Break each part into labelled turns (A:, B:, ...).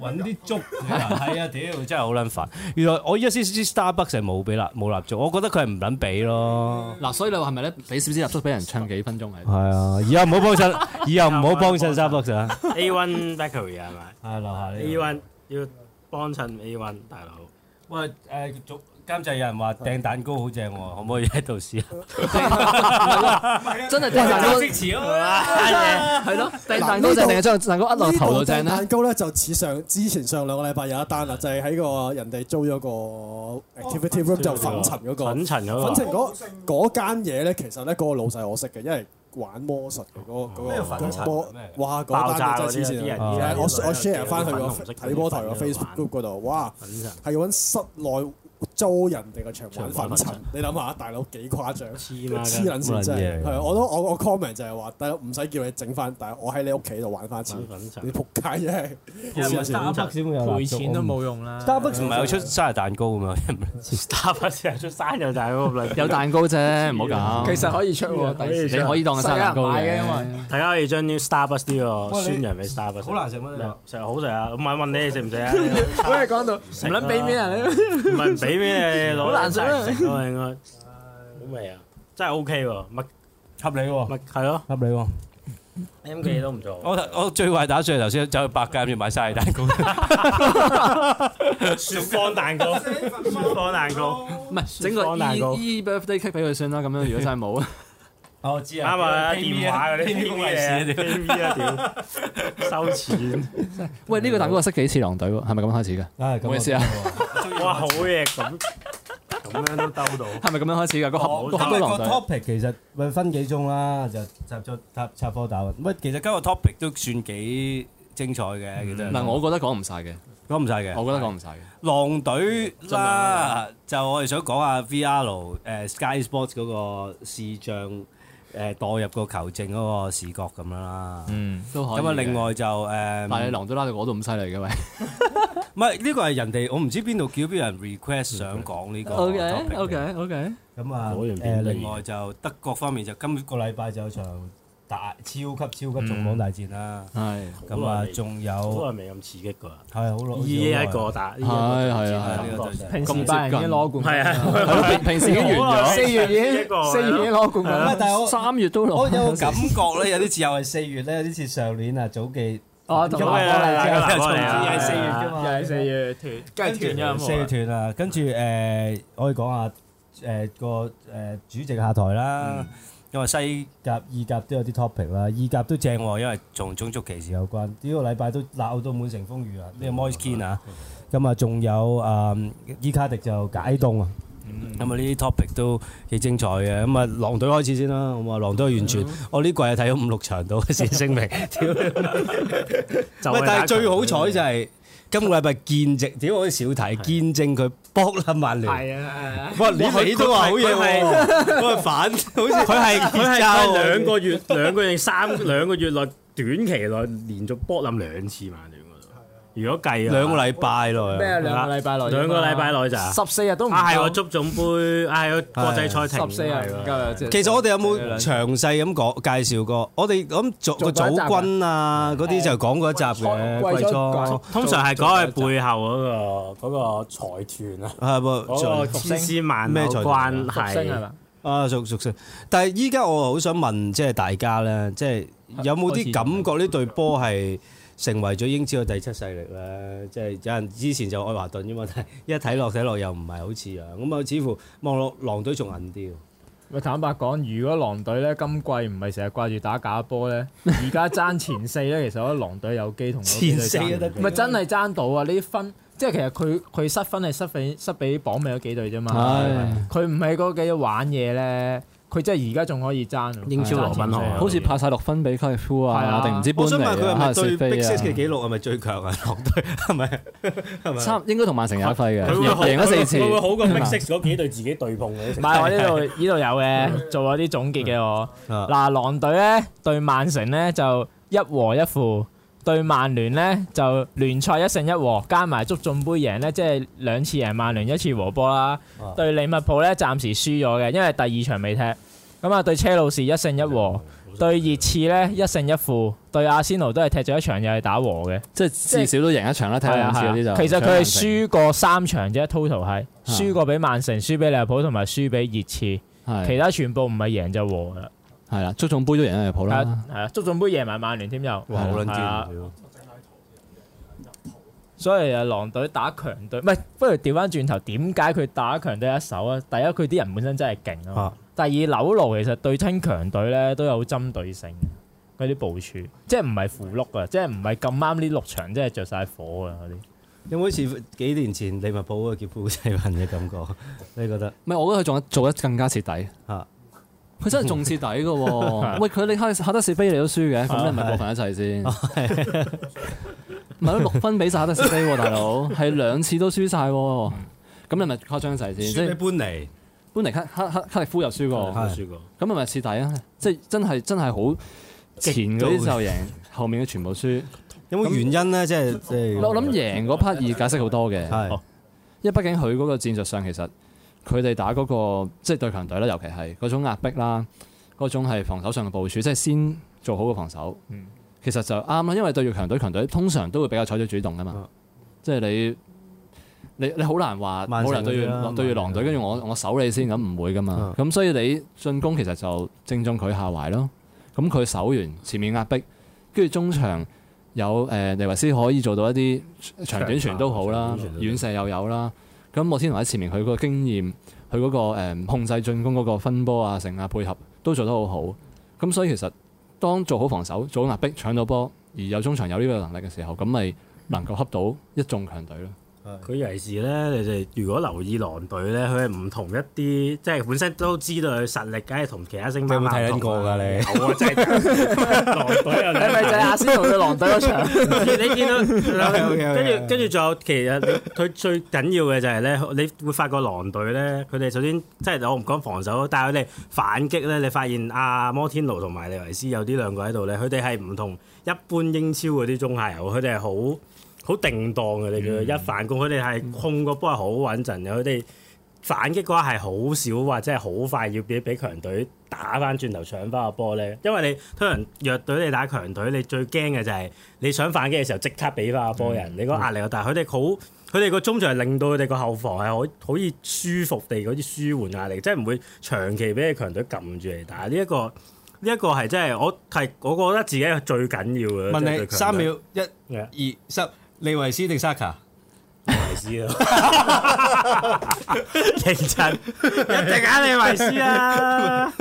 A: 揾啲粥，係啊！屌，真係好撚煩。原來我依家先知 Starbucks 係冇俾蠟冇蠟燭，我覺得佢係唔撚俾咯。嗱，所以你話係咪咧？俾少少蠟燭俾人唱幾分鐘係？係啊，以後唔好幫襯，以後唔好幫襯 Starbucks 啦。
B: A One Bakery 係
A: 咪？係樓下。
B: A One 要幫襯 A One 大佬。喂，誒，做。
A: 監製有人話掟蛋糕好正喎，可唔可以喺度試下？
C: 真係掟蛋糕，色詞啊，
D: 係咯，掟蛋糕正定將
E: 蛋糕一落頭就正蛋糕咧，就似上之前上兩個禮拜有一單啦，就係喺個人哋租咗個 activity room 就粉塵嗰個粉塵嗰粉塵嗰間嘢咧，其實咧嗰個老細我識嘅，因為玩魔術嘅嗰個嗰個，哇，嗰單嘢真係黐線啊！我我 share 翻佢個睇波台個 Facebook 嗰度，哇，係要喺室內。租人哋嘅場玩粉塵，你諗下，大佬幾誇張？黐撚嘅，黐撚真係。係我都我我 comment 就係話，大佬唔使叫你整翻，但係我喺你屋企度玩翻黐粉塵。你仆街啫，係，黐粉
A: 塵，賠錢都冇用
B: 啦。唔係有出
A: 生日蛋糕㗎咩
B: ？Starbucks 出生日蛋糕有蛋糕啫，唔好講。其實可
D: 以出喎，你可以當生日蛋糕嘅，因為
B: 大家可以將啲 Starbucks 呢個酸楊梅 Starbucks 好
D: 難食咩？
B: 食好食啊！我問問你食唔食
D: 啊？講到唔撚俾咩啊？唔
B: 問俾。呢攞
A: 曬
B: 食咯，應該的、OK 的。好味啊！真係 OK 喎，咪合理喎，咪係咯，了合理喎。M 記
A: 都唔做。我我最壞打算係頭先走去百佳邊買晒蛋糕。 雪芳蛋糕， 雪芳蛋
B: 糕，唔係整個 e, e
C: birthday cake 俾佢先啦。咁樣如果真係冇。 我知啊，啱啊，電話嗰啲啲嘢啊，屌收錢。喂，呢個蛋糕識幾次狼隊喎？係咪咁開始嘅？唉，咁嘅意思啊，
B: 哇，好嘢
A: 咁，咁樣都兜到。係咪咁樣開始嘅？個合個合個 topic 其實喂分幾鐘啦，就插插插插科打諢。喂，其實今日 topic 都算幾精彩嘅，其實。唔係，我覺得講唔晒嘅，講唔晒嘅，我覺得講唔晒嘅。狼隊啦，就我哋想講下 VR，誒 Sky Sports 嗰個視像。誒代入個球證嗰個視角咁啦，嗯，都可以咁啊，另外就誒，嗯、但係你狼都拉到我都咁犀利嘅喂，唔係呢個係人哋我唔知邊度叫畀人 request 想講呢個 topic o k
C: OK OK，咁啊誒，嗯、另外
A: 就德國方面就今個禮拜就有場。超級超級重磅大戰啦，係咁啊，仲有都係
B: 未咁刺激噶，係好耐。依一個打，係係係，平時咁多人已經攞冠軍，平平時已經完咗，四月已經四月已經攞冠軍。唔係，但係我
A: 三月都攞。我有感覺咧，有啲似又係四月咧，有啲似上年啊早季。我同阿羅麗姐攔住係四月㗎嘛，係四月斷，跟住四月斷啊，跟住誒我可以講下誒個誒主席下台啦。因為西甲、意甲都有啲 topic 啦，意甲都正喎，因為同種族歧視有關。呢個禮拜都鬧到滿城風雨啊！呢個 Moise Kean 啊，咁啊仲有啊，伊卡迪就解凍啊，咁啊呢啲 topic 都幾精彩嘅。咁啊狼隊開始先啦，我話狼隊完全，我呢季係睇咗五六場到先聲明。喂，但係最好彩就係。今個禮拜見證，點解我都小提見證佢博冧曼聯。係啊，喂哇，是你，你都話好嘢喎，我係反，好似佢係佢係兩個月，兩
B: 個月三兩個月內短期內連續博冧兩次曼聯。
A: 如果計啊兩個禮拜內咩？兩個禮拜內兩個禮拜內咋，十
B: 四日都唔夠。啊，係喎，足總杯啊，係喎，國際賽停十四日夠啦。其實我哋有冇
A: 詳細咁講介紹過？我哋咁做個組軍啊，嗰啲就講過一集嘅季初。通常係講係背後嗰個嗰個財團啊，係喎嗰個千絲萬縷關係啊，熟熟悉。但係依家我好想問，即係大家咧，即係有冇啲感覺呢隊波係？成為咗英超嘅第七勢力咧，即係有人之前就愛華頓啫嘛，但係一睇落睇落又唔係好似啊。咁啊似乎望落狼隊仲硬啲。
D: 坦白講，如果狼隊咧今季唔係成日掛住打假波咧，而家爭前四咧， 其實我覺得狼隊有機同嗰邊爭。前四咪真係爭到啊！呢啲分即係其實佢佢失分係失俾失俾榜尾嗰幾隊啫嘛，佢唔係嗰幾玩嘢咧。佢真係而家仲可以爭英超羅賓，好似拍晒六分俾卡列夫啊，定唔對啦 知搬、啊？我想問佢係咪對 Big 6嘅
A: 記錄係咪最強啊？
D: 狼隊係咪？差應該同曼城有一輝嘅，佢會贏咗四次，好
B: 過 Big 6幾隊自己對碰嘅。唔係的我呢度
D: 呢度有嘅， 做咗啲總結嘅我。嗱，狼隊咧對曼城咧就一和一負。對曼聯呢，就聯賽一勝一和，加埋足總杯贏呢，即係兩次贏曼聯，一次和波啦。對利物浦呢，暫時輸咗嘅，因為第二場未踢。咁啊對車路士一勝一和，嗯嗯、對熱刺呢，嗯、一勝一負，對阿仙奴都係踢咗一場又係打和嘅，即係是至少都贏一場啦。睇下、嗯嗯嗯、其實佢係輸過三場啫，Total 係輸過畀曼城、輸畀利物浦同埋輸畀熱刺，嗯嗯、其他全部唔係贏就和啦。係啦，足總杯都贏入普啦，係啊，足總杯贏埋曼聯添又，好捻勁！所以啊，狼隊打強隊，唔係，不如調翻轉頭，點解佢打強隊一手啊？第一，佢啲人本身真係勁啊；第二，紐勞其實對親強隊咧都有針對性，佢啲部署，即係唔係符碌啊，的即係唔係咁啱呢六場真，真係着晒火啊！嗰啲有冇好似幾年前利物浦嗰個叫傅世運嘅感覺？
A: 你覺得？唔係，我覺得佢仲做得更加徹底啊！佢真係仲徹底嘅，
C: 喂！佢你哈哈德士飛你都輸嘅，咁你咪過分一齊先？唔係，六分比晒哈德士飛，大佬係兩次都輸晒，咁你咪誇張一齊先？輸俾搬嚟，搬嚟克克克克利夫又輸過，輸過，咁咪咪徹底啊！即係真係真係好前嗰啲就贏，後面嘅全部輸，
A: 有冇原因咧？即係即係，我
C: 諗贏嗰 part 二解釋好多嘅，因為畢竟佢嗰個戰術上其實。佢哋打嗰、那個即係對強隊啦，尤其係嗰種壓迫啦，嗰種係防守上嘅部署，即係先做好個防守。嗯、其實就啱啦，因為對住強隊，強隊通常都會比較採取主動噶嘛。嗯、即係你你你好難話，好難對住對住狼隊，跟住我我守你先咁唔會噶嘛。咁、嗯、所以你進攻其實就正中佢下懷咯。咁佢守完前面壓迫，跟住中場有誒尼維斯可以做到一啲長短傳都好啦，遠射又有啦。咁莫天華喺前面，佢個經驗，佢嗰個誒控制進攻嗰個分波啊，成啊配合都做得好好。咁所以其實當做好防守、做好壓逼、搶到波，而有中場有呢個能力嘅時候，咁咪能夠恰到一眾強隊咯。
B: 佢尤其是咧，你哋如果留意狼隊咧，佢係唔同一啲，即係本身都知道佢實力，梗係同其他升班馬爭睇得過㗎你。
F: 係咪就係阿仙奴同佢狼隊嗰場？ 你見到跟住
B: 跟住仲有，其實佢最緊要嘅就係、是、咧，你會發覺狼隊咧，佢哋首先即係我唔講防守，但係佢哋反擊咧，你發現阿、啊、摩天奴同埋尼維斯有啲兩個喺度咧，佢哋係唔同一般英超嗰啲中下游，佢哋係好。好定當嘅，你叫一反攻，佢哋係控個波係好穩陣。有佢哋反擊嘅話係好少，或者係好快要俾俾強隊打翻轉頭搶翻個波咧。因為你通常弱隊你打強隊，你最驚嘅就係你想反擊嘅時候即刻俾翻個波人，嗯、你個壓力又大。佢哋好，佢哋個中場令到佢哋個後防係可可以舒服地嗰啲舒緩壓力，即係唔會長期俾個強隊撳住嚟打。呢一個呢一個係真係我係我覺得自己最緊要嘅。問你三秒
A: 一二十。1, 2, 利維斯定沙卡？利維斯咯，認真
F: 一
E: 定啊！利維斯啊，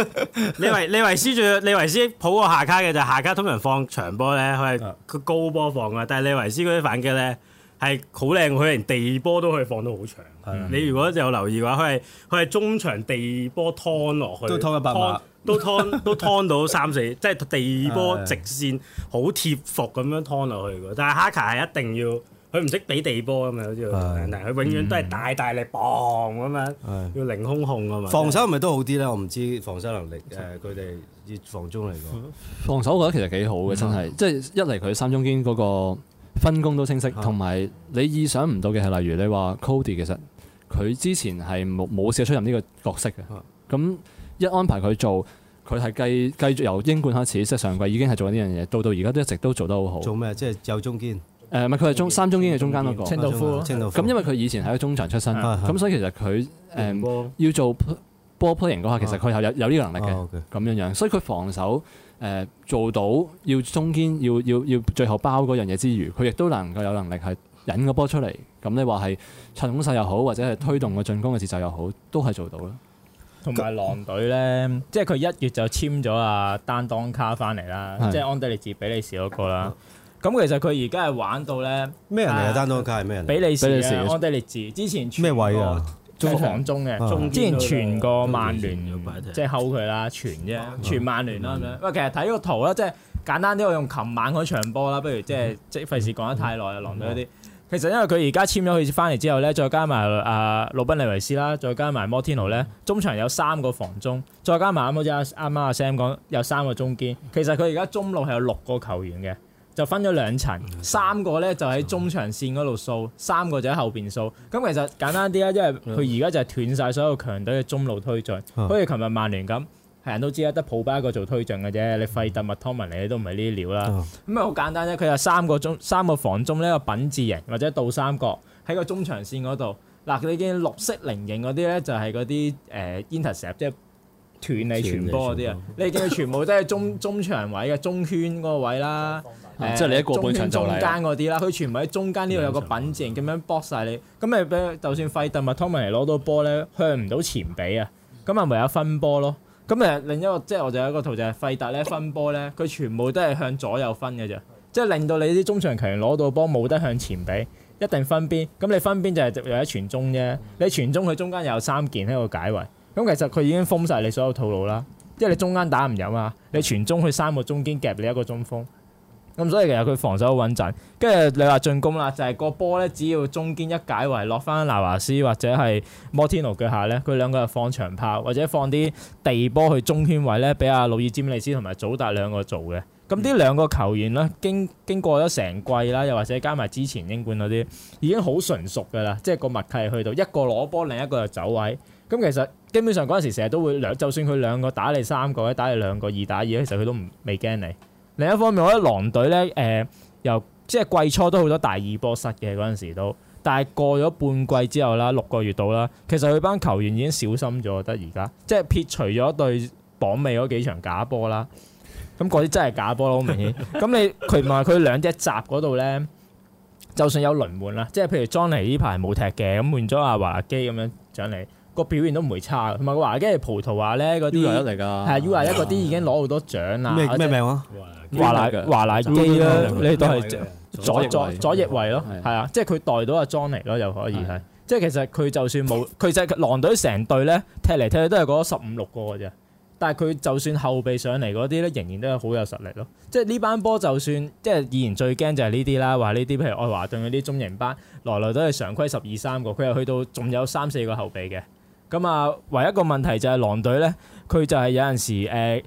A: 利維利維斯最利維
B: 斯抱個下卡嘅就下卡，通常放長波咧，佢係個高波放啊。但係利維斯嗰啲反擊咧係好靚，佢連地波都可以放到好長。係啊，你如果有留意嘅話，佢係佢係中場地波拖落去，都拖一百碼。 都拖都到三四，4, 即係地波直線好貼服咁樣拖落去嘅。哎、但係哈卡係一定要，佢唔識俾地波咁嘛。好似佢永遠都係大大力磅咁樣，哎、
A: 要凌空控啊嘛。防守係咪都好啲咧？我唔知防守能力誒，佢哋以防中嚟講。
C: 防守我覺得其實幾好嘅，真係，即係、嗯、一嚟佢三中堅嗰個分工都清晰，同埋、嗯、你意想唔到嘅係，例如你話 Cody，其實佢之前係冇冇少出任呢個角色嘅，咁、嗯。嗯嗯一安排佢做，佢係繼繼續由英冠開始，即、就、係、是、上季已經係做呢樣嘢，到到而家，都一直都做得好好。做
A: 咩？即係右中堅？
C: 誒、呃，唔係，佢係中三中堅嘅中間嗰、那個。清道間夫咯。咁、啊嗯、因為佢以前係喺中場出身，咁、嗯、所以其實佢誒球要做 ball playing 嗰下，其實佢有有有呢個能力嘅。咁樣、啊、樣，所以佢防守誒、呃、做到要中堅，要要要最後包嗰樣嘢之餘，佢亦都能夠有能力係引個波出嚟。咁你話係趁攻勢又好，或者係推動個進攻嘅節奏又好，都係做到啦。
D: 同埋狼隊咧，即係佢一月就簽咗啊丹當卡翻嚟啦，即係安德烈治比利時嗰個啦。咁其實佢而家係玩到咧，咩人嚟啊？丹當卡係咩人？比利時安德烈治。之前咩位啊？中場中嘅，之前傳過曼聯即係溝佢啦，傳啫，傳曼聯啦咁樣。喂，其實睇個圖啦，即係簡單啲，我用琴晚嗰場波啦，不如即係即係費事講得太耐啊，狼隊嗰啲。其實因為佢而家簽咗佢翻嚟之後咧，再加埋阿魯賓尼維斯啦，再加埋摩天奴咧，中場有三個防中，再加埋好似阿啱啱阿 Sam 講有三個中堅。其實佢而家中路係有六個球員嘅，就分咗兩層，三個咧就喺中場線嗰度掃，三個就喺後邊掃。咁其實簡單啲咧，因為佢而家就係斷晒所有強隊嘅中路推進，好似琴日曼聯咁。係人都知啦，得普巴一個做推進嘅啫。你費特麥湯文尼都唔係呢啲料啦。咁啊、嗯，好、嗯、簡單啫。佢有三個中三個房中呢個品字形或者倒三角喺個中場線嗰度嗱。你見綠色菱形嗰啲咧，就係嗰啲誒 intercept 即係斷你傳波嗰啲啊。你見全部都係中 中，中場位嘅中圈嗰位啦，即你一誒中圈中間嗰啲啦，佢全部喺中間呢度有個品字形咁樣博晒你。咁咪俾就算費特麥湯文尼攞到波咧，向唔到前俾啊。咁啊，唯有分波咯、嗯。咁誒另一個即係、就是、我就有一個圖就係、是、費達咧分波咧，佢全部都係向左右分嘅啫，即係令到你啲中場球員攞到波冇得向前俾，一定分邊。咁你分邊就係有一傳中啫，你傳中佢中間又有三件喺度解圍，咁其實佢已經封晒你所有套路啦，即係你中間打唔入啊嘛，你傳中佢三個中堅夾你一個中鋒。咁、嗯、所以其實佢防守穩陣，跟住你話進攻啦，就係、是、個波咧，只要中堅一解圍，落翻拿華斯或者係摩天奴腳下咧，佢兩個就放長炮，或者放啲地波去中圈位咧，俾阿路爾詹利斯同埋祖達兩個做嘅。咁呢兩個球員咧，經經過咗成季啦，又或者加埋之前英冠嗰啲，已經好純熟噶啦，即係個默契去到一個攞波，另一個就走位。咁其實基本上嗰陣時，成日都會兩，就算佢兩個打你三個，一打你兩個二打二，其實佢都唔未驚你。另一方面，我覺得狼隊咧，誒、呃、由即係季初都好多大二波失嘅嗰陣時都，但係過咗半季之後啦，六個月到啦，其實佢班球員已經小心咗，得而家即係撇除咗對榜尾嗰幾場假波啦，咁嗰啲真係假波咯，好明顯。咁 你佢同埋佢兩隻閘嗰度咧，就算有輪換啦，即係譬如 Johnny 呢排冇踢嘅，咁換咗阿華基咁樣上嚟。個表現都唔會差嘅，同埋華納跟住葡萄牙咧嗰啲嚟噶，係啊，U11 嗰啲已經攞好多獎啦。咩名啊？華納華納基啦，呢啲都係左左翼位咯，係啊，即係佢代到阿莊尼咯，又可以係。即係其實佢就算冇，佢就狼隊成隊咧踢嚟踢去都係嗰十五六個嘅啫。但係佢就算後備上嚟嗰啲咧，仍然都係好有實力咯。即係呢班波就算即係以前最驚就係呢啲啦，話呢啲譬如愛華頓嗰啲中型班，來來都係常規十二三個，佢又去到仲有三四個後備嘅。咁啊，唯一,一個問題就係狼隊咧，佢就係有陣時誒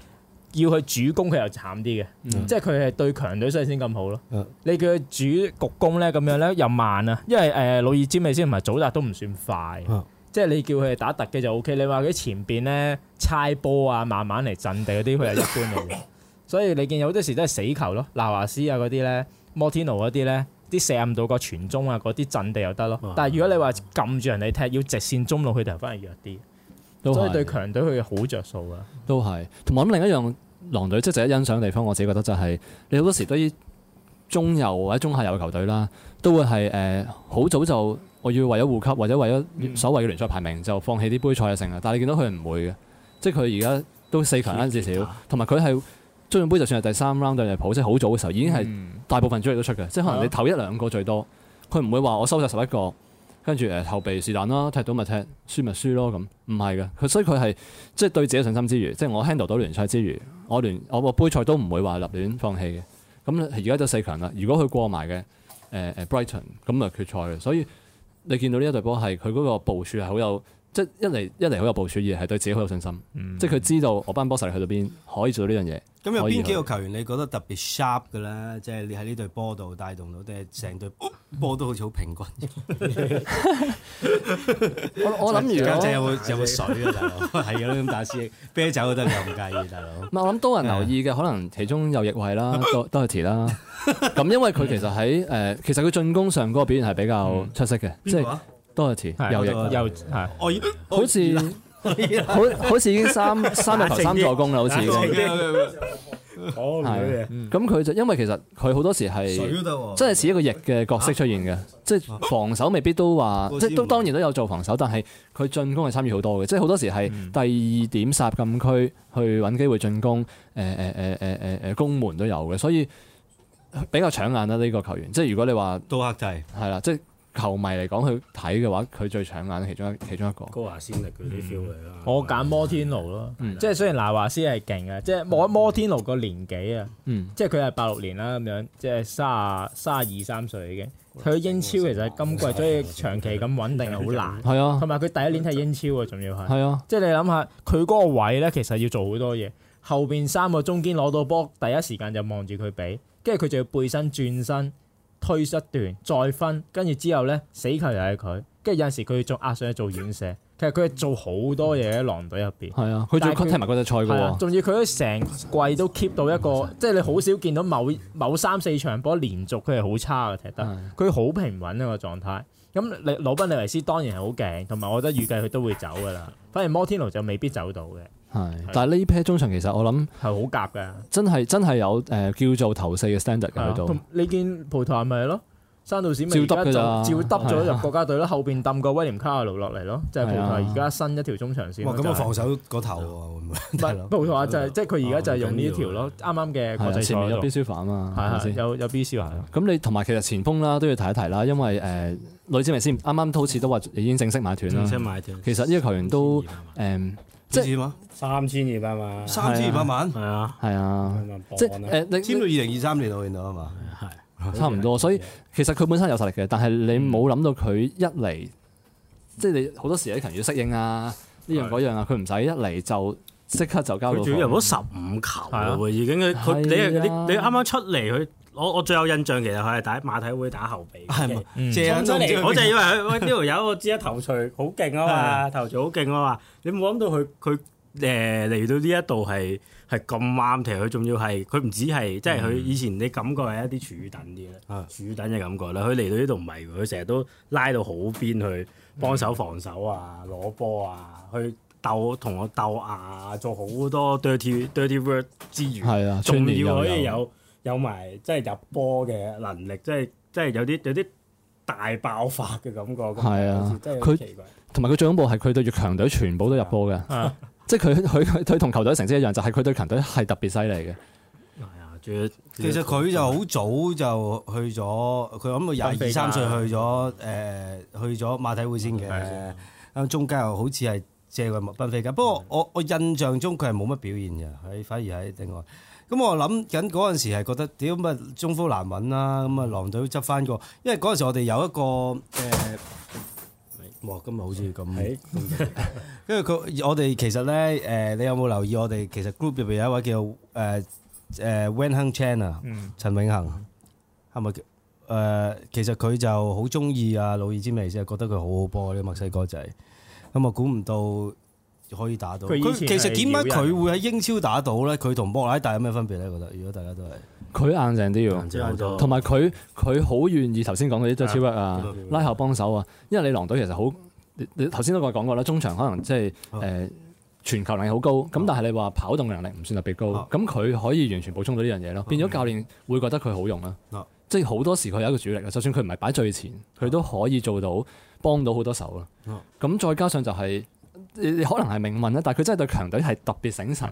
D: 要佢主攻佢又慘啲嘅，嗯、即係佢係對強隊先先咁好咯。嗯、你叫佢主局攻咧咁樣咧又慢啊，因為誒老二尖尾先同埋祖達都唔算快，嗯、即係你叫佢打突嘅就 O、OK, K。你話佢前邊咧砌波啊，慢慢嚟陣地嗰啲佢係一般嚟嘅， 所以你見有好多時都係死球咯，納華斯啊嗰啲咧，摩天奴嗰啲咧。啲射唔到個傳中啊，嗰啲陣地又得咯。哇 但係如果你話撳住人哋踢，要直線中路去就反而弱啲，都是所以對強隊佢好着數嘅。
C: 都係，同埋我諗另一樣狼隊，即係值得欣賞嘅地方，我自己覺得就係、是、你好多時對於中游或者中下游嘅球隊啦，都會係誒好早就我要為咗護級或者為咗所謂嘅聯賽排名，嗯、就放棄啲杯賽嘅成日。但係你到見到佢唔會嘅，即係佢而家都四強一至少，同埋佢係。中獎杯就算係第三 round 對利物浦，即係好早嘅時候，已經係大部分主力都出嘅，嗯、即係可能你投一兩個最多，佢唔、啊、會話我收晒十一個，跟住誒後備是但啦，踢到咪踢，輸咪輸咯咁，唔係嘅，佢所以佢係即係對自己信心之餘，即、就、係、是、我 handle 到聯賽之餘，我連我個杯賽都唔會話立亂放棄嘅。咁而家就四強啦，如果佢過埋嘅誒誒、呃、Brighton，咁啊決賽嘅。所以你見到呢一隊波係佢嗰個部署係好有。即係一嚟，一嚟好有部署，二係對自己好有信心。嗯、即係佢知道我班波士去到邊可以做到呢樣嘢。咁有邊幾個
A: 球員你覺得特別 sharp 嘅咧？即係你喺呢隊波度帶動到，定係成隊波都好似好平均？ 我我諗，而家即有冇有冇 水嘅大佬係嘅啦。咁大師啤酒都得，你介唔介意大佬？
C: 我諗多人留意嘅可能其中有翼衛 啦，多多士啦。咁因為佢其實喺誒，其實佢進攻上嗰個表現係比較出色嘅，即係、嗯。 多又係，好似好好似已經三三日頭三助攻啦，好似咁。咁佢就、 嗯、因為其實佢好多時係真係似一個翼嘅角色出現嘅，即、就、係、是、防守未必都話，即係都當然都有做防守，但係佢進攻係參與好多嘅，即係好多時係第二點殺禁區去揾機會進攻，誒誒誒誒誒誒攻門都有嘅，所以比較搶眼啦呢個球員。即係如果你話都克制，
D: 係啦，即係。球迷嚟講，佢睇嘅話，佢最搶眼其中一其中一個。高華斯力嗰啲 feel 嚟啦。嗯、我揀摩天奴咯，嗯、即係雖然拿華斯係勁嘅，嗯、即係望摩天奴個年紀啊、嗯，即係佢係八六年啦咁樣，即係卅卅二三歲已經。佢英超其實今季所以長期咁穩定係好難。係啊、嗯，同埋佢第一年喺英超啊，仲要係。係啊、嗯，即係你諗下，佢嗰個位咧，其實要做好多嘢。後邊三個中堅攞到波，第一時間就望住佢畀，跟住佢仲要背身轉身。推出一段再分，跟住之後咧死球又係佢，跟住有陣時佢仲壓上去做遠射，其實佢係做好多嘢喺狼隊入邊。係啊，佢仲他、啊、要踢埋國際賽嘅仲要佢成季都 keep 到一個，即係 你好少見到某某三四場波連續佢係好差嘅踢得，佢好平穩一個狀態。咁你魯賓尼維斯當然係好勁，同埋我覺得預計佢都會走嘅啦。反而摩天奴就未必走到嘅。
C: 係，但係呢批中場其實我諗係好夾嘅，真係真係有誒叫做頭四嘅 standard 喺度。
D: 你見葡萄咪係咯，山道士咪照得照得咗入國家隊咯，後邊氹個威廉卡阿奴落嚟咯，就係葡萄，而家新一條中場線。咁啊防守個頭喎，唔係，不過就係即係佢而家就係用呢條咯，啱啱嘅國際賽前面有 B C 華啊嘛，有有 B C
C: 咁你同埋其實前鋒啦都要提一提啦，因為誒，你知唔知先？啱啱都好似都話已經正式買斷啦。其實呢個球員都誒。即係嘛，
A: 三千二百萬，三千二百萬，
C: 係啊，係啊，
A: 即係誒，你簽到二零二三年度見到啊嘛，係差唔
C: 多，所以其實佢本身有實力嘅，但係你冇諗到佢一嚟，即係你好多時啲球員適應啊，呢樣嗰樣啊，佢唔使一嚟就即刻就交到。主要入到十
B: 五球啊，已經佢你係你啱啱出嚟佢。我我最有印象其實佢係打馬體會打後備，謝安真嚟，我就以為佢呢度有一知一頭槌好勁啊嘛，頭槌好勁啊嘛。你冇諗到佢佢誒嚟到呢一度係係咁啱，其實佢仲要係佢唔止係即係佢以前你感覺係一啲主等啲咧，主等嘅感覺咧。佢嚟到呢度唔係，佢成日都拉到好邊去幫手防守啊，攞波啊，去鬥同我鬥牙，做好多 dirty dirty work 之餘，係啊，仲要可以有。有埋即係入波嘅能力，即係即係有啲有啲大爆發嘅感覺。係啊，佢
C: 同埋佢最恐怖係佢對住強隊全部都入波嘅， 即係佢佢佢同球隊成績一樣，就係、是、佢對強隊係特別犀利嘅。
A: 係啊、哎，其實佢就好早就去咗，佢諗佢廿二三歲去咗誒、呃，去咗馬體會先嘅。咁的、嗯、中間又好似係借過賓菲加嘅，的不過我我印象中佢係冇乜表現嘅，喺反而喺另外。咁我諗緊嗰陣時係覺得屌乜中鋒難揾啦，咁啊狼隊執翻個，因為嗰陣時我哋有一個誒，哇今日好似咁，因為佢我哋其實咧誒，你有冇留意我哋其實 group 入面有一位叫誒誒 Wing Hang Chan 啊，陳永恆，係咪誒？其實佢就好中意阿魯爾之眉先，覺得佢好好波啲墨西哥仔，咁我估唔到。可以打到佢。其實點解佢會喺英超打到咧？佢同莫拉大有咩分別咧？覺得如果大家都係
C: 佢硬淨啲要，同埋佢佢好願意頭先講嗰啲都超一啊，拉後幫手啊。因為你狼隊其實好，你你頭先都講過啦，中場可能即係誒傳球能力好高，咁但係你話跑動能力唔算特別高，咁佢可以完全補充到呢樣嘢咯。變咗教練會覺得佢好用啦。即係好多時佢有一個主力，就算佢唔係擺最前，佢都可以做到幫到好多手啦。咁再加上就係。可能係命運啦，但係佢真係對強隊係特別醒神。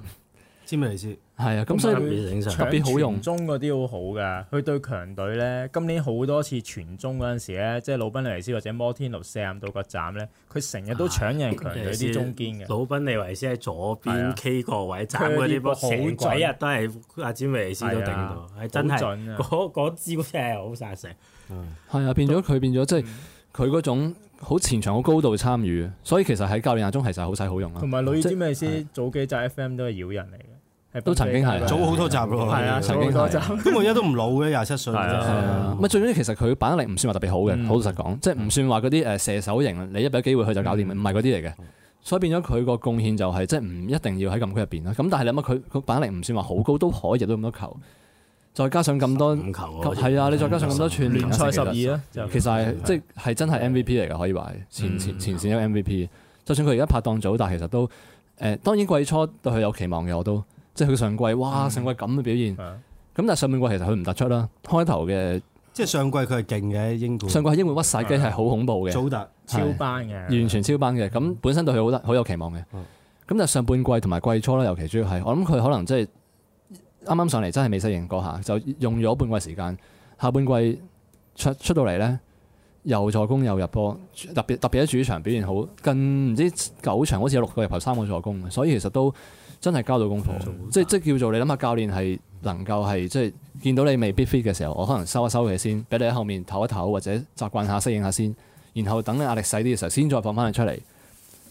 A: 詹米斯
C: 係啊，咁所以特別醒神，特別好用。全
D: 中嗰啲好好㗎，佢對強隊咧，今年好多次全中嗰陣時咧，即係魯賓尼維斯或者摩天奴射入到個站咧，佢成日都搶人強隊啲中堅嘅。魯賓尼維斯喺左邊 K 個位站，啲好鬼日都係阿
B: 詹米斯都頂到，係真係嗰嗰招真係好殺成。
C: 係啊，變咗佢變咗，即係佢嗰種。好前場好高度參與，所以其實喺教練眼中其實好使好用啦。同
D: 埋女，知咩意思？早幾集 FM 都係妖人嚟嘅，都曾經係早好多集喎。啊，曾經多集，
A: 咁我而家都唔老嘅，廿七歲。係啊，
C: 咪最緊要其實佢板力唔算話特別好嘅，好老實講，嗯、即係唔算話嗰啲誒射手型。你一畀機會佢就搞掂，唔係嗰啲嚟嘅。所以變咗佢個貢獻就係、是、即係唔一定要喺禁區入邊啦。咁但係你諗下，佢佢板力唔算話好高，都可以入到咁多球，再加上咁多球，係啊！你再加上咁多全聯賽十二啊，其實係即係真係 MVP 嚟㗎，可以話係前前前線有 MVP。就算佢而家拍檔組，但係其實都誒，當然季初對佢有期望嘅，我都即係佢上季哇，上季咁嘅表現。咁但係上半季其實佢唔突出啦，開頭嘅即係上季佢係勁嘅英冠，上季係英冠屈晒機係好恐怖嘅，組突超班嘅，完全超班嘅。咁本身對佢好好有期望嘅。咁但係上半季同埋季初啦，尤其主要係我諗佢可能即係。啱啱上嚟真係未適應過下，就用咗半季時間。下半季出出到嚟呢，又助攻又入波，特別特別喺主場表現好，近唔知九場好似有六個入球，三個助攻，所以其實都真係交到功課。嗯、即即叫做你諗下，教練係能夠係即係見到你未必 fit 嘅時候，我可能收一收佢先，俾你喺後面唞一唞或者習慣下適應下先，然後等你壓力細啲嘅時候，先再放翻佢出嚟。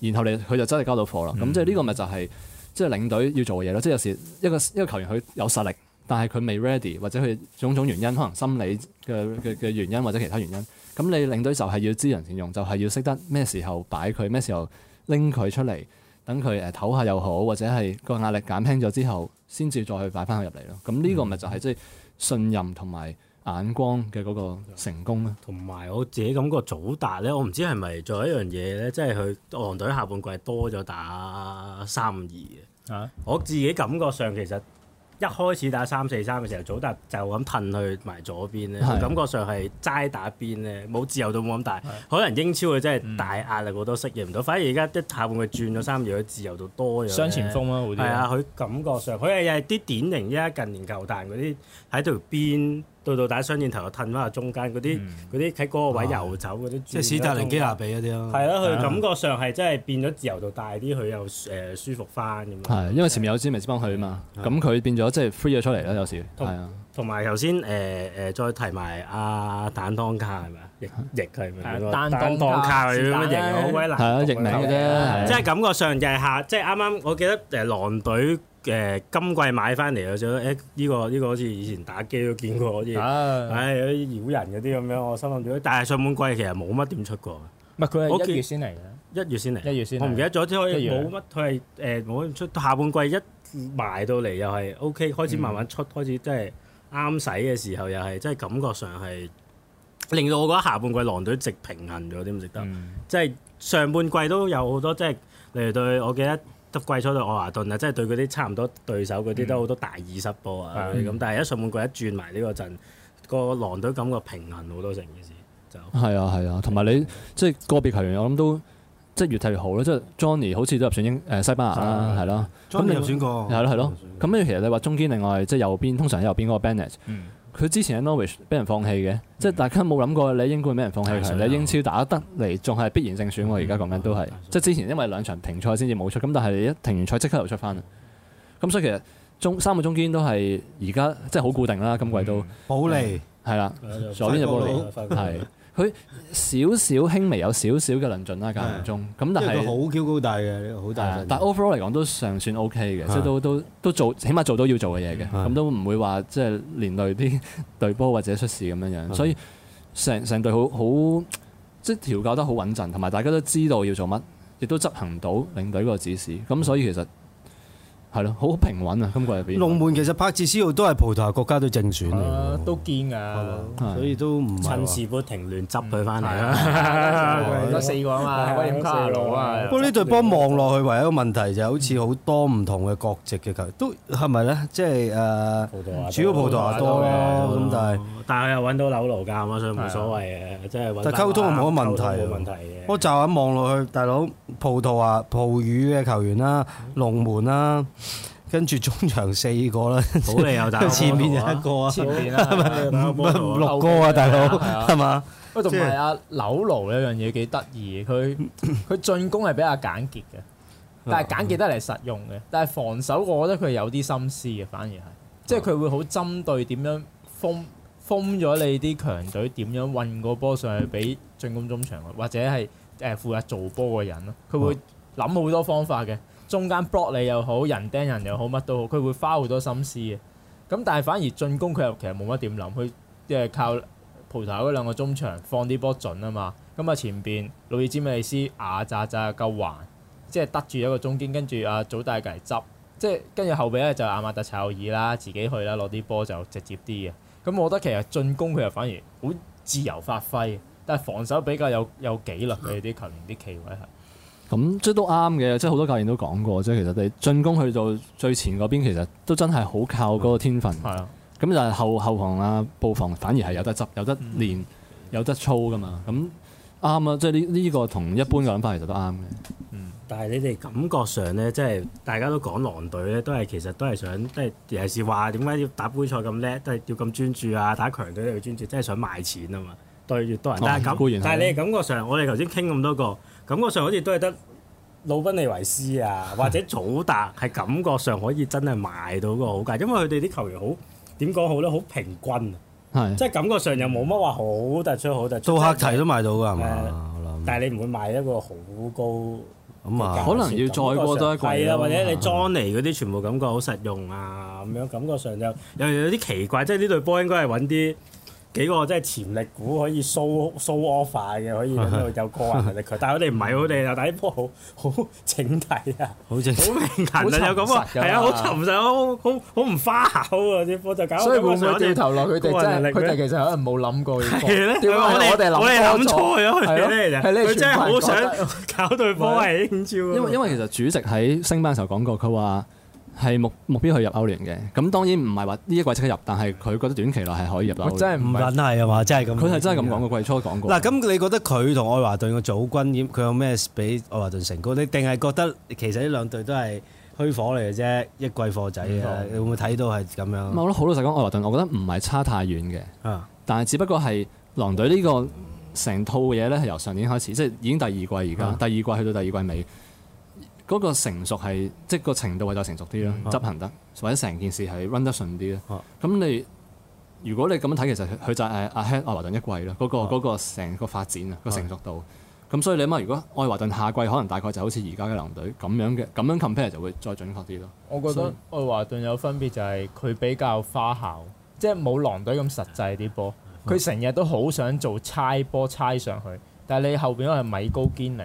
C: 然後你佢就真係交到貨啦。咁即係呢個咪就係、係。即係領隊要做嘅嘢咯，即係有時一個一個球員佢有實力，但係佢未 ready，或者佢種種原因，可能心理嘅嘅嘅原因，或者其他原因，咁你領隊就係要知人善用，就係要識得咩時候擺佢，咩時候拎佢出嚟，等佢誒唞下又好，或者係個壓力減輕咗之後，先至再去擺翻佢入嚟咯。
B: 咁呢個咪就係即係信任同埋，眼光嘅嗰個成功咧，同埋我自己感覺祖達咧，我唔知係咪做一樣嘢咧，即係佢狼隊下半季多咗打三二嘅。啊！我自己感覺上其實一開始打三四三嘅時候，祖達就咁褪去埋左邊咧，的感覺上係齋打邊咧，冇自由度冇咁大。的可能英超佢真係大壓力好多，適應唔到。反而而家啲下半季轉咗三二，佢自由度多咗。雙前鋒咯，好啊，佢感覺上佢係又係啲典型依家近年球壇嗰啲喺度條邊。嗯到到打雙箭頭又褪翻下中間嗰啲嗰啲喺嗰個位游走嗰啲，即係史達寧基亞比
A: 嗰啲咯。係咯，佢感
B: 覺上係真係變咗自由度大啲，佢又誒舒服翻咁。
C: 係因為前面有支咪幫翻佢啊嘛，咁佢變咗即係 free 咗出嚟
B: 啦，有時係啊。同埋頭先誒誒再提埋阿蛋當卡係咪啊？翼翼佢係咪？蛋當當卡佢咩翼啊？好鬼難講嘅啫，即係感覺上就係下即係啱啱我記得誒狼隊。誒、呃、今季買翻嚟啊！想誒呢個呢、呢個好似以前打機都見過好似唉有啲妖人嗰啲咁樣。我心諗住，但係上半季其實冇乜點出過。唔係佢係一月先嚟嘅，一月先嚟，一月先嚟。我唔記得咗，只可冇乜佢係誒冇出。下半季一賣到嚟又係 OK，開始慢慢出，嗯、開始即係啱使嘅時候又係，即、就、係、是、感覺上係令到我覺得下半季狼隊直平衡咗，啲，唔值得？即係上半季都有好多，即係例如對我記得。嗯季初到愛華頓啊，即係對嗰啲差唔多對手嗰啲都好多大意失波啊咁，嗯、但係一上半季一轉埋呢個陣，個狼隊感覺平衡好多，成件事
C: 就係啊係啊，同埋、啊、你即係、就是、個別球員我諗都即係、就是、越睇越好啦，即、就、係、是、Johnny 好似都入選英誒西班牙啦係啦，咁你入選
A: 過係咯係咯，
C: 咁咧、啊啊啊、其實你話中堅另外即係、就是、右邊通常喺右邊嗰個 Bennett、嗯佢之前喺 Norwich 俾人放棄嘅，即係、嗯、大家冇諗過你英冠俾人放棄嘅，嗯、你英超打得嚟仲係必然勝選喎。而家講緊都係，嗯、即係之前因為兩場停賽先至冇出，咁但係你一停完賽即刻又出翻。咁所以其實中三個中堅都係而家即係好固定啦，今季都、嗯、對保利係啦，對對左邊就保利係。佢少少輕微有少少嘅論盡啦，間中咁，但係好
A: Q 高大嘅，好大，大的
C: 但 overall 嚟講都尚算 OK 嘅，即係是的 都都都做，起碼做到要做嘅嘢嘅，咁是的 都唔會話即係連累啲隊波或者出事咁樣樣，是的 所以成成隊好好即係調教得好穩陣，同埋大家都知道要做乜，亦都執行到領隊嗰個指示，咁所以其實。係咯，好平穩啊！今季入邊龍門其實柏治斯都係
A: 葡萄牙國家隊正選嚟，
D: 都堅㗎，所以都唔趁時表停亂執
A: 佢翻嚟啊！四個啊
D: 嘛，威廉卡阿老啊！不過呢
A: 隊波望落去，唯一個問題就係好似好多唔同嘅國籍嘅球員都係咪咧？即係誒，
B: 主要葡萄牙多咧，咁但係但係又揾到紐奴㗎嘛，所以冇所謂嘅，即係，但係溝通又冇乜問題，冇
A: 問題嘅。我就咁望落去，大佬葡萄牙葡語嘅球員啦，龍門啦。跟住中場四個啦，好，打，前面就一個啊，前面五六個啊，啊大佬係嘛？即係阿
D: 柳勞有樣嘢幾得意，佢佢進攻係比較簡潔嘅，但係簡潔得嚟實用嘅。但係防守，我覺得佢有啲心思嘅，反而係，即係佢會好針對點樣封封咗你啲強隊點樣運個波上去俾進攻中場，或者係誒負責做波嘅人咯。佢會諗好多方法嘅。中間 block 你又好，人釘人又好，乜都好，佢會花好多心思嘅。咁但係反而進攻佢又其實冇乜點諗，佢即係靠葡萄牙嗰兩個中場放啲波準啊嘛。咁啊前邊魯爾詹姆斯啊扎扎夠橫，即係得住一個中堅，跟住啊祖大吉執，即係跟住後備咧就是、阿馬特齊奧爾啦，自己去啦攞啲波就直接啲嘅。咁我覺得其實進攻佢又反而好自由發揮，但係防守比較有有，有紀律嘅啲球員啲企位係。
C: 咁即都啱嘅，即係好多教練都講過，即係其實你進攻去到最前嗰邊，其實都真係好靠嗰個天分。係、嗯、啊，咁就係後後防啊、布防反而係有得執、有得練、嗯、有得操噶嘛。
B: 咁啱啊，即係呢呢個同一般嘅諗法其實都啱嘅。嗯，但係你哋感覺上咧，即係大家都講狼隊咧，都係其實都係想，即係尤其是話點解要打杯賽咁叻，都係要咁專注啊，打強隊都要專注，即係想賣錢啊嘛。對，越多人，哦、但係然但係你哋感覺上，我哋頭先傾咁多個。感覺上好似都係得魯賓尼維斯啊，或者祖達係感覺上可以真係賣到個好價，因為佢哋啲球員好點講好咧，好平均，係是即係感覺上又冇乜話好突出好突出。到黑
A: 提都賣到㗎係嘛？
B: 但係你唔會賣一個好高
A: 咁啊？可能要
B: 再過多一個。係啊，或者你 Jonny 嗰啲全部感覺好實用啊，咁樣的的感覺上又又有啲奇怪，即係呢隊波應該係揾啲。幾個真係潛力股可以 show show off 嘅，可以有個人能力強，但係我哋唔係，我哋但第一波好好整體啊，好明眼啊，有咁啊，係啊，好沉實，好好好唔花巧啊，啲波就搞。所以會唔會掉頭落？佢哋真係佢哋其
D: 實可能冇諗過要。係咧，我哋我哋諗錯咗係咧，佢真係好想
B: 搞對波係英超。因
D: 為因為其實主
C: 席喺升班時候講過，佢話。係目目標去入歐聯嘅，咁當然唔係話呢一季即刻入，但係佢覺得短期內係可以入
A: 到。真係唔撚係啊嘛，真係
C: 咁。佢係真係咁講，個季初講過。嗱，
A: 咁你覺得佢同愛華頓嘅組軍，佢有咩俾愛華頓成功？你定係覺得其實呢兩隊都係虛火嚟嘅啫，一季貨仔、嗯、你會唔會睇到係咁樣？我覺得好
C: 老實講，愛華頓，我覺得唔係差太遠嘅。但係只不過係狼隊呢個成套嘢咧，係由上年開始，即係已經第二季而家，嗯、第二季去到第二季尾。嗰個成熟係，即係個程度係再成熟啲咯，嗯、執行得，或者成件事係 run 得順啲咯。咁、嗯、你如果你咁樣睇，其實佢就係 ahead、愛華頓一季咯。嗰、嗰個成、嗯、個、個發展啊，嗯、個成熟度。咁、嗯、所以你諗下，如果愛華頓下季可能大概就好似而家嘅狼隊咁、嗯、樣
D: 嘅，咁樣 compare 就會再準確啲咯。我覺得以愛華頓有分別就係佢比較花巧，即係冇狼隊咁實際啲波。佢成日都好想做猜波猜上去，但係你後邊嗰個米高堅尼。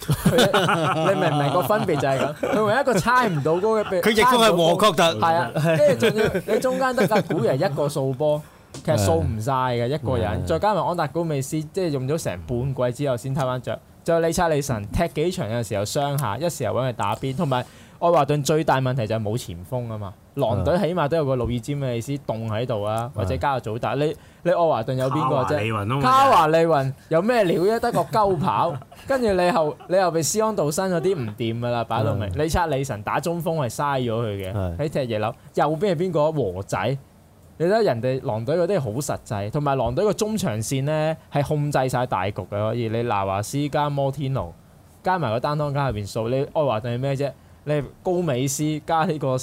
D: 你明唔明、個分別就係咁，佢唯一個猜唔到嗰個佢亦都係和局特係啊，即係仲要你中間得個古人一個掃波，其實掃唔晒嘅一個人，再加埋安達古美斯，即係用咗成半季之後先睇翻着，再李察李神踢幾場嘅時候傷下，一時候搵佢打邊，同埋。愛華頓最大問題就係冇前鋒啊嘛，狼隊起碼都有個路爾詹嘅意思，棟喺度啊，或者加入祖達你，你愛華頓有邊個啫？卡華利雲，卡華利雲有咩料啫？得個鳩跑跟住 你後你後，你後被斯安道新有啲唔掂噶啦，擺 到明你差李晨打中鋒係嘥咗佢嘅，喺踢夜魯右邊係邊個？和仔，你睇人哋狼隊嗰啲好實際，同埋狼隊個中場線呢係控制晒大局嘅，可以，你拿華斯加摩天奴加埋個丹當加入邊數，你愛華頓係咩啫？你高美斯加呢、呢個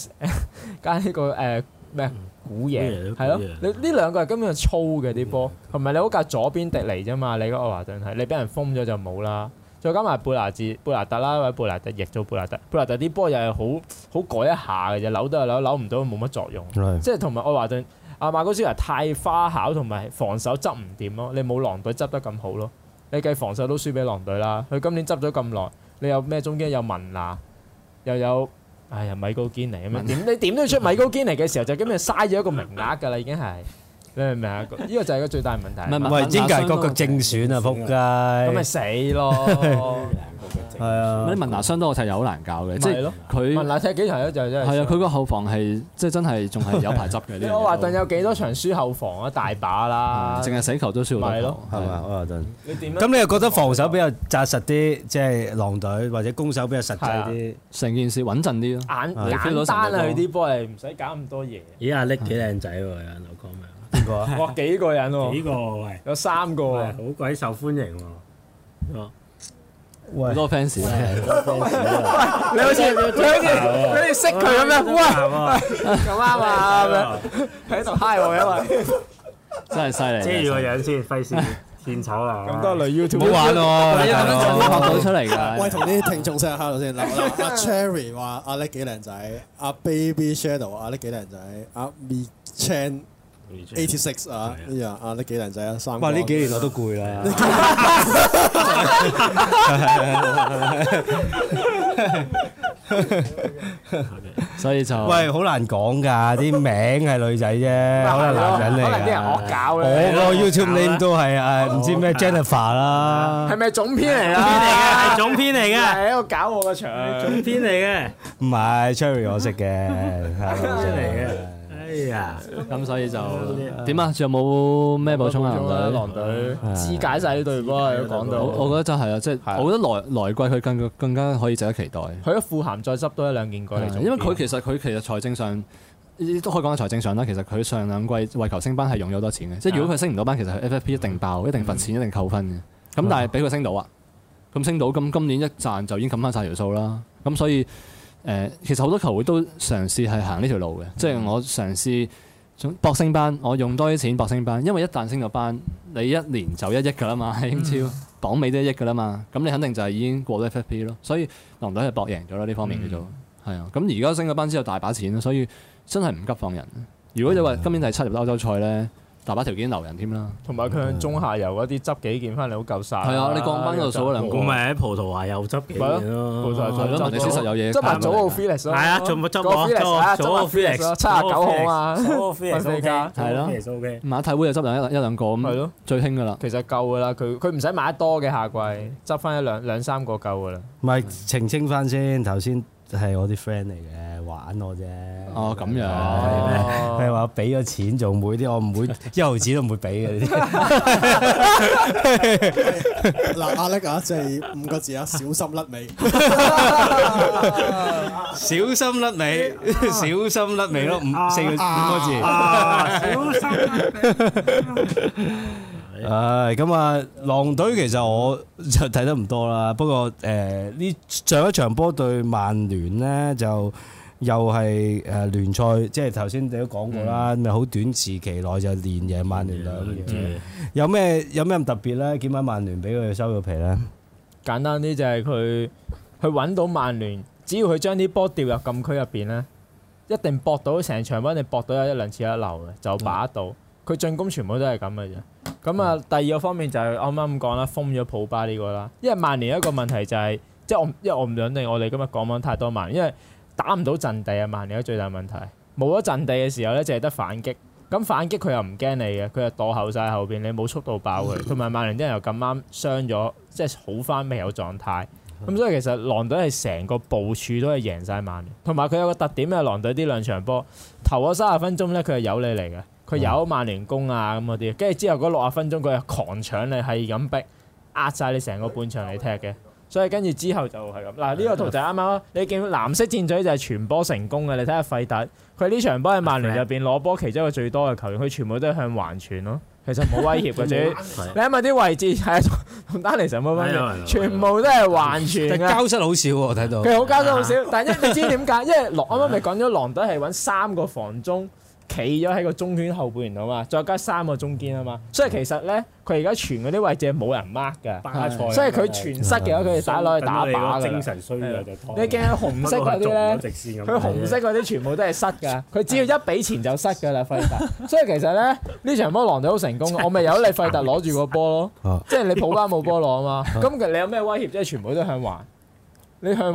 D: 加呢、呢個誒咩、呃、古嘢係咯？你呢兩個係根本係粗嘅啲波，同埋你好靠左邊迪嚟啫嘛。你嗰個愛華頓係你俾人封咗就冇啦。再加埋貝拿治貝拿特啦，或者貝拿特逆做貝拿特，貝拿特啲波又係好好改一下嘅啫，扭得又扭，扭唔到冇乜作用。Right. 即係同埋愛華頓阿、啊、馬高斯太花巧，同埋防守執唔掂咯。你冇狼隊執得咁好咯。你計防守都輸俾狼隊啦。佢今年執咗咁耐，你有咩中間有，有文拿？又有哎呀米高堅尼咁樣點你點都要出米高堅尼嘅時候就根本嘥咗一個名額噶啦已經係。你明啊？呢個就係個最大問題。唔係，唔係，應該係個正選啊！撲街，咁咪死咯！
C: 係啊，啲文拿相當我睇又好難搞嘅，即係佢。文拿踢
D: 幾場都就真係。係啊，
C: 佢個後防係即係真係仲係有排執嘅。我華
D: 頓有幾多場輸後防啊？大把啦，淨
A: 係死球都輸後防，係咪啊？我華頓，你點？
D: 咁你又覺得
A: 防守比較紮實啲，即係狼隊或者攻守比較實際啲？成件事穩陣啲咯。眼簡單啊！啲
D: 波係唔使搞咁多嘢。
A: 咦？阿力幾靚
C: 仔
B: 喎！有人講咩？邊個哇，
D: 幾個人喎？幾個？喂，有三個好鬼受歡迎喎。
B: 哦。好多 fans 你好
D: 似你好似你識佢咁樣。咁啱啊！佢喺度嗨喎，因為
B: 真係犀利。遮住個樣先，費事獻醜啦。咁
E: 多女 YouTube。好玩喎！拍到出嚟噶。喂，同啲聽眾先下度先。阿 Cherry 話：阿叻幾靚仔。阿 Baby Shadow，阿叻幾靚仔。阿 Mi Chan。eighty six 啊，哎呀啊你幾靚仔啊，三個。哇！呢幾年我都攰啦。係係
A: 係係係。所以就喂，好難講㗎，啲名係女仔啫，可能男人嚟啊。可能啲人
D: 我搞嘅。我
A: 個 YouTube name 都係誒唔知咩 Jennifer 啦。係
D: 咪總編嚟啊？係總編嚟嘅，係一個搞我個場。總編嚟嘅。
A: 唔係 Cherry，我識嘅，係出嚟嘅。
D: 哎呀！咁所以就點啊？
A: 仲有冇咩補充啊？狼隊肢
D: 解晒呢隊波，
C: 都講到。我覺得真係啊，即係我覺得來來季佢更更加可以值得期待。佢一富含再執
D: 多一兩件 gear 嘅，因為佢
C: 其實佢其實財政上都可以講係財政上啦。其實佢上兩季為求升班係用咗好多錢嘅。即係如果佢升唔到班，其實 F F P 一定爆，一定罰錢，一定扣分嘅。咁但係俾佢升到啊！咁升到，咁今年一賺就已經冚翻晒條數啦。咁所以。誒，其實好多球會都嘗試係行呢條路嘅，即、就、係、是、我嘗試博升班，我用多啲錢博升班，因為一旦升咗班，你一年就一億噶啦嘛，英超榜尾都一億噶啦嘛，咁你肯定就係已經過咗 FFP 咯，所以狼隊係搏贏咗啦，呢方面叫做，係啊、嗯，咁而家升咗班之後大把錢，所以真係唔急放人。如果你話今年就係七入歐洲賽呢。大把條件留人添啦，
D: 同埋佢中下游嗰啲執幾件翻嚟好夠曬。係啊，你降班就數兩個名，
B: 葡萄牙又執。唔係啊，葡
D: 萄牙又執幾件你實有嘢。
C: 執埋早號 Felix，係啊，
D: 仲有執埋早號 Felix，七廿九號啊嘛。早號 Felix 加，係咯。Felix OK，
C: 馬泰烏又執兩一兩個咁。係咯，最興噶啦。
D: 其實夠噶啦，佢佢唔使買得多嘅，下季，執翻一兩兩三個夠噶啦。
A: 唔係澄清翻先頭先。就係我啲 friend 嚟嘅，玩我啫。哦，咁樣。佢話俾咗錢做妹啲，我唔會一毫子都唔會俾嘅。
E: 嗱，阿叻啊，即係五個字啊，小心甩尾。
A: 小心甩尾，小心甩尾咯。五四個字，五個字。小心甩尾。唉，咁啊，狼隊其實我就睇得唔多啦。不過誒，呢上一場波對曼聯咧，就又係誒聯賽，即係頭先你都講過啦，咪好短時期內就連贏曼聯兩次。有咩有咩咁特別咧？點解曼
D: 聯俾佢收咗皮咧？簡單啲就係佢去揾到曼聯，只要佢將啲波掉入禁區入邊咧，一定搏到成場，一定搏到有一兩次一流嘅，就把到。佢進攻全部都係咁嘅啫。咁啊，第二個方面就係啱啱咁講啦，封咗普巴呢、呢個啦。因為曼聯一個問題就係、係，即係我，因為我唔肯定我哋今日講唔講太多曼。因為打唔到陣地啊，曼聯嘅最大問題。冇咗陣地嘅時候咧，就係得反擊。咁反擊佢又唔驚你嘅，佢又墮後晒後邊，你冇速度爆佢。同埋曼聯啲人又咁啱傷咗，即係好翻未有狀態。咁所以其實狼隊係成個部署都係贏晒曼聯。同埋佢有，有個特點啊，狼隊呢兩場波，頭嗰三十分鐘咧，佢係有你嚟嘅。佢有萬年功啊咁嗰啲，跟住之後嗰六十分鐘佢係狂搶你，係咁逼壓晒你成個半場嚟踢嘅，所以跟住之後就係咁。嗱呢個圖就啱啱。你見藍色箭嘴就係傳波成功嘅，你睇下費特，佢呢場波喺曼聯入邊攞波，其中一個最多嘅球員，佢全部都係向橫傳咯。其實冇威脅嘅，主要你諗下啲位置係同 丹尼什冇分別，全部都係橫傳。交失好少喎，我睇到佢好交失好少。少 但係你知點解？因為我啱啱咪講咗狼隊係揾三個防中。企咗喺個中圈後半段啊嘛，再加三個中堅啊嘛，所以其實咧，佢而家傳嗰啲位置冇人 mark 嘅，所以佢傳失嘅話，佢哋打落去打靶。精神衰弱就你見紅色嗰啲咧，佢紅色嗰啲全部都係失㗎，佢只要一俾錢就失㗎啦，費特。所以其實咧，呢場波狼隊好成功，我咪由你費特攞住個波咯，即係你普巴冇波攞啊嘛，咁其實你有咩威脅？即係全部都係想你揾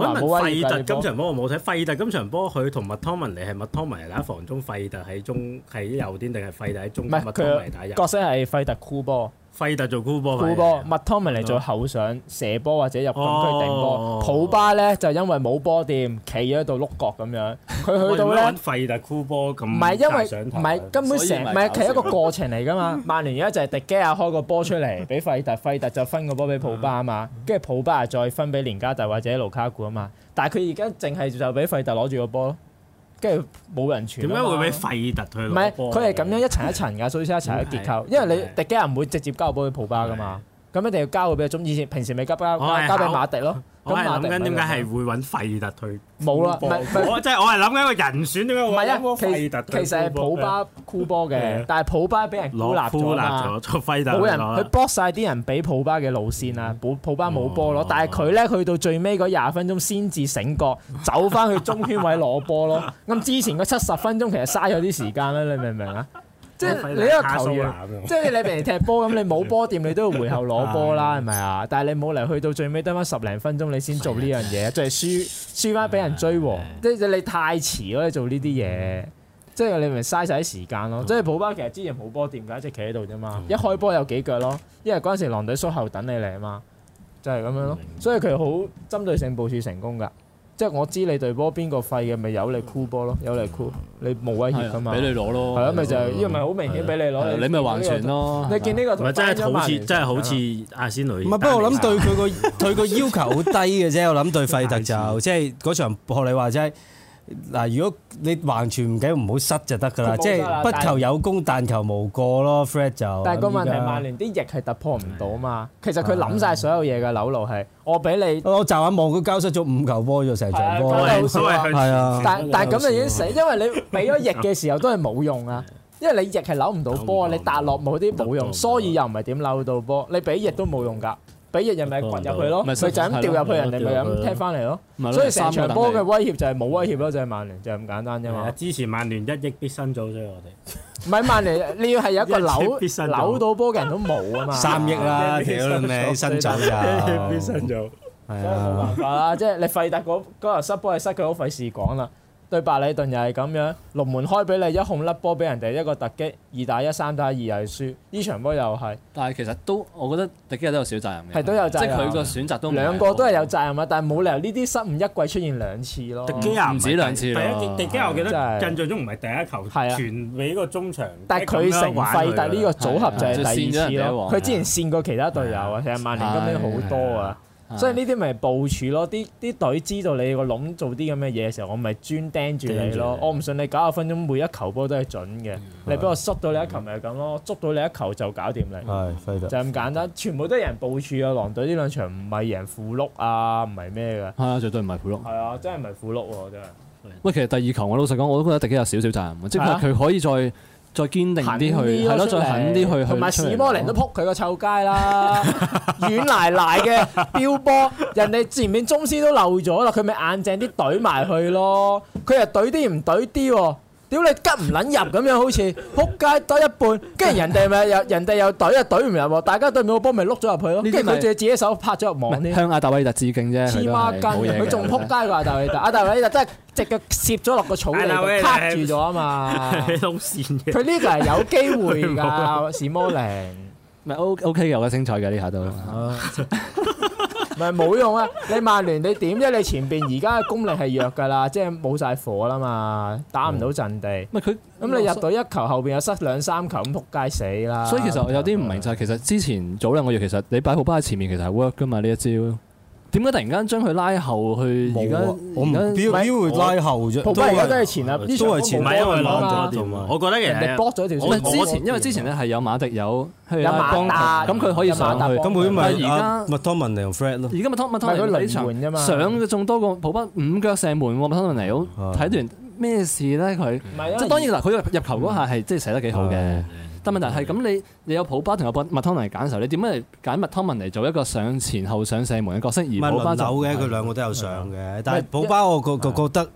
D: 人，費特今場波
B: 我冇睇，費特今場波佢同麥湯文嚟，係麥湯文打防中，費特喺中喺右邊定係費特喺中間？唔係，麥湯文嚟打右，佢
D: 角色係費特酷波。費特做箍波，麥湯文嚟做後上射波或者入禁區定波，普巴咧就因為冇波店，企咗度碌角咁樣，佢去到咧。費特箍波咁。唔係因為唔係根本成唔係，係一個過程嚟噶嘛。曼聯而家就係迪基亞開個波出嚟，俾費特，費特就分個波俾普巴啊嘛，跟住普巴啊再分俾連加特或者盧卡古啊嘛，但係佢而家淨係就俾費特攞住個波咯。跟住冇人傳。點解會畀費
B: 特，佢唔係，佢係
D: 咁樣一層一層噶，所以先一層一結構。 的因為你迪加唔會直接交波去普巴噶嘛，咁的一定要交個比較中。以前平時咪交、哎、交交俾馬迪咯。我係諗緊點解係
B: 會揾費特退？冇啦，我即係 我係諗緊一個人選點解會？唔係其實其實係普巴
D: 箍波嘅， 但係普巴俾人攔咗
B: 嘛，冇人去
D: 博晒啲人俾普巴嘅路線啊！Down, 嗯、普巴冇波囉，但係佢咧，去到最尾嗰廿分鐘先至醒覺，走翻去中圈位攞波咯。咁之前嗰七十分鐘其實嘥咗啲時間啦，你明唔明啊？即係
F: 你一個球員，即
D: 係你平時踢波咁， 你冇波掂，你都要回後攞波啦，係咪啊？但係你冇嚟，去到最尾得翻十零分鐘你，你先做呢樣嘢，即仲係輸輸翻俾人追喎， 即係你太遲咯！你做呢啲嘢， 即係你咪嘥晒啲時間咯。 即係普巴其實之前冇波掂㗎，一直企喺度啫嘛。 一開波有幾腳咯，因為嗰陣時狼隊縮後等你嚟啊嘛，就係、是、咁樣咯。所以佢好針對性部署成功㗎。即係我知你隊波邊個廢嘅，咪有你箍波咯，有你箍，你無威脅噶嘛。俾你攞咯。係啊的，咪就係，呢個咪好明顯俾的你攞的。你咪還傳咯。你見呢個同真係好似，真係好似阿仙
A: 奴。唔係，不過我諗對佢個佢個要求好低嘅啫。我諗對費特就即係嗰場，學你話齋。嗱，如果你完全唔計唔好失就得㗎喇，即係不求有功但求無過咯。Fred 就，但係個問題，曼聯
D: 啲翼係突破唔到啊嘛。其實佢諗晒所有嘢嘅扭路係，我俾你，我就眼望佢交失咗五球波就成場波，係啊，但但係咁就已經死，因為你俾咗翼嘅時候都係冇用啊，因為你翼係扭唔到波，你達落冇啲冇用，所以又唔係點扭到波，你俾翼都冇用㗎。俾人哋咪掘入去咯，咪佢就咁掉入去，人哋咪咁踢翻嚟咯。所以成場波嘅威脅就係冇威脅咯，就係曼聯就係咁簡單啫嘛。支持曼聯一億必生組啫，所以我哋唔係曼聯，你要係有一個扭扭到波嘅人都冇啊嘛。三億啦，條命身走噶，三億必生組。真係冇辦法啦，即係你費達嗰、嗰日塞波係塞佢好費事講啦。對白禮頓又係咁樣，龍門開俾你，一控粒波俾人哋，一個突擊二打一三打二係輸，呢場波又係。但係其實都我覺得迪基亞都有少責任嘅。係都有責任。即係佢個選擇都兩個都係有責任啊，但係冇理由呢啲失誤一季出現兩次咯。迪基亞啊！唔止兩次咯。係啊，迪基亞我記得印
B: 象中唔係第一球傳俾個中場，
D: 但係佢成費迪呢個組合就係第二次咯。佢之前扇過其他隊友啊，其實曼聯今年好多啊。所以呢啲咪部署咯，啲啲隊知道你個籠做啲咁嘅嘢嘅時候，我咪專盯住你咯。我唔信你九十分鐘每一球波都係準嘅。的你俾我縮到你一球咪係咁咯，捉到你一球就搞掂你。的就咁簡單，全部都係人部署啊！狼隊呢兩場唔係贏富碌啊，唔係咩嘅。
C: 係啊，絕對唔係富碌。係
D: 啊，真係唔係富碌喎，真係。
C: 喂，其實第二球我老實講，我都覺得迪幾有少少責任，的即係佢可以再。再堅定啲去，係咯、啊，對再狠啲去，去。唔係史摩寧
D: 都撲佢個臭街啦，軟瀨瀨嘅標波， 人哋前面中斯都漏咗啦，佢咪硬淨啲懟埋去咯，佢又懟啲唔懟啲喎。屌你吉唔撚入咁樣，好似撲街多一半，跟住人哋咪又人哋又懟啊，懟唔入喎，大家懟唔到波咪碌咗入去咯，跟住佢借自己手拍咗入網，係咪向
C: 阿達維特致敬啫，黐孖筋，佢仲撲
D: 街過阿達維特， 阿達維特真係直腳攝咗落個草嚟， 卡住咗啊嘛，佢呢 個係有機會㗎，Smalling，唔係 O O K 嘅，好精彩嘅呢下都。 咪冇 用啊！你曼聯你點啫、啊？你前邊而家嘅功力係弱噶啦，即係冇晒火啦嘛，打唔到陣地。咪佢咁你入到一球後邊又失兩三球咁仆街死啦！所以其實我
C: 有啲唔明就係， 其實之前早兩個月其實你擺好巴喺前面其實係 work 噶嘛，呢一招。點解突然間將佢拉後去？而家我唔，U U 會拉後啫。布吉都係
D: 前啊，都係前。唔係因為攬咗條，我覺得人係 block 咗條。之
C: 前，因為之前咧係有馬迪有有邦達，咁佢可以上去。咁佢咪而家麥當麥當勞 Fred 咯？而家麥當麥當勞 Fred 係佢雷門㗎嘛？上咗仲多過布北五腳射門喎。麥當勞睇段咩事咧？佢即係當然嗱，佢入球嗰下係即係寫得幾好嘅。但問題係咁，你你有普巴同阿麥湯文嚟揀嘅時候，你點解嚟揀麥湯文嚟做一個上前後上射門嘅角色，而普巴就有嘅，佢兩
A: 個都有上嘅。的但係普巴我覺覺的覺得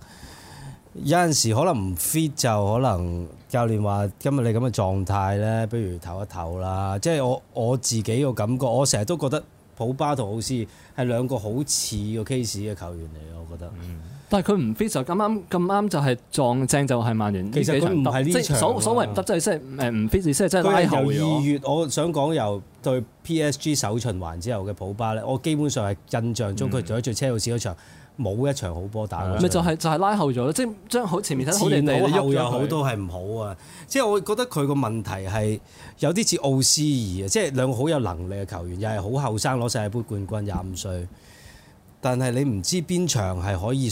A: 有陣時可能唔 fit 就可能教練話今日你咁嘅狀態咧，不如唞一唞啦。即係我我自己個感覺，我成日都覺得普巴同奧斯係兩個好似個 case 嘅球員嚟，我覺得。嗯但係佢
C: 唔 fit 就咁啱咁啱就係撞正就係曼聯呢唔場，場即係所、啊、所，所謂唔得即係即係唔 fit，即係即係拉後。二月
A: 我想講由對 PSG 首循環之後嘅普巴咧，我基本上係印象中佢在住車路士嗰場冇、嗯、一場好波打。咪的就係、是、就係、是、拉後咗，即係將好前面睇的好嚟好有好多係唔好啊！即係我覺得佢個問題係有啲似奧斯爾啊，即係兩個好有能力嘅球員，又係好後生攞世界杯冠軍廿五歲，但係你唔知邊場係可以。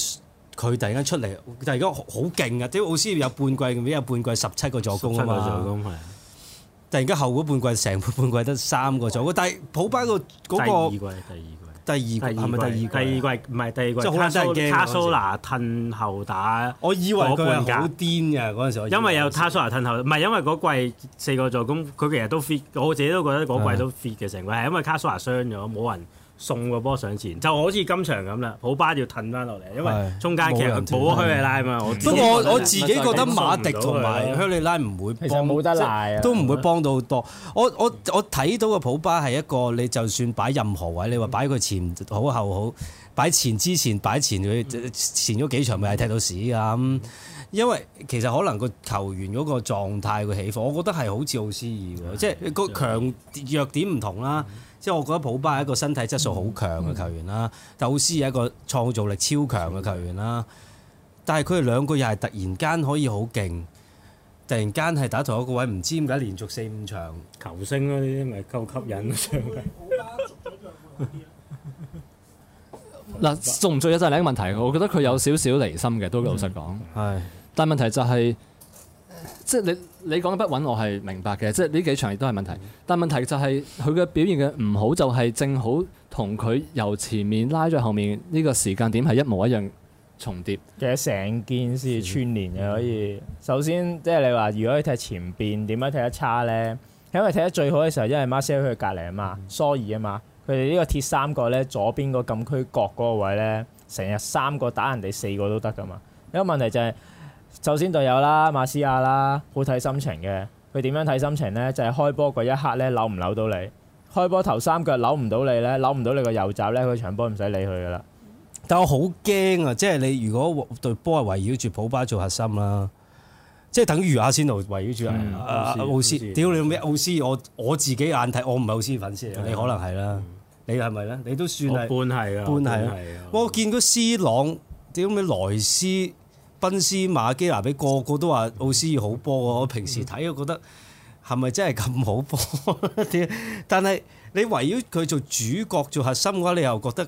A: 佢突然間出嚟，突然間好勁啊！即奧斯有半季，有半季十七個助攻啊嘛。助攻突然間後半季成半季得三個助攻，但係普巴、嗰個第二季，第二季，第二季第二季？第二季唔係第二季，二季二季即係好多人驚。卡蘇拿
B: 褪後打，我以為佢係好癲嘅嗰陣時候。因為有卡蘇拿褪後，唔係因為嗰季四個助攻，佢其實都 fit，我自己都覺得嗰季都 fit 嘅，成唔係因為卡蘇拿傷咗，冇人。送個波上前，就好似今場咁啦。普巴要騰翻落嚟，因為中間其實冇亨利拉嘛。不過我，我自己覺得馬迪同埋亨
A: 里拉唔會幫，都唔會幫到好多。我我我睇到個普巴係一個，你就算擺任何位，你話擺佢前好後好，擺前之前擺前佢前咗幾場咪係踢到屎㗎。因為其實可能個球員嗰個狀態個起伏我覺得係好似奧斯爾嘅，即係個強弱點唔同啦。的即係我覺得普巴係一個身體質素好強嘅球員啦，豆、嗯、斯係一個創造力超強嘅球員啦，但係佢哋兩個又係突然間可以好勁，突然間係打同一個位，唔知點解連續四五場球星啦、啊，呢啲咪夠吸引嗱、啊，做唔
C: 做嘢就係另一個問題。我覺得佢有少少離心嘅，都老實講。係、嗯，唉但係問題就係、是。即係你你講得不穩，我係明白嘅。即係呢幾場亦都係問題，但係問題就係佢嘅表現嘅唔好，就係、是、正好同佢由前面拉咗後面呢個時間點係一模一樣重疊。
D: 嘅。成件事串連嘅可以。嗯、首先即係你話，如果你踢前邊點解踢得差咧？因為踢得最好嘅時候，因為馬斯克佢隔離啊嘛，蘇爾啊嘛，佢哋呢個鐵三角咧，左邊個禁區角嗰個位咧，成日三個打人哋四個都得噶嘛。有個問題就係、是。首先隊友啦，馬斯亞啦，好睇心情嘅。佢點樣睇心情咧？就係、是、開波嗰一刻咧，扭唔扭到你。開波頭三腳扭唔到你咧，扭唔到你個右閘咧，佢場波唔使理佢噶啦。但
A: 我好驚啊！即係你如果對波係圍繞住普巴做核心啦，即係等於阿仙奴圍繞住阿阿奧斯。屌你咩奧斯？我我自己眼睇，我唔係奧斯粉絲啊。你可能係啦，嗯、你係咪咧？你都算係半係啊。半係。我見到斯朗，屌你咩萊斯。奔斯馬基拿比個個都話奧斯爾好波，我平時睇我覺得係咪真係咁好波？ 但係你圍繞佢做主角做核心嘅話，你又覺得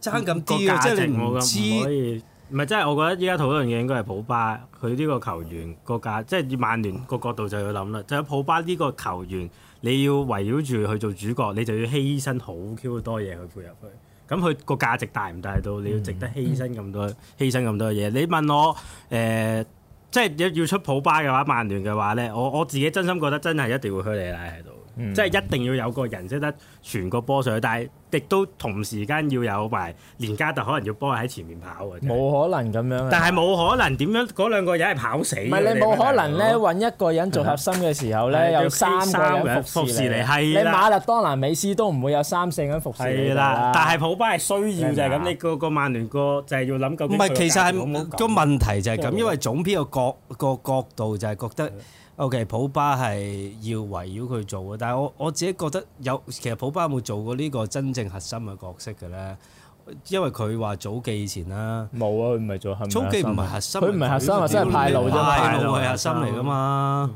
A: 爭咁啲嘅，呃、點點即係你唔知，唔
B: 可以。唔係，即係我覺得依家討論嘅應該係普巴，佢呢個球員個價，即、就、係、是、曼聯個角度就要諗啦。就喺、是、普巴呢個球員，你要圍繞住佢做主角，你就要犧牲好 Q 多嘢去配合佢。咁佢個價值大唔大到，你要值得犧牲咁多犧牲咁多嘢？你問我，誒、呃，即係要要出普巴嘅話，曼聯嘅話咧，我我自己真心覺得真係一定會虛你賴喺度。即係一定要有個人識得傳個波上去，但係亦都同時間要有埋連加特，可能要幫佢喺前面跑。
D: 冇可能咁
B: 樣。但係冇可能點樣？嗰兩個人係跑死。唔係你冇可能咧揾
D: 一個人做核心嘅時候咧，有三三個人服侍嚟係啦。馬勒當拿、美斯都唔會有三四個人服侍。係啦，但係普巴係需要就係咁。你個個曼聯哥就係要諗夠。唔係，其
B: 實係個
A: 問題就係咁，因為總編個角個角度就係覺得。O.K. 普巴係要圍繞佢做嘅，但係我我自己覺得有其實普巴冇做過呢個真正核心嘅角色嘅咧，因為佢話早期以前啦，冇啊，佢唔係做核心，早期唔係核心，佢唔係核心啊，真係派路啫，派路係核心嚟噶嘛。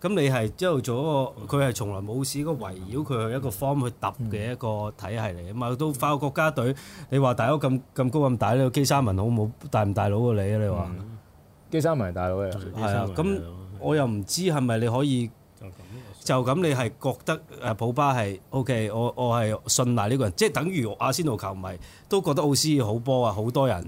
A: 咁你係之後做一個，佢係從來冇試過圍繞佢去一個方去揼嘅一個體系嚟嘅嘛。到法國國家隊，你話大佬咁咁高咁大呢個基沙文好冇大
D: 唔大佬過你啊？你話基沙文大佬啊，
A: 係啊，咁。我又唔知係咪你可以就咁，你係覺得誒普巴係 O K，我我係信賴呢個人，即係等於阿仙奴球迷都覺得奧斯爾好波啊，好多人。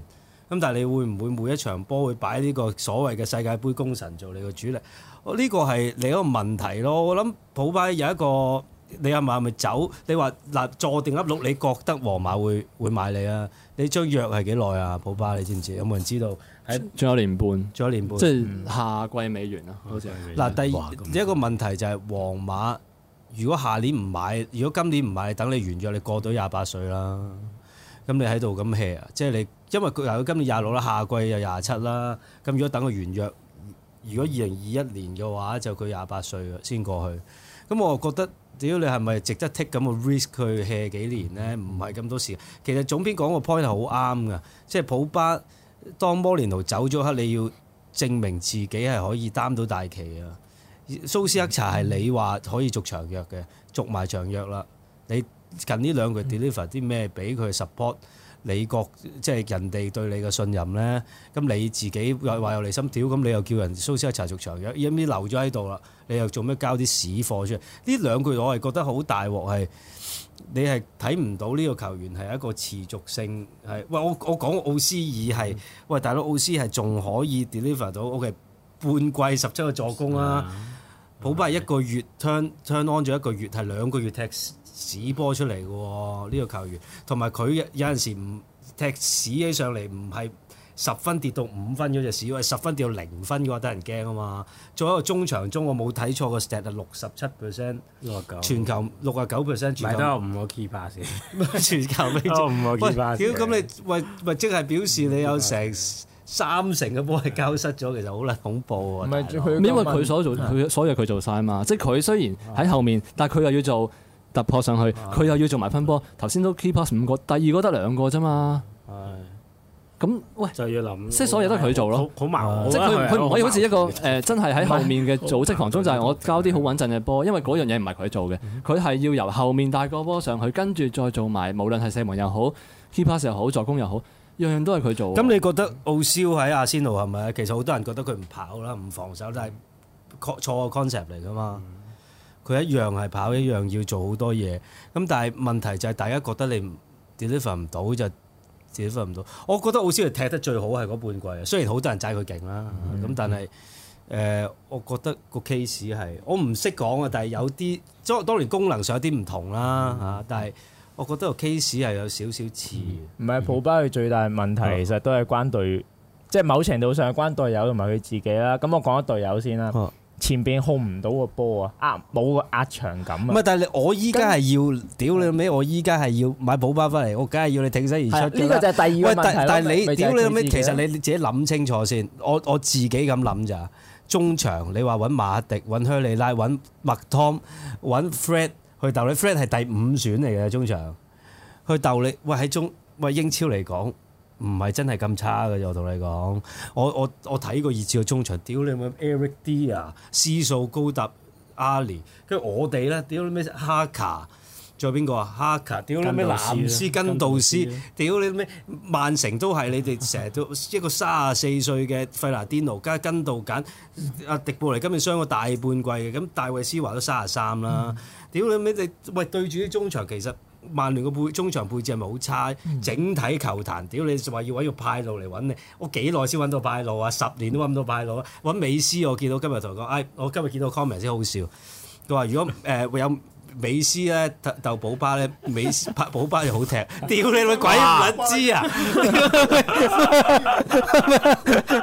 A: 咁但係你會唔會每一場波會擺呢個所謂嘅世界盃功臣做你個主力？呢個係你一個問題咯。我諗普巴有一個你阿嫲係咪走？你話嗱坐定粒六，你覺得皇馬會會買你啊？你張約係幾耐啊？普巴你知唔知？有冇人知道？仲有年半，仲有年半，即係夏季尾完啦。嗱，第二哇一個問題就係皇馬，如果下年唔買，如果今年唔買，等你完約，你過到廿八歲啦。咁你喺度咁 hea，即係你，因為佢，由今年廿六啦，夏季又廿七啦。咁如果等佢完約，如果二零二一年嘅話，就佢廿八歲先過去。咁我覺得，屌你係咪值得 take 咁個 risk 佢 hea 幾年呢？唔係咁多時。其實總編講個 point 係好啱㗎，即係普巴。當摩連奴走咗刻，你要證明自己係可以擔到大旗啊！蘇斯克查係你話可以續長約嘅，續埋長約啦。你近呢兩句 deliver 啲咩俾佢 support？你覺即係人哋對你嘅信任咧？咁你自己又話又嚟心屌咁，你又叫人蘇斯克查續長約，依啲留咗喺度啦。你又做咩交啲屎貨出嚟？呢兩句我係覺得好大鑊係。你係睇唔到呢個球員係一個持續性係，喂我我講奧斯爾係，C e 嗯、喂大佬奧斯係仲可以 deliver 到 OK 半季十七個助攻啦、啊，啊、普巴係一個月 turn turn on 咗一個月係兩個月踢屎波出嚟嘅喎，呢、呢個球員同埋佢有陣時唔踢屎起上嚟唔係。十分跌到五分嗰隻屎，喂！十分跌到零分嘅話，得人驚啊嘛！做一個中場中，我冇睇錯個 stat 啊，六十七 percent，六十九，全球六十九 percent，全球都有五個 key pass 全球咪中五個 key pass 咁你喂喂，即係表示你有成三成嘅波係交失咗，其實好撚恐怖啊。唔係，因為佢所做，佢
C: 所有佢做晒啊嘛！即係佢雖然喺後面，但係佢又要做突破上去，佢又要做埋分波。頭先都 key pass 五個，第二個得兩個啫嘛。哎哎咁
B: 喂，就要諗，
C: 即係所有都係佢做咯，好麻煩。即係佢唔可以好似一個誒，真係喺後面嘅組織防中，就係我交啲好穩陣嘅波，因為嗰樣嘢唔係佢做嘅，佢係要由後面帶個波上去，跟住再做埋無論係射門又好，key pass 又好，助攻又好，樣樣都係佢做。咁你
A: 覺得奧肖喺阿仙奴係咪？其實好多人覺得佢唔跑啦，唔防守，但係錯錯 concept 嚟噶嘛。佢一樣係跑，一樣要做好多嘢。咁但係問題就係大家覺得你 deliver 唔到就。自己分唔到，我覺得奧斯利踢得最好係嗰半季，雖然好多人讚佢勁啦，咁、嗯、但係誒、呃，我覺得個 case 係我唔識講啊，但係有啲當當然功能上有啲唔同啦嚇，嗯、但係我覺得個 case 係有少少似。
D: 唔係普巴佢最大問題其實都係關隊，即係、嗯、某程度上係關隊友同埋佢自己啦。咁我講咗隊友先啦。嗯前邊控唔到個波啊，壓冇個壓場感啊。唔係，但係你我依家係要，
A: 跟屌你咁咩？我依家係要買寶巴翻嚟，我梗係要你挺身而出。呢、這個就係第二個問題。喂，但但你屌你咁咩？其實你自己諗清楚先。我我自己咁諗咋？中場你話搵馬迪、搵香里拉、搵麥湯、搵 Fred 去鬥你。 Fred 係第五選嚟嘅中場，去鬥你。喂喺中喂英超嚟講。唔係真係咁差嘅，就同你講，我我我睇過熱刺嘅中場，屌你咪 Eric Dier, li, aka, 有啊，思數高達 Ali，跟住我哋咧，屌你咩 Haka，仲有邊個啊 Haka，屌你咩南斯根導師，屌你咩曼城都係你哋成日都一個三十四歲嘅費拿迪奴，加根道簡，阿迪布尼今日傷咗大半季嘅，咁戴維斯華都三十三啦，嗯、屌你咩你喂對住啲中場其實。曼聯個背中場配置係咪好差？整體球壇屌你！話要揾要個派路嚟揾你，我幾耐先揾到派路啊？十年都揾唔到派路啊！揾美斯，我見到今日同佢講，唉、哎，我今日見到 comment 先好笑，佢話如果誒、呃、有美斯咧鬥鬥普巴咧，美斯
D: 拍普巴又好踢。
A: 屌你老鬼，唔知啊！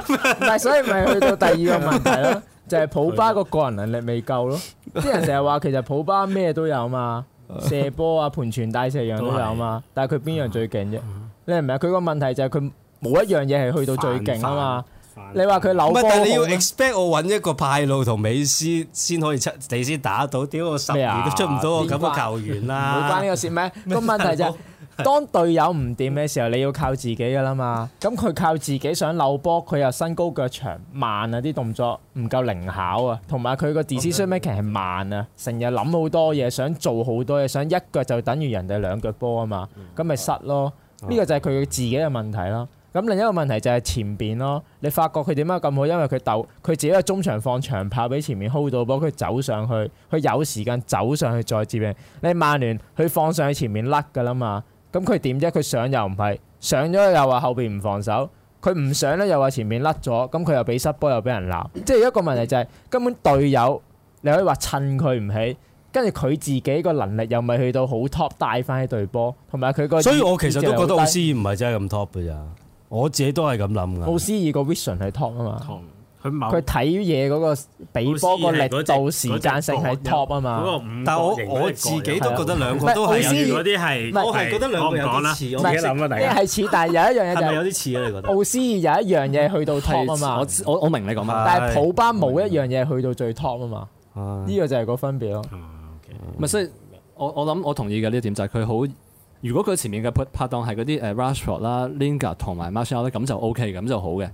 A: 哇 但係所以咪去到第二個問題咯，
D: 就係、是、普巴個個人能力未夠咯。啲人成日話其實普巴咩都有嘛。射波啊，盤傳帶射樣都有啊，但係佢邊樣最勁啫？你明唔明啊？佢個問題就係佢冇一樣嘢係去到最勁啊嘛！反反你話佢扭，但你要
A: expect 我揾一個派路同美斯先可以出，你先打到屌！我十年都出唔到麼我咁嘅球員啦！冇花 關呢個事
D: 咩？個 問題就係。當隊友唔掂嘅時候，你要靠自己噶啦嘛。咁佢靠自己想扭波，佢又身高腳長，慢啊啲動作唔夠靈巧啊，同埋佢個 discovery 係慢啊，成日諗好多嘢，想做好多嘢，想一腳就等於人哋兩腳波啊嘛，咁咪失咯。呢、呢個就係佢自己嘅問題啦。咁另一個問題就係前邊咯，你發覺佢點解咁好？因為佢鬥，佢自己喺中場放長炮俾前面 hold 到波，佢走上去，佢有時間走上去再接應。你曼聯佢放上去前面甩噶啦嘛。咁佢點啫？佢上又唔係，上咗又話後邊唔防守，佢唔上咧又話前面甩咗，咁佢又俾失波又俾人鬧，即係一個問題就係根本隊友你可以話襯佢唔起，跟住佢自己個能力又咪去到好 top 帶翻起隊波，同埋佢個。所以我其實都覺得奧斯
A: 爾唔係真係咁 top 㗎咋，我自己都係咁諗噶。奧
D: 斯爾個 vision 係 top 啊嘛。佢睇嘢嗰個比波個力度、時間性係 top 啊嘛，但我我自己都覺得兩個都好似啲係，我係覺得兩個有啲似。唔係，一係似，但係有一樣嘢就係有啲似，你覺得奧斯有一樣嘢去到 top 啊嘛？我
C: 我我明你講乜？但係普巴
D: 冇一樣嘢去到最 top 啊嘛？呢個就係個分別咯。
C: 唔係，所以我我諗我同意嘅呢一點，就係佢好。如果佢前面嘅拍檔係嗰啲誒 Rashford 啦、Linga 同埋 Marshall 咁就 OK，咁就好嘅。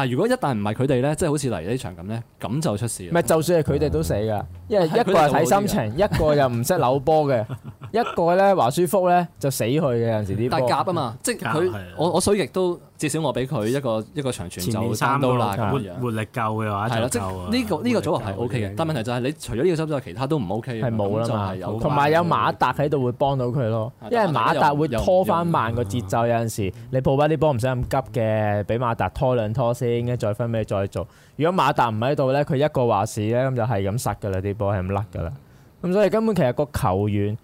C: 但如果一旦唔係佢哋咧，即係好似嚟呢場咁咧，咁就出事啦。唔係
D: 就算係佢哋都死㗎，嗯、因為一個係睇心情，一個又
C: 唔識扭波嘅。
D: 一個咧，華舒福咧就死去嘅。有陣時啲大鴿啊嘛，即係佢
C: 我我水亦都至少我俾佢一個一個長傳就撐到啦。的活
D: 力夠嘅話就夠
C: 呢、呢個呢、呢個組合係 O K 嘅，但問題就係你除咗呢個組合，其他都唔 O K 嘅。係冇啦嘛，同埋有，有，有馬
D: 達喺度會幫到佢咯，因為馬達會拖翻慢個節奏有。有陣時你抱翻啲波唔使咁急嘅，俾馬達拖兩拖先，再分俾你再做。如果馬達唔喺度咧，佢一個話事咧咁就係咁塞㗎啦。啲波係咁甩㗎啦。咁所以根本其實個球員。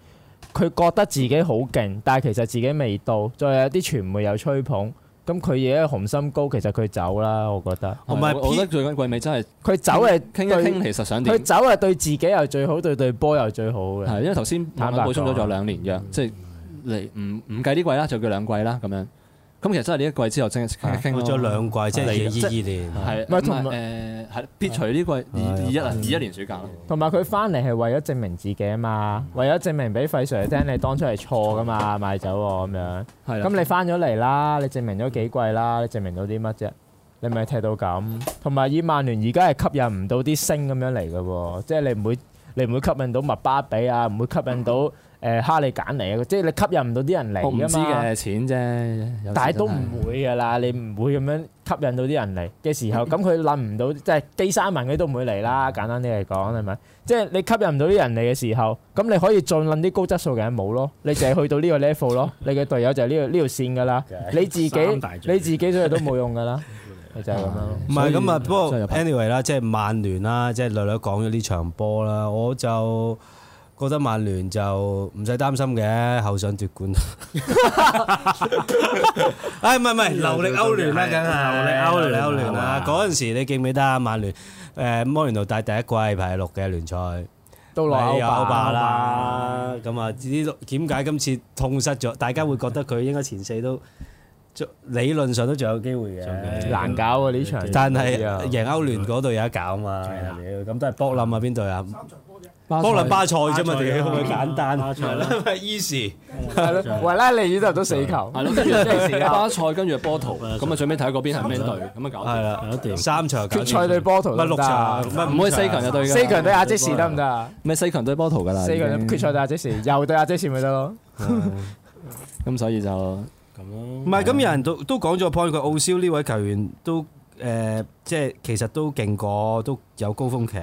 D: 佢覺得自己好勁，但係其實自己未到，再有啲傳媒又吹捧，咁佢而家雄心高，其實佢走啦，我覺得。同埋不，是我覺得
C: 最近季尾真係佢走係傾一傾，其實想點？佢
D: 走係對自己又最好，對對，對波又最好嘅。係，因為頭先馬補充咗，仲有兩年嘅，即係
C: 嚟唔唔計呢季啦，就叫、是、兩季啦，咁樣。咁其實真係呢一季之後，傾過咗兩季，即係二二年，係咪同誒？係撇除呢季二二一啊，二一年暑假
D: 咯。同埋佢翻嚟係為咗證明自己啊嘛，為咗證明俾費 sir 聽，你當初係錯噶嘛，賣走我咁樣。係。咁你翻咗嚟啦，你證明咗幾季啦？你證明到啲乜啫？你咪踢到咁。同埋以曼聯而家係吸引唔到啲星咁樣嚟噶喎，即係你唔會，你唔會吸引到麥巴比啊，唔會吸引到。誒蝦你揀嚟啊！即係你吸引唔到啲人嚟啊嘛！我唔知嘅錢啫。但係都唔會㗎啦，你唔會咁樣吸引到啲人嚟嘅時候，咁佢諗唔到，即係低三文嗰啲都唔會嚟啦。簡單啲嚟講係咪？即係你吸引唔到啲人嚟嘅時候，咁你可以再諗啲高質素嘅冇咯。你淨係去到呢個 level 咯。你嘅隊友就係呢個呢條線㗎啦。你自己，你自己都係都冇用㗎啦。就係咁樣
A: 咯。唔係咁啊，不過 anyway 啦，即係曼聯啦，即係略略講咗呢場波啦，我就。覺得曼聯就唔使擔心嘅，後上奪冠。哎，唔係唔係，留力歐聯啦，梗係歐聯歐聯啦。嗰陣時你記唔記得啊？曼聯誒摩連奴帶第一季排六嘅聯賽，都攞歐霸啦。咁啊，點點解今次痛失咗？大家會覺得佢應該前四都，理論上都仲有機會嘅。難搞喎呢場，但係贏歐聯嗰度有得搞啊嘛。屌，咁都係博冧啊邊隊啊？
D: 光輪巴塞啫嘛，點會簡
A: 單？係咯
D: ，easy 係咯。維拉利爾都都四球，係咯，一巴
C: 塞跟住波圖，咁啊最尾睇嗰邊係咩隊，咁啊搞
A: 掂。係啦，搞掂。三場決賽對波圖，唔係六場，唔好去四強啊對。四強對阿積士得唔得
D: 啊？咩四強對波圖噶啦？四強決賽對阿積士，又對阿積士咪得咯？
A: 咁所以就咁咯。唔係，咁有人都都講咗 point，佢奧肖呢位球員都誒，即係其實都勁過，都有高峰期。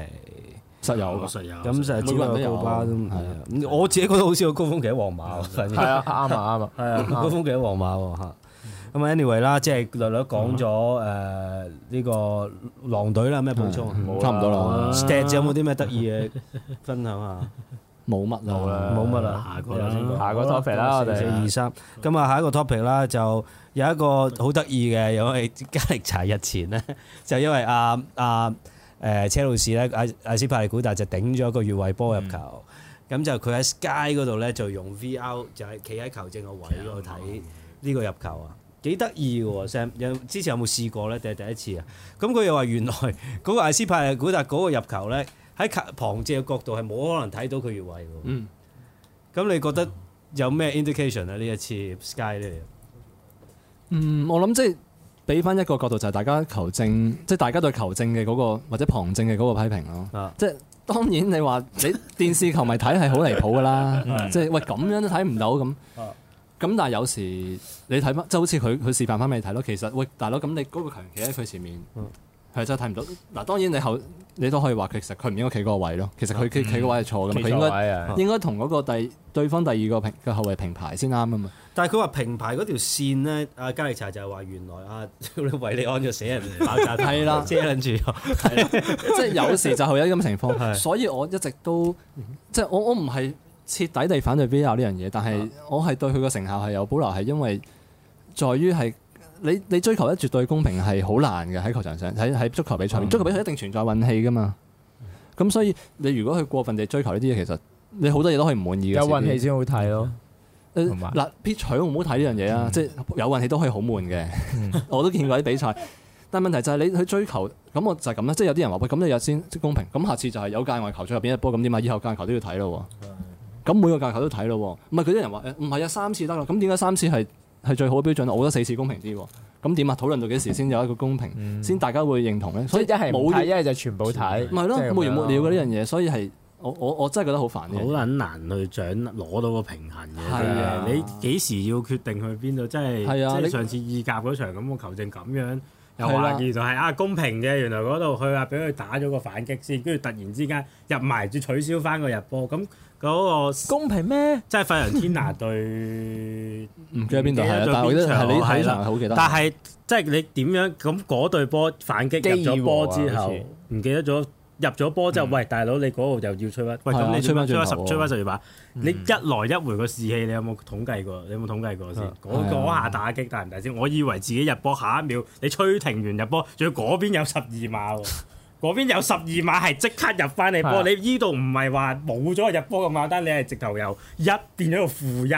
A: 室友，咯，實有。咁成日只有去歐巴啫。係我自己覺得好似有高峰期喺皇馬。係啊，啱啊，啱啊。啊，高峰期喺皇馬喎。咁 anyway 啦，即係略略講咗誒呢個狼隊啦，咩補充？差唔多啦。Stef 有冇啲咩得意嘅分享啊？冇乜好啦，冇乜啦。下個下個 topic 啦，我哋二三。咁啊，下一個 topic 啦，就有一個好得意嘅，又係加力茶日前咧，就因為阿阿。誒車路士咧，阿艾斯派利古達就頂咗個越位波入球，咁、嗯、就佢喺 Sky 嗰度咧就用 VR 就係企喺球證個位度睇呢個入球啊，幾得意喎 Sam，有之前有冇試過咧定係第一次啊？咁佢又話原來嗰個艾斯派利古達嗰個入球咧喺旁證嘅角度係冇可能睇到佢越位喎。嗯，咁你覺得有咩 indication 啊、嗯？呢一次 Sky 咧？嗯，
C: 我諗即係。俾翻一個角度就係、是、大家求證，即係大家對求證嘅嗰、那個或者旁證嘅嗰個批評咯。Uh. 即係當然你話你電視球迷睇係好離譜㗎啦。 即係喂，咁樣都睇唔到咁。咁但係有時你睇翻即係好似佢、佢示範翻俾你睇咯。其實喂，大佬，咁你嗰個球員企喺佢前面。Uh. 佢真係睇唔到嗱，當然你後你都可以話，其實佢唔應該企嗰個位咯。其實佢佢企嗰位係錯嘅，佢、嗯、應該、嗯、應該同嗰、嗰個第對方第二個平個後衛平排先啱啊嘛。
A: 但係佢話平排嗰條線咧，阿加利柴就係話原來阿維利安就死人嚟爆炸梯 啦，遮撚住。即係 有時就係
C: 有啲咁情況， 所以我一直都即係、即係、我我唔係徹底地反對 VAR 呢樣嘢，但係我係對佢個成效係有保留，係因為在於係。你你追求一絕對公平係好難嘅，喺球場上。喺喺足球比賽、嗯、足球比賽一定存在運氣噶嘛、嗯。咁所以你如果去過分地追求呢啲嘢，其實你好多嘢都可以唔滿意嘅。有運氣先
D: 好睇咯。嗱
C: ，Pitch 都唔好睇呢樣嘢啊！即係有運氣都可以好悶嘅。嗯、 我都見過啲比賽，但係問題就係你去追求，咁我就係咁啦。即、就、係、係、有啲人話喂，咁你日先即公平，咁下次就係有界外球最入邊一波，咁點啊？以後界外球都要睇咯。咁每個界球都睇咯。唔係佢啲人話唔係啊，三次得咯。咁點解三次係？係最好嘅標準，我覺得四次公平啲。咁點啊？討論到幾時先有一個公平，先、嗯、大家會認同咧？所以一係冇睇，一係就全部睇，咪咯的，冇完冇了嗰啲樣嘢。無無嗯、所以係
B: 我我我真係覺得好煩好撚難去掌攞到個平衡嘅。係啊，啊你幾時要決定去邊度？即係、啊、即係上次意甲嗰場咁，個球證咁樣，又話原來係啊公平嘅，原來嗰度佢話俾佢打咗個反擊先，跟住突然之間入埋，要取消翻個入波咁。嗰個公平咩？即係費南迪拿對唔記得邊度，係但係係你喺啦，好記得。但係即係你點樣咁嗰對波反擊入咗波之後，唔記得咗入咗波之後，喂大佬你嗰度又要吹乜？喂咁你吹翻吹十二碼，吹翻十二碼。你一來一回個士氣，你有冇統計過？你有冇統計過先？嗰下打擊大唔大先？我以為自己入波下一秒，你吹停完入波，仲要嗰邊有十二碼喎。嗰邊有十二碼係即刻入翻嚟波，你依度唔係話冇咗入波咁簡單，你係直頭由一變咗個負一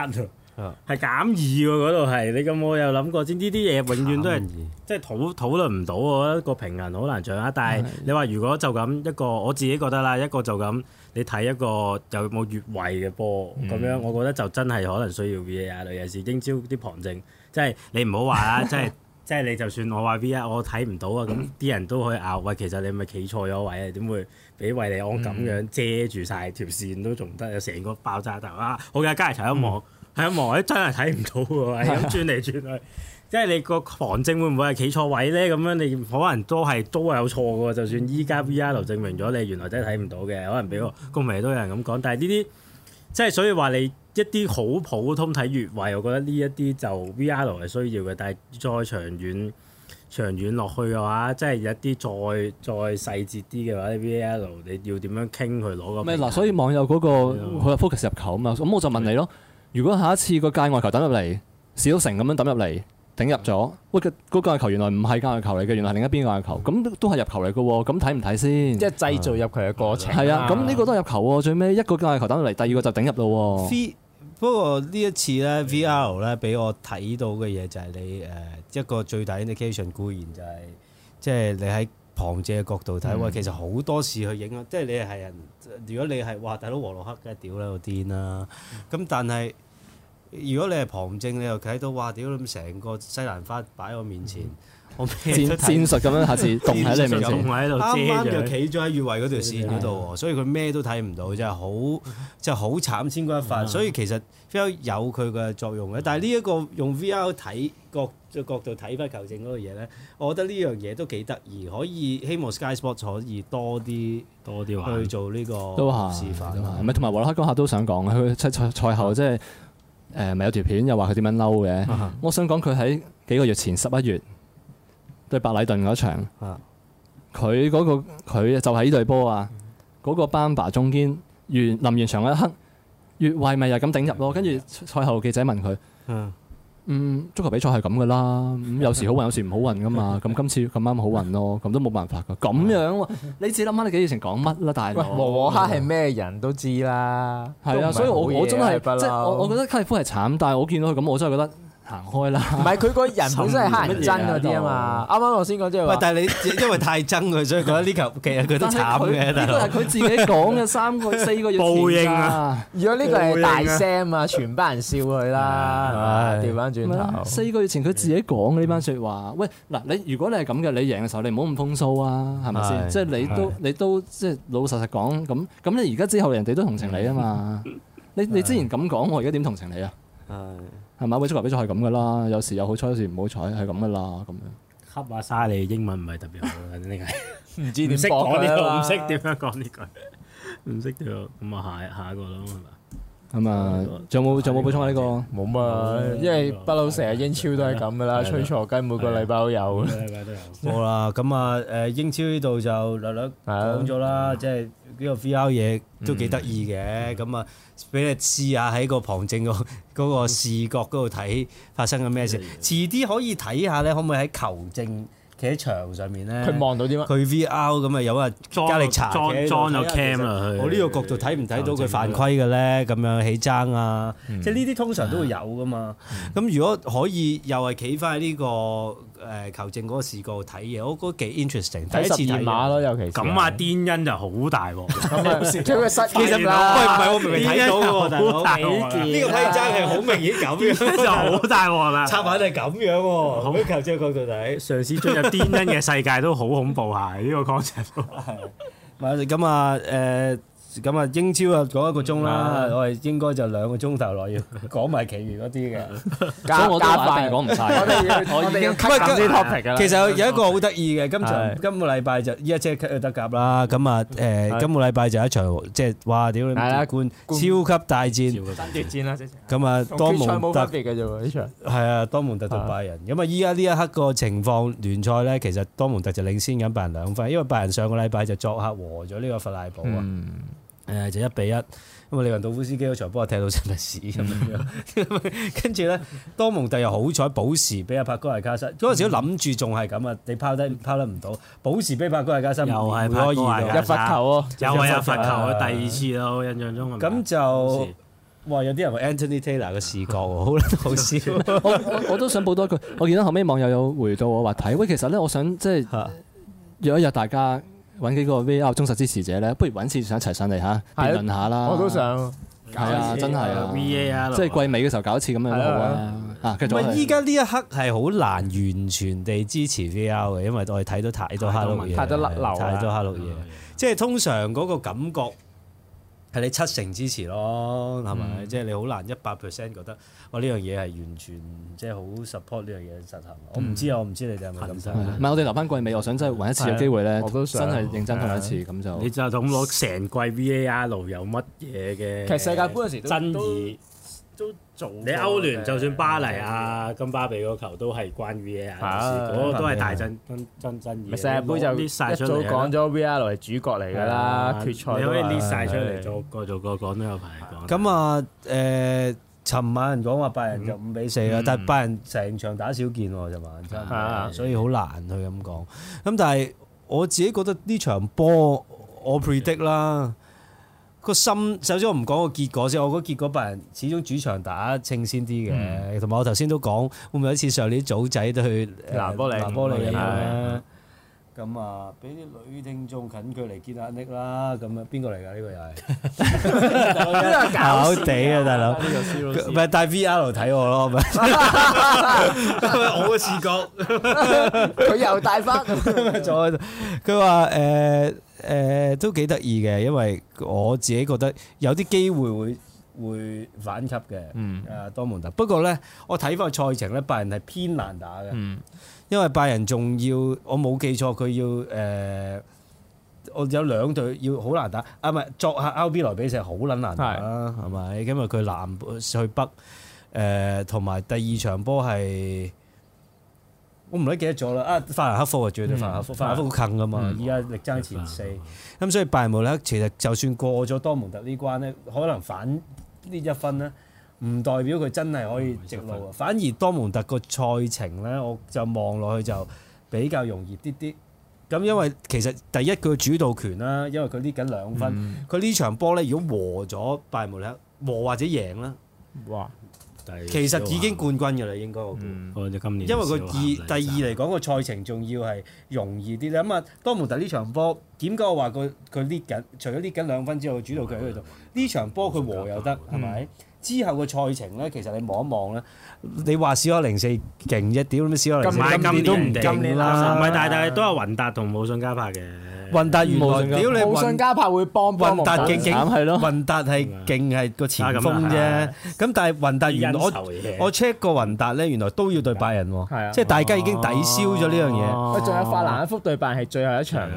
B: 啊，係減二喎嗰度係。你咁我有諗過先，呢啲嘢永遠都係易即係討討論唔到喎，我覺得一個平衡好難掌握。但係你話如果就咁一個，我自己覺得啦，一個就咁你睇一個有冇越位嘅波咁樣，我覺得就真係可能需要 VAR 啊。尤其是英超啲旁證，即係你唔好話啦，即係。即係你就算我話 VR 我睇唔到啊，咁啲、嗯、人都可以拗喂，其實你咪企錯咗位啊？點會俾維尼安咁樣、嗯、遮住晒條線都仲得有成個爆炸頭啊！好嘅，加嚟睇一望，睇、嗯、一望、欸、真係睇唔到喎，係咁 轉嚟轉去，即係你個旁證會唔會係企錯位咧？咁樣你可能都係都有錯嘅喎。就算依家 VR 都證明咗你原來真係睇唔到嘅，可能俾個公平都有人咁講。但係呢啲即係所以話你。一啲好普通睇越位，我覺得呢一啲就 VAR 係需要嘅。但係再長遠長遠落去嘅話，即係一啲再再細節啲嘅話，VAR 你要點樣傾佢攞個？咪嗱，所
C: 以網友嗰、那個佢 focus 入球啊嘛。咁我就問你咯，對如果下一次個界外球抌入嚟，小城咁樣抌入嚟，頂入咗，喂，嗰、那個界外球原來唔係界外球嚟嘅，原來另一邊界外球，咁都都係入球嚟嘅喎。咁睇唔睇先？即係製造入球嘅過程。係啊，咁呢、啊啊啊、個都係入球喎。最尾一個界外球抌入嚟，第二個就頂入嘞喎，啊。
A: 不過呢一次咧的，VR 咧俾我睇到嘅嘢就係你誒、呃、一個最大 indication，固然就係即係你喺旁借嘅角度睇，喂、嗯，其實好多事去影響，即係你係人，如果你係哇大佬華洛克梗係，屌啦，我癲啦，咁、嗯、但係。如果你係旁證，你又睇到哇！屌你咁成個西蘭花擺喺我面前，嗯、我咩戰詹術咁樣下次棟喺你面前，棟喺度，啱啱又企咗喺越位嗰條線嗰度喎，詹詹所以佢咩都睇唔到，嗯、真係好真係好、嗯、慘先嗰一發。啊、所以其實 V R 有佢嘅作用嘅，啊、但係呢一個用 V R 睇各角度睇翻球證嗰個嘢咧，我覺得呢樣嘢都幾得意，可以希望 Sky Sports 可以多啲多啲去做呢個示範。同埋
C: 黃立克嗰下都想講，佢賽賽後即、就、係、是。誒咪、呃、有條片又話佢點樣嬲嘅，uh huh. 我想講佢喺幾個月前十一月對白禮頓嗰場，佢嗰、uh huh. 嗰個佢就喺呢隊波啊，嗰、嗰個 Bamba 中堅完臨完場一刻越位咪又咁頂入咯，跟住賽後記者問佢。
F: Uh huh. 嗯，
C: 足球比賽係咁噶啦，咁、嗯、有時好運，有時唔好運噶嘛。咁 今次咁啱好運咯，咁 都冇辦法噶。咁樣， 你自己諗翻你幾時成講乜啦？但係摩哈係咩人都知啦。係啊，所以我我真係即係我，我覺得卡利夫係慘，但係我見到
A: 佢咁，我真係覺得。行開啦！唔係佢個人本身係黑人憎嗰啲啊嘛，啱
D: 啱我先講即係話。但
A: 係你因為太憎佢，所以覺得呢球其實佢都慘嘅，大佬。但係佢自
D: 己講嘅三個四個月報應啊！如果呢個係大聲啊，全班人笑佢啦。
C: 調翻轉四個月前佢自己講呢班説話。喂，嗱，你如果你係咁嘅，你贏嘅時候你唔好咁風騷啊，係咪先？即係你都你都即係老老實實講咁咁。你而家之後人哋都同情你啊嘛？你你之前咁講，我而家點同情你啊？係咪啊？足球比賽係咁噶啦，有時有好彩，有時唔好彩，係咁噶啦咁樣。恰啊沙你英文唔係特別好，
B: 點解 是？唔 知點講咧。唔識點樣講呢句。唔
D: 識就咁啊， 下下一個咯。 係咪？
C: 咁啊，仲有冇仲有冇補充下呢個？冇啊，
D: 因為不嬲成日英超都係咁噶啦。對對對對，吹錯雞，每個禮拜都有。每
A: 個禮拜都有。冇啦，咁啊，誒英超呢度就略略講咗啦，即係呢個 VR 嘢都幾得意嘅。咁啊對，俾你試下喺個旁證個嗰個視覺嗰度睇發生緊咩事。遲啲可以睇下咧，可唔可以喺求證？企喺牆上面咧，佢望到啲乜？佢 VR 咁啊，有啊，加力殘嘅，裝就 cam 啦。佢我呢個角度睇唔睇到佢犯規嘅咧？咁樣起爭啊，即係呢啲通常都會有㗎嘛。咁、嗯、如果可以，又係企返喺呢個。誒求證嗰個視角睇嘢，我覺得幾 interesting。
B: 第一次尤其。咁啊，
A: 顛因就好大鑊。
B: 其
D: 實，攝唔係我明明睇到呢個體
A: 差係好明顯咁樣，就好大鑊啦。插眼係咁樣喎。好求證角度睇，嘗試進入顛因嘅世界都好恐怖嚇。呢個 concept。咪咁啊？誒。咁啊，英超啊，講一個鐘啦，我哋應該就兩個鐘頭內要講埋其餘嗰啲嘅，加加快，講唔晒。我哋要我哋要暫時 topic 啊。其實有有一個好得意嘅，今場今個禮拜就依家即係德甲啦。咁啊誒，今個禮拜就一場即係哇屌冠冠超級大戰，
D: 決戰啦！咁
A: 啊，多蒙特同拜仁。咁啊，依家呢一刻個情況聯賽咧，其實多蒙特就領先緊拜仁兩分，因為拜仁上個禮拜就作客和咗呢個弗賴堡啊。誒就一比一，咁啊李雲道夫斯基嗰場幫我踢到出嚟屎咁樣，跟住咧多蒙特又好彩保時俾阿柏哥係加塞，嗰陣、嗯、時都諗住仲係咁啊！你拋得拋得唔到，保時俾柏哥係加塞，又係柏哥二度入罰球哦，又係入罰球,又入罰球啊！第二次咯，我印象中咁就哇有啲人話 Anthony Taylor 嘅視覺好好笑,
C: 我，我都想補多一句，我見到後尾網友有回到我話睇，喂其實咧，我想即係約一約大家。揾幾個 VAR 忠實支持者咧，不如揾次想一齊上嚟嚇，
A: 辯論下啦。我都想，
C: 係啊，真係啊，VAR 即係
A: 季尾嘅時候搞一次咁樣。好啊，啊，其實依家呢一刻係好難完全地支持 VAR 嘅，因為我哋睇到太多 Hello 嘢，太多流，太多 Hello 嘢，即係通常嗰個感覺。係你七成支持咯，係咪？即係、嗯、你好難一百 percent 覺得哇呢樣嘢係完全即係好 support 呢樣嘢實行、嗯我。我唔知我唔知你哋有冇咁想。唔係我哋留翻季
B: 尾，我想真係還一次嘅機會咧，我想都
C: 真係認真睇一次咁對吧
B: 就。你就咁攞成季 VAR 有乜嘢嘅其實世界杯陣時都爭議？都仲，你歐聯就算巴黎啊，金巴比個球都係關於 VR，都係大陣真
D: 真真嘢。盃就拎曬出嚟。一早講咗 VR 係主角嚟㗎啦，決賽你可以
B: 拎晒出嚟。做
A: 個做個講都有排講。咁啊，誒，尋晚人講話拜仁就五比四啦，但係拜仁成場打少見喎，就晚真所以好難去咁講。咁但係我自己覺得呢場波，我 predict 啦。個心首先我唔講個結果先，我覺得結果班人始終主場打清鮮啲嘅，同埋我頭先都講會唔會有一次上年啲組仔都去南波領南波領啊，咁啊俾啲女聽眾近距離見下溺啦，咁、這個、 啊邊個嚟㗎呢個又係，真係搞笑啊，大佬，唔係戴 V R 睇我咯，咪我嘅視覺
D: 佢又戴翻
A: 度。佢話誒。誒、呃、都幾得意嘅，因為我自己覺得有啲機會會會反擊嘅。嗯，誒、啊、多蒙特。不過咧，我睇翻賽程咧，拜仁係偏難打嘅。嗯，因為拜仁仲要，我冇記錯佢要誒、呃，我有兩隊要好難打。啊，唔係作客 RB 萊比錫好撚難打啦，係咪是？因為佢南去北誒，同、呃、埋第二場波係。我唔記得咗啦！啊，法蘭克福就最對法蘭克福，嗯，法蘭克福好近噶嘛。依家、嗯、力爭前四，咁、嗯嗯、所以拜仁慕尼黑其實就算過咗多蒙特呢關咧，可能反呢一分咧，唔代表佢真係可以直路啊。嗯、反而多蒙特個賽程咧，我就望落去就比較容易啲啲。咁因為其實第一佢嘅主導權啦，因為佢呢緊兩分，佢、嗯、呢場波咧，如果和咗拜仁慕尼黑，和或者贏啦。哇其實已經冠軍㗎啦，應該我估。嗯、因為佢二第二嚟講個 賽程仲要係容易啲，你諗下，多蒙特呢場波點解我話佢佢跌緊？除咗跌緊兩分之後，主導佢喺度做呢場波佢和又得係咪？之後個賽程咧，其實你望一望咧，嗯、你話斯科零四勁一點咁斯科零四？今年都唔勁啦，唔係，但係都係雲達同武信加拍嘅。雲達原來屌你，無上
D: 加柏會幫雲達勁勁，
A: 雲達係勁係個前鋒啫。咁但係雲達原來我 check 過雲達咧，原來都要對拜仁喎。即係大家已經抵消咗呢樣嘢。喂，
D: 仲有法蘭克福對拜仁係最後一場，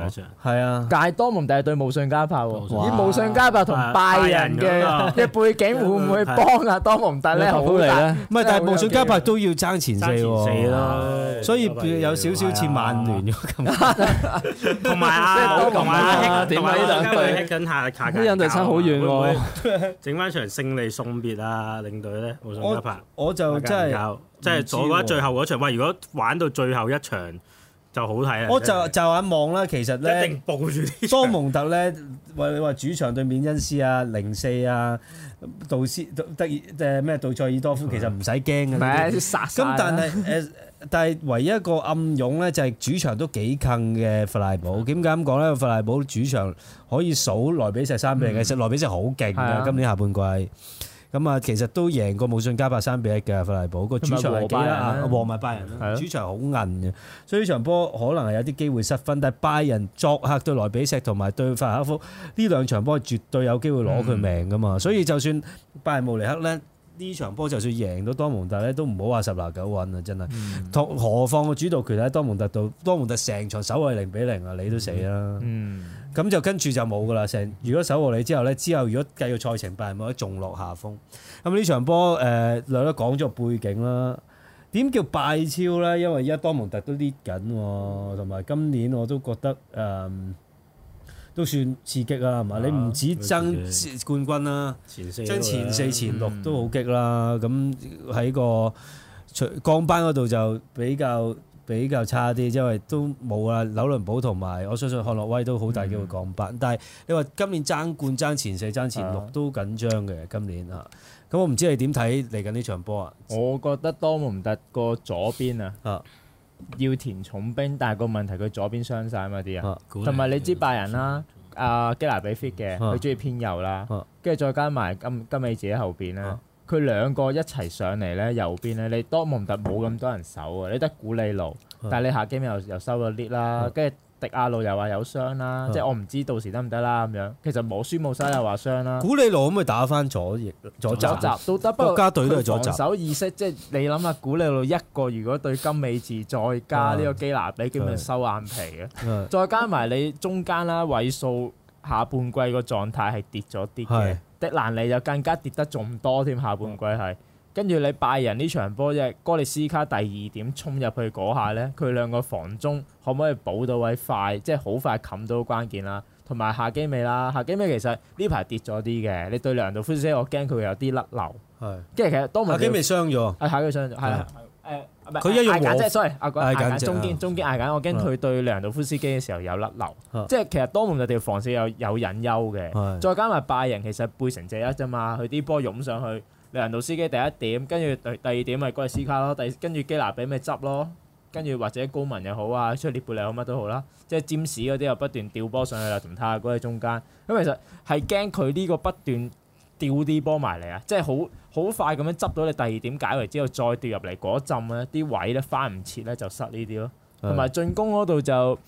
D: 係啊。但係多蒙特對無上加柏喎。咦，無上加柏同拜仁嘅嘅背景會唔會幫阿多蒙特咧？好嚟咧。唔係，但係
A: 無上加柏都要爭前四喎。死咯，所以有少少似曼聯咁。同
B: 埋同埋，同埋依度佢 hit 緊下卡卡，依啲人就
A: 差
C: 好遠
B: 喎。整翻場勝利送別啊，領隊咧，好想一拍。我就真係，真係左咗最後嗰場。喂，如果玩到最後一場就好睇啦。我就
A: 就喺望啦，其實咧，一定保住。多蒙特咧，喂，你話主場對免恩斯啊，零四啊，杜斯得即係咩？杜塞爾多夫其實唔使驚嘅，殺殺。咁但係誒。但係唯一一個暗湧咧，就係主場都幾近嘅弗萊堡。點解咁講咧？弗萊堡主場可以數萊比錫三比零嘅，其實萊比錫好勁嘅，今年下半季。咁啊，其實都贏過慕遜加柏三比一嘅弗萊堡個主場，王麥拜仁，主場好韌嘅。所以呢場波可能係有啲機會失分，但係拜仁作客對萊比錫同埋對弗拉福呢兩場波，絕對有機會攞佢命噶嘛。所以就算拜仁慕尼黑咧。呢場波就算贏到多蒙特咧，都唔好話十拿九穩啊！真係，嗯、何況個主導權喺多蒙特度，多蒙特成場守衞零比零啊，你都死啦！咁、嗯、就跟住就冇㗎喇，成如果守護你之後咧，之後如果繼續賽程敗，冇得仲落下風。咁呢場波誒、呃、略略講咗個背景啦，點叫敗超咧？因為而家多蒙特都跌緊，同埋今年我都覺得誒。呃都算刺激啊，係嘛？你唔止爭是冠軍啦，爭前四、前，四前六都好激啦。咁喺、嗯、個除降班嗰度就比較比較差啲，因為都冇啊。紐倫堡同埋我相信漢諾威都好大機會降班。嗯、但係你話今年爭冠、爭前四、
D: 爭前六都緊張嘅。今年啊，咁我唔知你點睇嚟緊呢場波啊？我，我覺得多蒙特個左邊啊。啊要填重兵，但係個問題佢左邊傷晒啊嘛啲人，同埋你知拜仁啦，阿基、啊、拿比 fit 嘅，佢中意偏右啦，跟住、啊、再加埋金金美自己後邊咧，佢兩、啊、個一齊上嚟咧右邊咧，你多蒙特冇咁多人守啊，你得古利奴，但係你夏基米又又收咗啲啦，跟住。迪亞路又話有傷啦，是的 即係我唔知到時得唔得啦咁樣。其實冇蘇冇沙又話傷啦，古
A: 利路可唔可以打返左翼左閘？都得啊，國家隊都係左閘。守
D: 意識，即係你諗下，古利路一個如果對金美治再加呢個基拿比，叫咪的收眼皮嘅？再加埋你中間啦，位數下半季個狀態係跌咗啲嘅。迪蘭尼就更加跌得仲多添，下半季係。跟住你拜仁呢場波，即係哥利斯卡第二點衝入去嗰下咧，佢兩個防中可唔可以補到位快，即係好快冚到關鍵啦。同埋夏基美啦，夏基美其實呢排跌咗啲嘅，你對梁道夫斯基我，我驚佢有啲甩漏。係，跟住其實多門夏基美傷咗，係夏、哎、基美傷咗，係啦是，誒唔係佢一用艾簡即係，阿個艾簡中堅，中堅艾簡，我驚佢對梁道夫斯基嘅時候有甩漏。即係是其實多門就哋防守嗰條防守有有隱憂嘅，是再加埋拜仁其實背城借一啫嘛，佢啲波湧上去。你話做司機第一點，跟住第第二點咪嗰位司卡咯，第跟住基拿俾咪執咯，跟住或者高文又好啊，出列布利又好乜都好啦，即係占士嗰啲又不斷調波上去啦，同他嗰喺中間，咁其實係驚佢呢個不斷調啲波埋嚟啊，即係好好快咁樣執到你第二點解圍之後再調入嚟嗰陣咧，啲位咧翻唔切咧就失呢啲咯，同埋進攻嗰度就誒、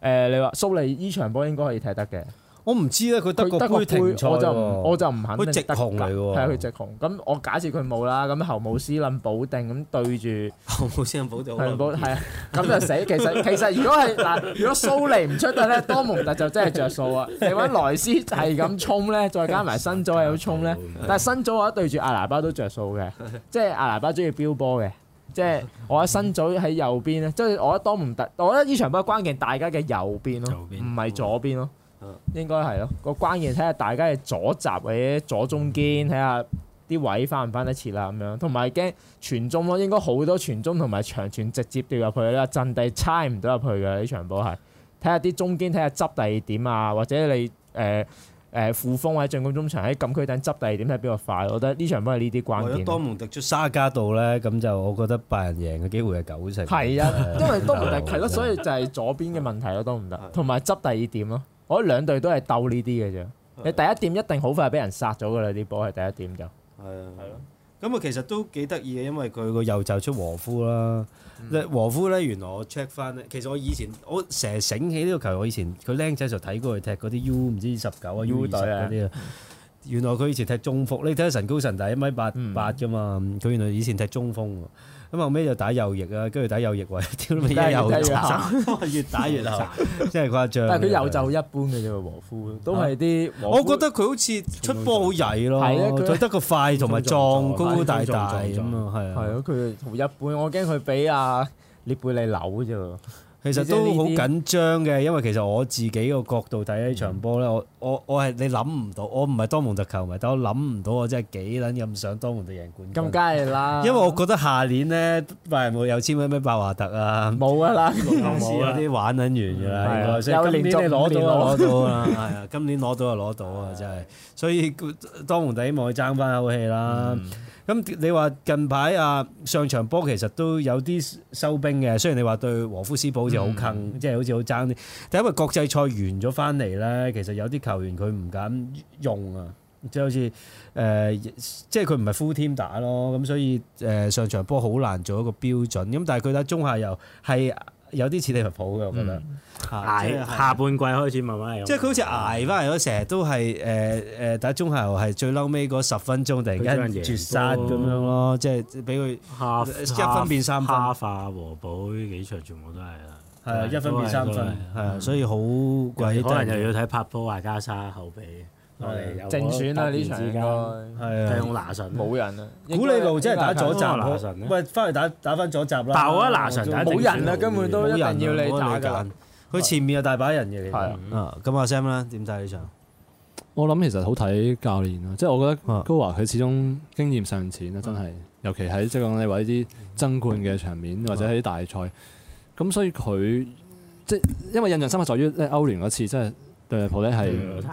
D: 呃、你話蘇利呢場波應該可以踢得嘅。我唔知咧，佢得個佢停賽喎，我就唔肯定。佢直紅嚟喎，係佢直紅。咁我假設佢冇啦，咁侯姆斯林保定，咁對住侯姆斯林保定，保係啊，咁就死。其實其實如果係嗱，如果數嚟唔出隊咧，多蒙特就真係著數啊！你揾萊斯係咁衝咧，再加埋新組係衝咧，但係新組我對住阿拿巴都著數嘅，即係阿拿巴中意飆波嘅，即係我覺得新組喺右邊咧，即係我覺得多蒙特，我覺得呢場波關鍵大家嘅右邊咯，唔係左邊咯。應該係咯，個關鍵睇下大家嘅左閘或者左中堅，睇下啲位翻唔翻得切啦咁樣，同埋驚傳中咯，應該好多傳中同埋長傳直接掉入去啦，陣地插唔到入去嘅呢場波係。睇下啲中堅，睇下執第二點啊，或者你誒誒副鋒或者進攻中場喺禁區頂執第二點睇邊個快，我覺得呢場波係呢啲關鍵。如果多門突出沙加道咧，咁就我覺得白人贏嘅機會係九成。係啊， 因為多門係咯，所以就係左邊嘅問題咯，多唔得，同埋執第二點咯。嗰兩隊都係鬥呢啲嘅啫。你的第一點一定好快係俾人殺咗嘅啦。啲波係第一點就係啊。係咯。咁啊，其
A: 實都幾得意嘅，因為佢個右就出和夫啦。嗯、和夫咧，原來我 check 翻咧，其實我以前我成日醒起呢個球，我以前佢僆仔就睇過佢踢嗰啲 U 唔知十九啊 U, U 隊嗰啲啊。原來佢以前踢中鋒，你睇下神高神大一米八八嘅嘛，佢、嗯、原來以前踢中鋒。咁後尾就打右翼啊，跟住打右翼位，屌都未右肘，
D: 越打越慘，
A: 真係誇張。但係佢右肘
D: 一般嘅啫，和夫都係啲。我覺得佢好似出波好曳咯，佢得個快同埋壯高高大大咁啊，係啊。係咯，佢同日本，我驚佢俾阿列貝利扭啫。其實都好緊
A: 張嘅，因為其實我自己個角度睇呢場波咧、嗯，我我我係你諗唔到，我唔係多蒙特球迷，但我諗唔到我真係幾撚咁想多蒙特贏冠
D: 軍。咁梗係啦，因為
A: 我覺得下年咧，拜仁會有簽嗰咩百華特啊，冇啊啦，冇司嗰啲玩緊完㗎啦。今年再攞到，係啊，今年攞到就攞到啊，真係，所以多蒙特希望佢爭翻口氣啦。嗯咁你話近排啊上場波其實都有啲收兵嘅，雖然你話對和夫斯堡好似、嗯、好坑，即係好似好爭啲，但係因為國際賽完咗翻嚟咧，其實有啲球員佢唔敢用啊，即係好似誒，即係佢唔係 full team 打咯，咁所以誒上場波好難做一個標準。咁但係佢睇中下游係。有啲似利物浦嘅，我覺得捱下半季開始慢慢嚟，即係佢好似捱翻嚟咗，成日都係誒誒，打中下游係最嬲尾嗰十分鐘，突然間贏咗。絕殺咁樣咯，哦、即係俾佢一分變三分。
B: 化和保呢幾場全部都係啦，係是一分變三分，
A: 係是所以好
B: 貴。多人又要睇拍波阿加沙後備。正選啊！呢場應該
D: 係用拿神，冇人啊！古里路真係打咗閘拿神。
A: 喂，翻去打打翻咗閘啦！冇人啊，根本都一定要你打㗎。佢前面有大把人嘅。係啊。咁阿 Sam 咧點睇呢場？
C: 我諗其實好睇教練啊，即係我覺得高華佢始終經驗尚淺啦，真係。尤其喺即係講你話呢啲爭冠嘅場面，或者喺啲大賽。咁所以佢即因為印象深刻，在於即係歐聯嗰次，即係對利物浦係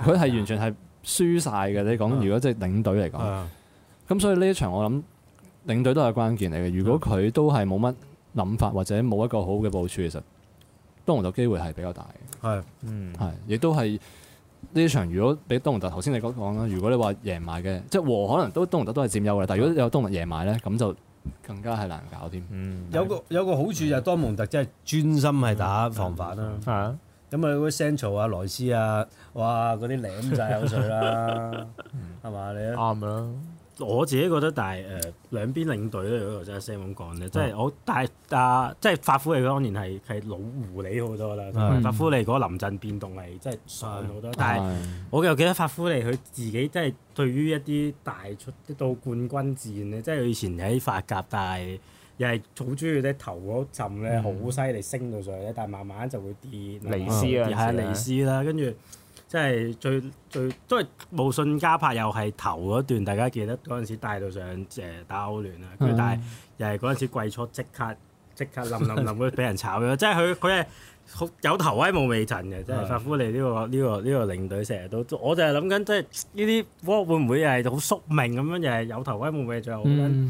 C: 佢係完全係。輸晒嘅，你講，如果即係領隊嚟講，咁的所以呢一場我諗領隊都係關鍵嚟嘅。如果佢都係冇乜諗法或者冇一個好嘅部署，其實多蒙特機會係比較大嘅。係，嗯，係，亦都係呢場如果俾多蒙特頭先你講啦，如果你話贏埋嘅，即係和可能都多蒙特都係佔優嘅。但係如果有多蒙特贏埋咧，咁就更加係難搞添。嗯、是有
A: 個有個好處就係多蒙特即係專心係打防反啦。係啊。咁啊嗰個 Central 啊萊斯啊，哇嗰啲舐曬口水啦，
B: 係嘛？ 你啱嘅啦。吧我自己覺得，但係誒、呃、兩邊領隊咧，嗰個真係聲冇講咧。即係、啊、我，但係啊，即、就、係、是、法夫利當年係係老狐狸好多啦，同埋、嗯、法夫利嗰個臨陣變動係真係上好多。但係我又記得法夫利佢自己，即係對於一啲大出到冠軍戰咧，即係佢以前喺法甲大。又係好中意咧頭嗰陣咧，好犀利升到上去咧，但係慢慢就會跌，尼斯、嗯、啊，而係尼斯啦。啊、跟住即係最最都係無信加拍又係頭嗰段大家記得嗰陣時帶到上誒、呃、打歐聯啦。但係、嗯、又係嗰陣時季初即刻即刻冧冧冧會俾人炒咗。即係佢佢係有頭威冇尾陣嘅，即係、嗯、法夫利呢、呢個呢、呢個呢、呢個領隊成日都，我就係諗緊即係呢啲波會唔會係好宿命咁樣，又係有頭威冇尾，最後。嗯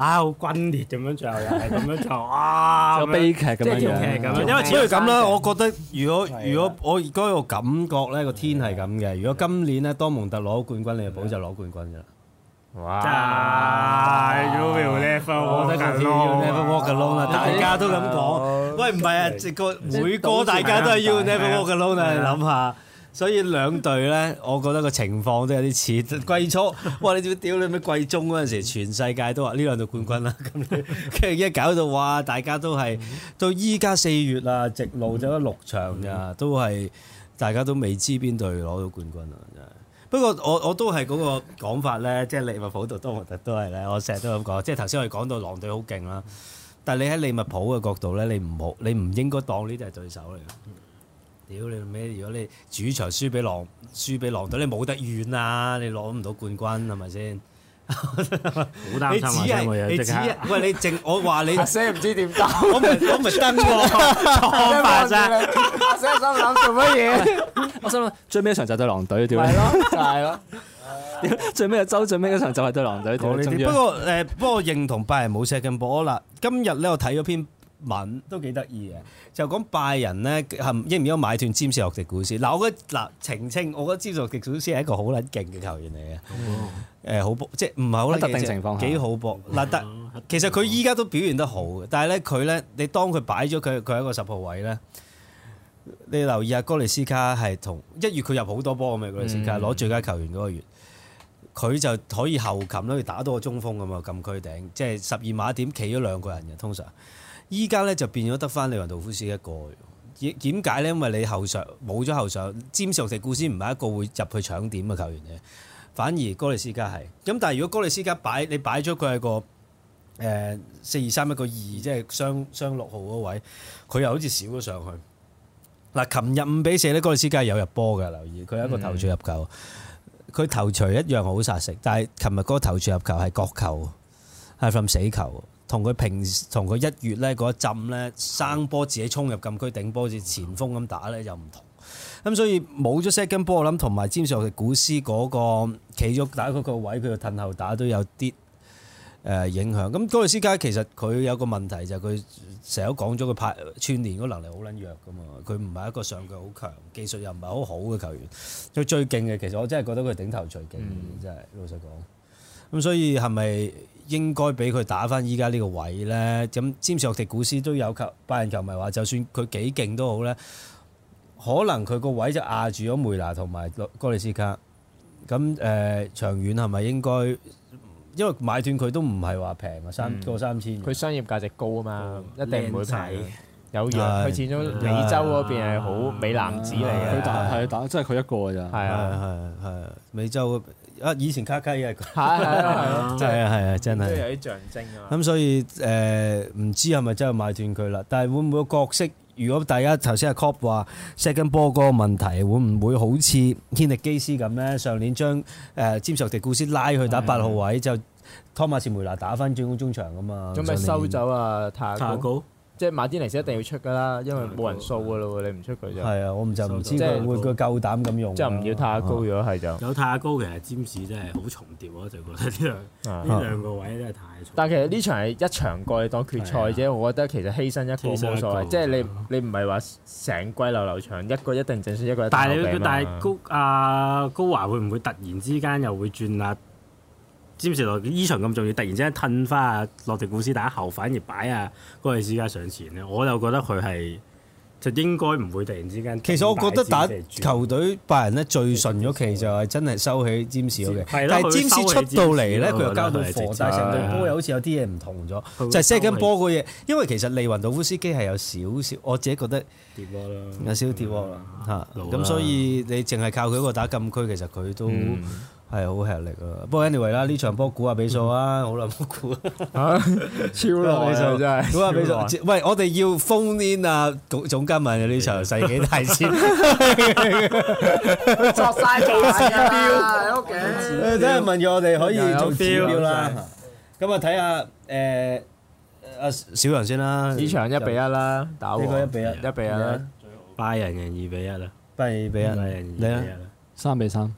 B: 啊！好轟烈咁樣，最後又係咁樣做，哇！咁樣悲劇咁樣樣，因為因為咁啦，我覺
A: 得如果如果我如果有感覺咧，個天係咁嘅。如果今年咧，多蒙特攞冠軍，你就保證攞冠軍噶啦。哇！You will never walk alone。大家都咁講，喂，唔係啊，每個大家都係要 never walk alone 啦，你諗下。所以兩隊咧，我覺得個情況都有啲似季初，哇！你點屌你咩？季中嗰陣時，全世界都話呢兩隊冠軍啦。咁，跟住一搞到哇，大家都係到依家四月啊，直路走咗六場咋，都係大家都未知邊隊攞到冠軍啊！真係。不過我我都係嗰個講法咧，即係利物浦度都，都係咧。我成日都咁講，即係頭先我哋講到狼隊好勁啦。但係你喺利物浦嘅角度咧，你唔好，你唔應該當呢啲係對手嚟嘅。屌你咩？如果你主場輸俾狼，輸俾狼隊，你冇得怨啊！你攞唔到冠軍係咪先？好擔心啊！你隻人，你隻人，喂 你淨我話你，阿 Sir 唔知點答， 我唔， 我唔得喎， 我埋曬。阿
D: Sir 心諗做乜嘢？
C: 我心諗最尾一場就對狼隊，屌！係咯，
D: 係咯。
A: 屌最尾週最尾嗰場就係對狼隊。呢我呢啲不過誒，不過我認同拜仁冇射進波啦。今日咧我睇咗篇文都幾得意嘅，就講拜仁呢，係應唔應該買斷詹士·洛迪古斯？嗱，我嗱、呃、澄清，我覺得詹士·洛迪古斯係一個好撚勁嘅球員嚟嘅，誒好博，即係唔係好勁，幾好博嗱？但其實佢依家都表現得好，但係呢，佢呢，你當佢擺咗佢，佢喺個十號位呢，你留意下哥利斯卡係同一月佢入好多波嘅，哥利斯卡攞最佳球員嗰個月，佢就可以後勤咧去打到個中鋒咁啊，撳佢頂，即係十二碼點企咗兩個人嘅通常，常。依家咧就變咗得翻利雲道夫斯一個，點解呢？因為你後上冇咗後上，詹士同迪故斯唔係一個會入去搶點嘅球員嘅，反而哥利斯加係。咁但係如果哥利斯加擺你擺咗佢係個誒四二三一個二，呃、4, 2, 3, 1, 2, 即係雙雙六號嗰位，佢又好似少咗上去。嗱，琴日五比四呢，哥利斯加有入波嘅，留意佢係一個頭槌入球，佢頭槌一樣好殺食，但係琴日嗰個頭槌入球係角球，係 from 死球。同佢平時同佢一月咧嗰一浸咧生波自己衝入禁區頂波似前鋒咁打咧又唔同，咁、嗯、所以冇咗石根波，我諗同埋兼上古斯嗰個企喐打嗰個位，佢嘅褪後打都有啲誒、呃、影響。咁高爾斯卡其實佢有個問題就係佢成日都講咗佢派串連嗰能力好撚弱噶嘛，佢唔係一個上腳好強，技術又唔係好好嘅球員。佢最勁嘅其實我真係覺得佢頂頭最勁，嗯、真係老實講。咁所以係咪？應該俾佢打翻依家呢個位咧，咁詹士洛迪古斯都有球，拜仁球迷話就算佢幾勁都好咧，可能佢個位就壓住咗梅拿同埋哥利斯卡。咁誒長遠係咪應該？因為買斷佢都唔係話平啊，三個三千，佢
D: 商業價值高啊嘛，
A: 嗯、一定唔會平。有樣是，佢始終美洲嗰邊係
D: 好美男子嚟嘅是。佢打係
A: 打，真係佢一個咋。係是啊係是啊係是啊，美洲啊！以前卡卡嘅，係啊係啊，真係啊真係，都係有啲象徵㗎嘛。咁所以誒，唔、呃、知係咪真係買斷佢啦？但係會唔會個角色？如果大家頭先阿 Cop 話 set 緊波嗰個問題，會唔會好似韋力基斯咁咧？上年將誒、呃、詹姆迪故斯拉去打八號位，的就湯馬士梅拿打翻轉攻中場㗎嘛？咁咪收
D: 走啊？太阿年高。即係馬丁尼斯一定要出㗎啦，因為冇人掃㗎咯喎，你唔出佢就係啊，
A: 我唔就唔知佢會唔會夠膽咁用。即係唔要太阿高如果係就有太阿高其實占
D: 士真係好重疊啊，我就覺得呢兩呢 兩個位真係太重。但其實呢場係一場過去當決賽啫，呀我覺得其實犧牲一個冇所謂，即係你你唔係話成季流流長，一個一定整輸一個,一個,一個。但係你但係高阿、啊、高華會唔會突然之間
B: 又會轉啊？詹士來依場咁重要，突然之間褪翻啊！洛迪古斯，打後反而擺啊！嗰陣時加上前咧，我就覺得佢係就應該唔會突然
A: 之間。其實我覺得打球隊拜仁咧最順嗰期就係真係收起詹士嗰的但係詹，詹士出到嚟咧，佢又交到貨，但係成隊波又好似有啲嘢唔同咗，就 set 緊波嗰嘢。因為其實利雲道夫斯基係有少少，我自己覺得跌波有少跌波啦，咁所以你淨係靠佢一個打禁區，其實佢都。嗯係好吃力啊！不過 anyway 啦，呢場波估下比數啊，好耐冇估啦，超耐比數真係，估下比數。喂，我哋要封啲啊總總監問你呢場世紀大戰，作曬做大
F: 嘅表喺屋企，真係
A: 問住我哋可以做大嘅表啦。咁啊睇下誒阿小楊先啦，呢場一比一啦，打呢個一比一，一比一啦，拜仁贏二比一啦，拜仁二比一，拜仁二比一啦，三比三。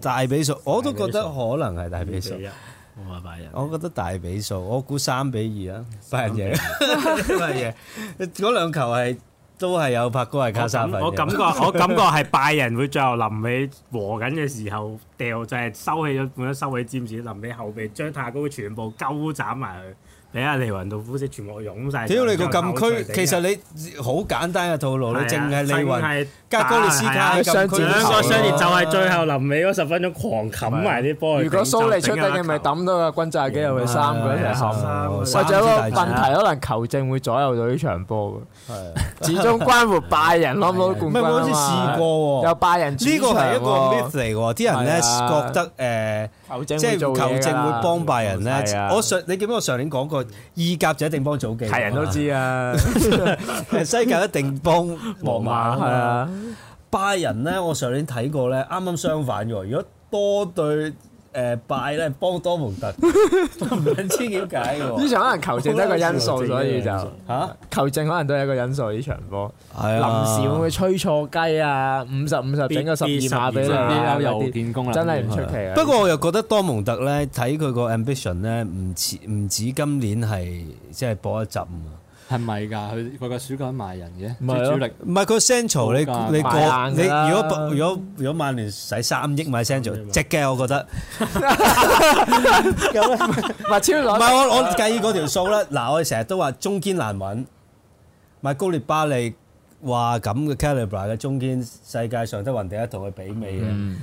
A: 大比數我都覺得可能係大比數，比
B: 1, 我話拜
A: 仁，我覺得大比數，我估三比二啊，拜仁贏，拜仁贏，嗰 兩球係都係有柏哥係靠
B: 三分我。我感覺我感覺係拜仁會最後臨尾和緊嘅時候掉，就係、是、收起咗，換咗收起尖子，臨尾後備將太古全部勾斬埋佢。你睇下利雲道夫，色全部湧曬，屌你個禁區！其實你
A: 好簡單嘅套路，你淨係利
B: 雲，雲格高利斯卡禁區兩個雙連，就係最後
D: 臨尾嗰十分鐘狂冚埋啲波。如果蘇利出得，你咪抌到個軍債機入去三個齊心。或者個問題可能球證會左右到呢場波㗎，係始終關乎拜仁攬唔攬冠軍啊嘛。有拜仁呢個係一個 myth 嚟㗎，啲人咧覺得誒。即係球證會幫拜仁咧，的我
A: 上你記唔記得我上年講過意甲就一定幫祖記？係人都知啊！ 西甲一定幫皇馬。係啊，拜仁咧，我上年睇過咧，啱啱相反喎，如果多對。
D: 誒拜咧幫多蒙特，唔知點解喎？呢場可能球證都係一個因素，所以就嚇球證可能都係一個因素呢場波。臨時會唔會吹錯雞啊？五十五十整個十二碼俾你都有啲見功啦，真係唔出奇。不
A: 過我又覺得多蒙特咧，睇佢個 ambition 咧，唔似唔止今年係即係播一集。係咪㗎？佢個個暑假賣人嘅，唔係主力。唔係佢 central，你你個你如果不如果如果曼聯使三億買 central，值嘅我覺得。
D: 咁咪超耐。唔係我我
A: 計依個條數啦。嗱，我哋成日都話中堅難揾，買高列巴利話咁嘅 calibre 嘅中堅，世界上都雲第一同佢媲美嘅。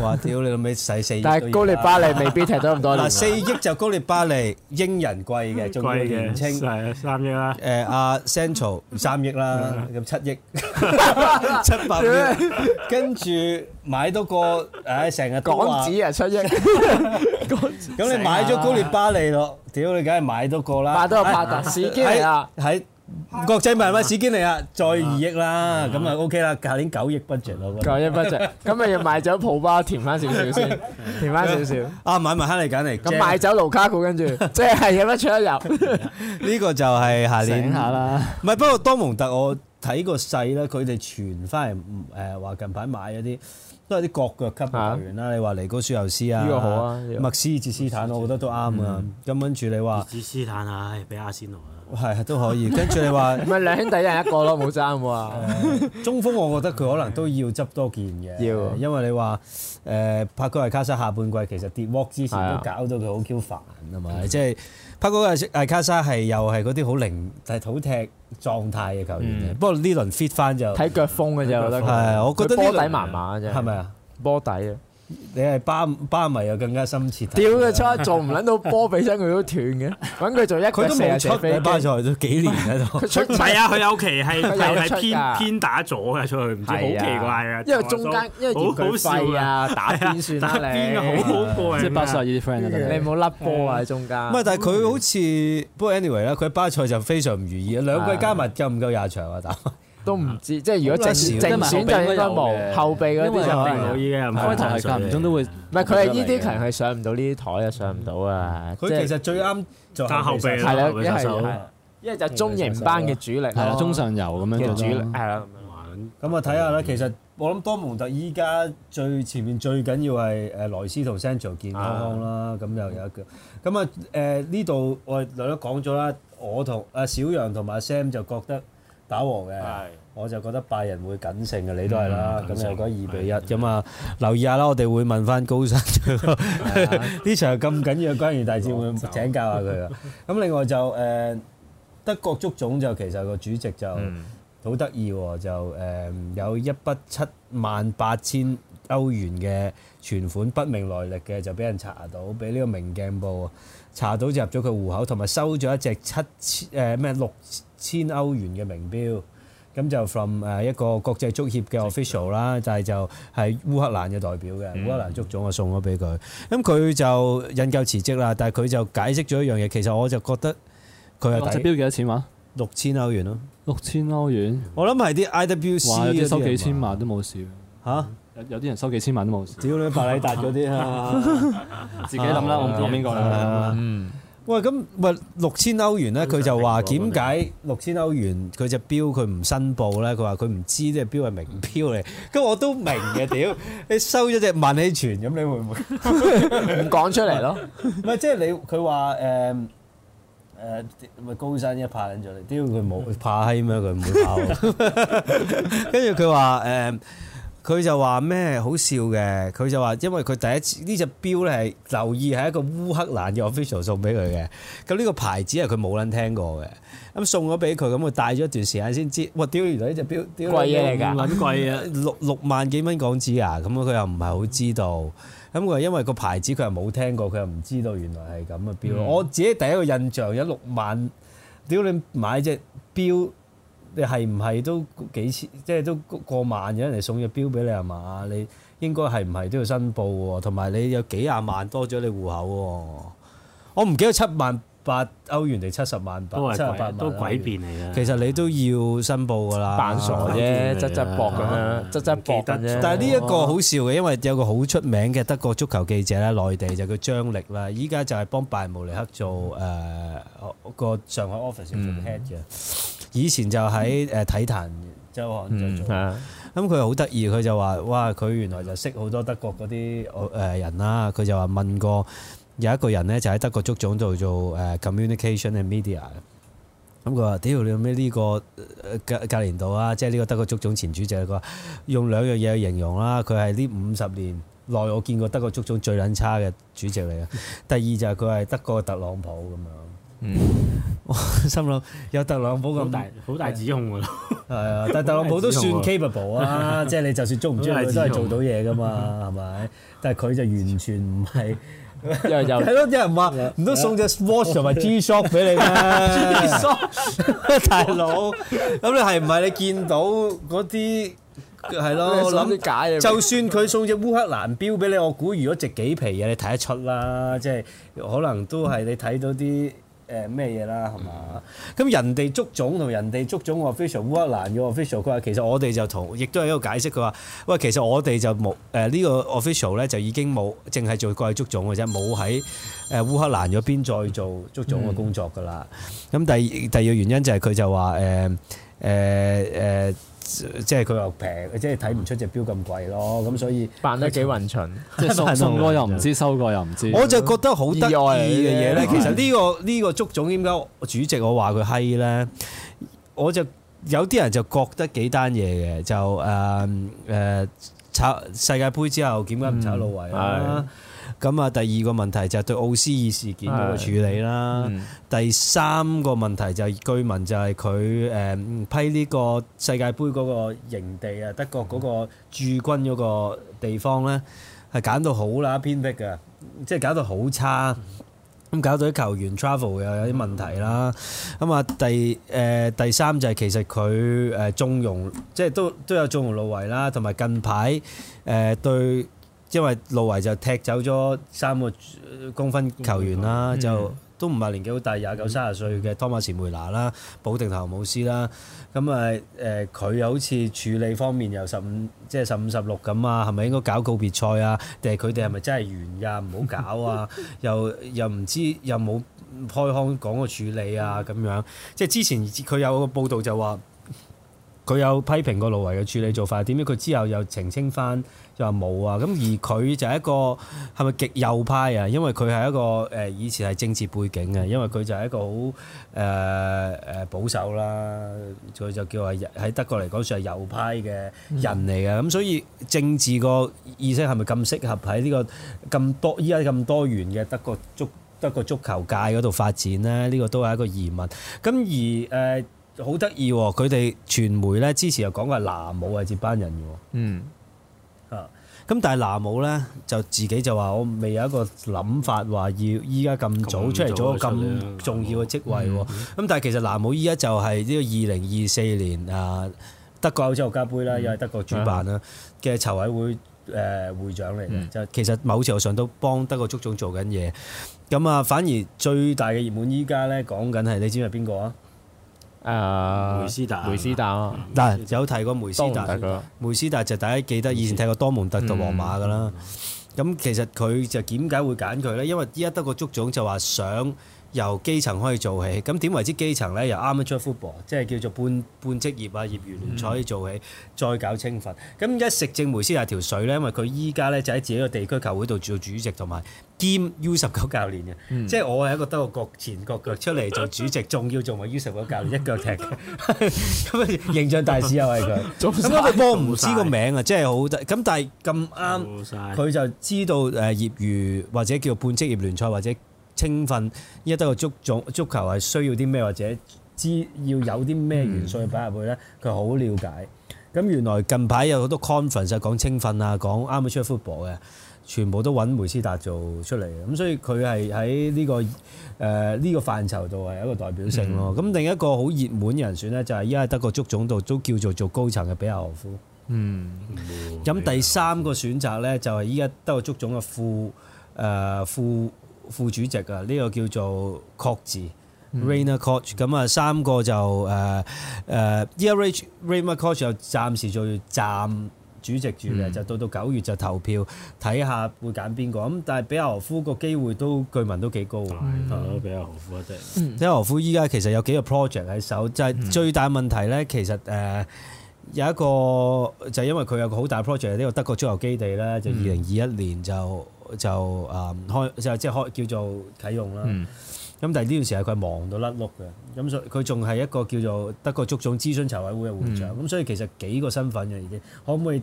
A: 哇！屌你老味，使四億都得，但係高烈巴利未必踢到咁多。嗱，四億就高烈巴利，英人貴嘅，仲要年青。係啊，三億啦。誒，阿 Central 三億啦，咁七億，
D: 七百億。
A: 跟住買多個，誒，成日講紙啊，七億。咁你買咗高烈巴利咯？屌你，梗係買多個啦。買多個百達，市基啊，喺。國際漫威史堅嚟啦，再二億啦，咁啊 OK 啦，下年九億 budget 咯，九億 budget，咁咪要賣走普巴填翻少少
B: 先，
D: 填翻少少，
A: 啊買埋哈利簡嚟，
B: 咁賣
D: 走盧卡古跟住，即係有乜出得入？
A: 呢個就係下年醒下啦，唔係不過多蒙特我睇個勢咧，佢哋傳翻嚟，誒，話近排買嗰啲都係啲國腳級球員啦，你話尼哥舒尤斯啊，呢個好啊，麥斯哲斯坦，我覺得都啱啊，咁跟住你話
D: 哲斯坦啊，俾阿仙奴。
A: 係啊，都可以。跟住你話，唔係 兩兄弟
D: 一人一個咯，冇爭喎。
A: 中鋒我覺得佢可能都要執多件嘅，要，因為你話誒、呃，帕哥艾卡沙下半季其實跌 watt 之前都搞到佢好 Q 煩啊嘛，即係、啊、帕哥係艾卡莎係又係嗰啲好靈，但係土踢狀態嘅球員。嗯、不過呢輪 fit 翻就睇
D: 腳風嘅啫、啊，我覺得係我覺得波底麻麻啫，係咪
A: 啊？波底啊！你係巴巴迷又更加深切。屌佢出，做唔撚到波俾
D: 親佢都斷嘅，揾佢做一佢都啊出。飛。巴
B: 塞
A: 都幾年喺度。
D: 出，係
B: 啊，佢有期係係係偏偏打咗嘅出去，唔知好奇怪啊。因為中間，因為好好笑啊，打邊算打邊，好
A: 好過人。即係巴塞
D: 啲 friend 啊！你冇甩波啊！中間。唔係，但係佢
A: 好似，不過 anyway 啦，佢巴塞就非常唔如意啊。兩季加埋夠唔夠廿場啊？打？
D: 都唔知，即係如果正選就應該冇後備嗰啲就已經唔係，因為佢係間唔中都會。唔係佢係呢啲人係上唔到呢啲台啊，上唔到啊。佢其實最啱就係後備咯，一係一係就中型班嘅主力。係啊，中上游咁樣嘅主力。係啊，咁
A: 樣玩。咁啊，睇下啦。其實我諗多蒙特依家最前面最緊要係誒萊斯同 Sancho 健康啦。咁又有得叫。咁啊誒呢度我哋都講咗啦。我同阿小楊同埋 Sam 就覺得。打和嘅，是我就覺得拜仁會緊勝嘅，你都係啦。咁就講二比的一咁 啊，留意下啦，我哋會問翻高山。呢 i 咁緊要嘅關鍵大戰會請教下佢嘅。咁 另外就誒德國足總就其實個主席就好得意喎，就誒有一筆七萬八千歐元嘅存款不明來歷嘅，就俾人查到，俾呢個明鏡報查到就入咗佢戶口，同埋收咗一隻七千誒咩、呃、六。千歐元嘅名錶，咁就 from 誒一個國際足協嘅 official 啦，但係就係烏克蘭嘅代表嘅，烏克蘭足總啊送咗俾佢，咁佢就引咎辭職啦。但係佢就解釋咗一樣嘢，其實我就覺得佢係名錶幾多錢話？六千歐元咯，六千歐元。我諗係啲 IWC 收幾千萬都冇事。嚇！有
C: 啲人收幾千萬都冇事，屌你百利達嗰啲啊！
F: 自己諗啦，我唔講邊個啦。
A: 喂，咁咪六千歐元咧？佢就話點解六千歐元佢隻表佢唔申報咧？佢話佢唔知，呢隻表係名表嚟。咁我都明嘅，屌 你收咗隻萬起泉，咁你會唔會唔 講出嚟咯？ 唔係即係你佢話誒誒，咪、呃呃、高山一派揾咗你，屌佢冇怕閪咩？佢唔會跑。跟住佢話誒。呃佢就話咩好笑嘅？佢就話因為佢第一次呢隻表咧係留意係一個烏克蘭嘅 official 送俾佢嘅，咁呢個牌子係佢冇撚聽過嘅。咁送咗俾佢，咁佢戴咗一段時間先知，哇！屌原來呢隻表貴嘢㗎，啊，好撚貴啊，六六萬幾蚊港紙啊！咁佢又唔係好知道，咁佢、嗯、因為個牌子佢又冇聽過，佢又唔知道原來係咁嘅表。嗯、我自己第一個印象有六萬，屌你買隻表。你係唔係都幾千，即係都過萬嘅人嚟送隻表俾你係嘛？你應該係唔係都要申報喎？同埋你有幾廿萬多咗你戶口喎？我唔記得七萬八歐元定七十萬
D: 八，都係都鬼變嚟嘅。
A: 其實你都要申報㗎啦，扮傻啫，側側膊咁啦，
D: 側側膊得啫。但係呢一個好笑
A: 嘅，因為有個好出名嘅德國足球記者咧，內地就叫張力啦，依家就係幫拜慕尼黑做誒個上海 office 做 head 嘅。以前就喺誒體壇周刊做咁佢好得意，佢、嗯嗯、就話：哇！佢原來就識好多德國嗰啲誒人啦、啊。佢就話問過有一個人咧，就喺德國足總度做誒、呃、communication and media、嗯。咁佢話：屌、欸、你咩呢、呢個、呃、隔隔年度啊？即係呢個德國足總前主席，佢話用兩樣嘢去形容啦、啊。佢係呢五十年內我見過德國足總最撚差嘅主席嚟嘅。第二就係佢係德國嘅特朗普咁樣。嗯，我心諗有特朗普咁大好大指控喎。係啊，但係特朗普都算 capable 啊，即係你就算做唔出嚟都係做到嘢噶嘛，係咪？但係佢就完全唔係，又又係咯，有人話唔都送隻 Swatch 同埋 G-Shock 俾你 G-Shock 大佬，咁你係唔係你見到嗰啲係咯？我諗就算佢送隻烏克蘭表俾你，我估如果值幾皮嘢，你睇得出啦。即係可能都係你睇到啲。誒咩嘢啦，係嘛？咁、嗯、人哋足總同人哋足總個 official 烏克蘭嘅 official，佢話其實我哋就同亦都係一個解釋。佢話喂，其實我哋就冇誒呢個 official 咧，就已經冇淨係做過去足總嘅啫，冇喺誒烏克蘭嗰邊再做足總嘅工作㗎啦。咁第、嗯、第二個原因就係佢就話誒誒誒。呃呃呃即係佢又
D: 平，即係睇唔出隻表咁貴咯。咁所以扮得幾勻循，即係送，送過又唔知是是收過又唔知。是是我就
A: 覺得好得意嘅嘢咧。其實呢、呢個呢的個足總點解的主席我話佢閪咧？我就有啲人就覺得幾單嘢嘅，就誒誒、呃呃、炒世界盃之後點解唔炒老偉啊？嗯咁啊，第二個問題就係對奧斯爾事件嗰個處理啦。嗯、第三個問題就係、是、據聞就係佢誒批呢個世界盃嗰個營地啊，嗯、德國嗰個駐軍嗰個地方咧，係揀到好啦，偏僻嘅，即係搞到好差。咁搞到啲球員 travel 又有啲問題啦。咁、嗯、啊、嗯，第、呃、誒第三就係其實佢誒縱容，即係都都有縱容路維啦，同埋近排誒、呃、對。呃對因為路維就踢走咗三個公分球員啦，員嗯、就都唔係年紀好大，廿九、三十歲嘅湯馬士梅拿啦、保定頭姆斯啦，咁啊誒佢又好似處理方面又十五即係十五十六咁啊，係咪應該搞告別賽啊？定係佢哋係咪真係完呀？唔好搞啊！ 又又唔知又冇開腔講個處理啊咁樣。即係之前佢有個報道就話佢有批評過路維嘅處理做法，點解佢之後又澄清返？就話冇啊，咁而佢就係一個係咪極右派啊？因為佢係一個誒以前係政治背景嘅，因為佢就係一個好誒誒保守啦，佢就叫係喺德國嚟講算係右派嘅人嚟嘅。咁、嗯、所以政治個意識係咪咁適合喺呢個咁多依家咁多元嘅德國足德國足球界嗰度發展呢？呢、呢個都係一個疑問。咁而誒好得意喎，佢、呃、哋傳媒咧之前又講過拿姆係接班人嘅。嗯。咁但係拿姆咧就自己就話我未有一個諗法話要依家咁早出嚟做咁重要嘅職位喎。咁但係其實拿姆依家就係呢個二零二四年啊德國歐洲國家杯啦，又係德國主辦啦嘅籌委會誒、嗯呃呃、會長嚟嘅，嗯、就其實某程度上都幫德國足總做緊嘢。咁、嗯、啊，反而最大嘅熱門依家咧講緊係你知唔知係邊個啊？誒、uh, 梅斯達，梅斯達但有睇過梅斯達，特梅斯達就大家記得以前睇過多蒙特同皇馬嘅啦。咁、嗯、其實佢就點解會揀佢咧？因為依家德國足總就話想。由基層可以做起，咁點為之基層咧？由啱啱出 football，即係叫做半半職業啊，業餘聯賽可以做起，嗯、再搞青訓。咁一食正梅斯，係條水咧，因為佢依家咧就喺自己個地區球會度做，嗯、做主席，同埋兼 U 十九教練嘅。即係我係一個得個國前國腳出嚟做主席，仲要做埋 U 十九教練，一腳踢嘅。咁形象大使又係佢。咁我哋幫唔知個名啊，即係好。咁但係咁啱，佢就知道誒業餘或者叫做半職業聯賽或者員員。或者青訓依家德國足總足球係需要啲咩或者知要有啲咩元素去擺入去咧？佢好了解。咁原來近排有好多 conference 講青訓啊，講啱啱出 football 嘅，全部都揾梅斯達做出嚟嘅。咁所以佢係喺呢個誒呢、呃呢個範疇度係一個代表性咯。咁、嗯、另一個好熱門人選咧，就係依家德國足總度都叫做做高層嘅比亞荷夫。嗯。咁第三個選擇咧，就係依家德國足總嘅副誒副。呃副副主席啊，呢、這個叫做 Koch 字 Rainer Koch 咁啊，三個就誒誒，Erich Rainer Koch 就暫時做暫主席住嘅，嗯、就到到九月就投票睇下會揀邊個。咁但係比爾豪夫個機會都據聞都幾高喎。嗯、比爾豪夫一陣。比爾豪夫依家其實有幾個 project 喺手，就係、是、最大問題咧。其實誒、uh, 有一個就是、因為佢有個好大 project 呢個德國足球基地咧，就二零二一年就。就就就誒開、嗯、就即係開叫做啟用啦。咁、嗯、但係呢段時間佢忙到甩碌嘅。咁所以佢仲係一個叫做德國足總諮詢籌委會嘅會長。咁、嗯、所以其實幾個身份嘅已經，可唔可以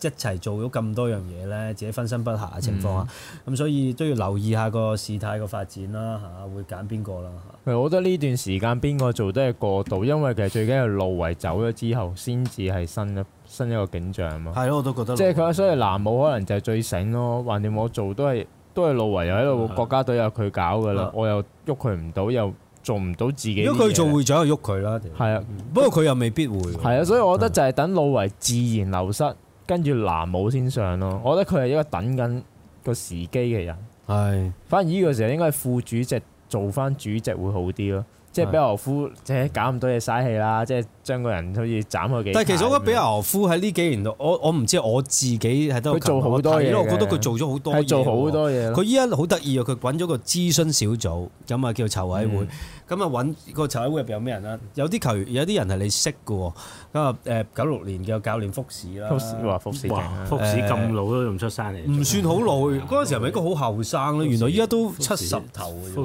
A: 一齊做咗咁多樣嘢咧？自己分身不暇嘅情況下，咁、嗯、所以都要留意下個事態嘅發展啦。嚇，會揀邊個啦？嚇、
D: 嗯。嗯、 我覺得呢段時間邊個做都係過渡，因為其實最緊要路維走咗之後，先至係新一。新一個景象我都覺得。即係佢，所以南武可能就係最醒咯。橫掂我做都係都係路維又喺度，的國家隊有佢搞噶啦，的我又喐佢唔到，又做唔到自己。如果佢做會長就，又喐佢啦。係啊，不過佢又未必會。係啊，所以我覺得就係等路維自然流失，的跟住南武先上咯。我覺得佢係一個等緊個時機嘅人。係的。反而呢個時候應該係副主席做翻主席會好啲咯。即係比爾侯夫，即係搞咁多嘢嘥氣啦！即係將個人好似斬開幾，但其實我覺
A: 得比爾侯夫喺呢幾年度，我我唔知我自己喺度佢做好多嘢咯。我覺得佢做咗好多嘢。做好多嘢。佢依家好得意啊！佢揾咗個諮詢小組，咁啊叫籌委會，咁啊揾個籌委會入邊有咩人啊？有啲球員有啲人係你識嘅。咁啊，誒九六年嘅教練福士啦。福士話福士，福士咁老都唔出山嚟。唔算好老，嗰陣時係咪應該好後生咧？原來依家都七十頭。福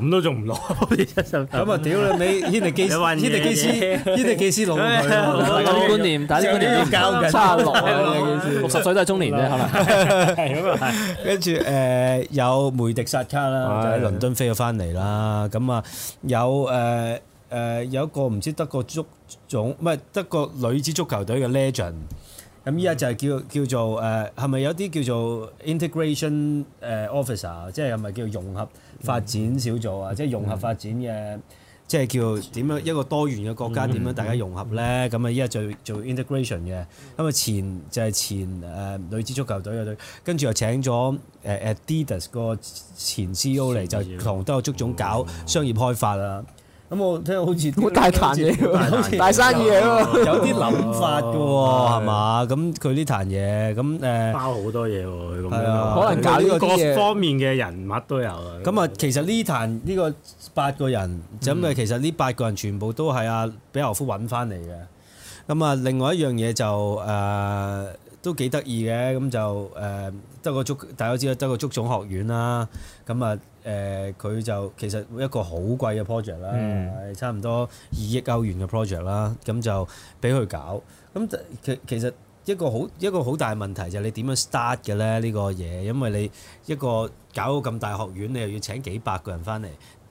A: 咁都仲唔落，咁啊屌你！希臘機師，希臘機師，希臘機師攞落去咯！啲觀念，但係啲觀念要教緊。卅六，六十歲都係中年咧，係咪？係咁啊！跟住誒有梅迪薩卡啦，就喺倫敦飛咗翻嚟啦。咁啊有誒誒有一個唔知德國足總，唔係德國女子足球隊嘅 legend。咁依家就係叫叫做誒係咪有啲叫做 integration 誒 officer，即係係咪叫做融合？發展小組啊，即係融合發展嘅，嗯、即係叫點樣一個多元嘅國家點、嗯、樣大家融合咧？咁啊依家做做 integration 嘅，咁啊前就係、是、前誒女子足球隊嘅隊，跟住又請咗誒、呃、Adidas 個前 CEO 嚟，就同都有足總搞商業開發啊。嗯嗯嗯咁我聽好似好大壇嘢，大生意嘢喎，有啲諗法嘅喎，係嘛？咁佢呢壇嘢咁誒包好多嘢喎，係啊，可能搞呢個各方面嘅人物都有。咁啊，其實呢壇呢 個八個人咁嘅、嗯，其實呢八個人全部都係阿比牛夫揾翻嚟嘅。咁啊，另外一樣嘢就誒、呃、都幾得意嘅，咁就誒得個竹，大家知啦，得個竹總學院啦，咁啊。 誒佢、呃、就其實一個好貴嘅 project 啦，嗯、差唔多二億歐元嘅 project 啦，咁就俾佢搞。咁其其實一個好一個好大嘅問題就係你點樣 start 嘅咧呢、呢個嘢，因為你一個搞到咁大學院，你又要請幾百個人翻嚟。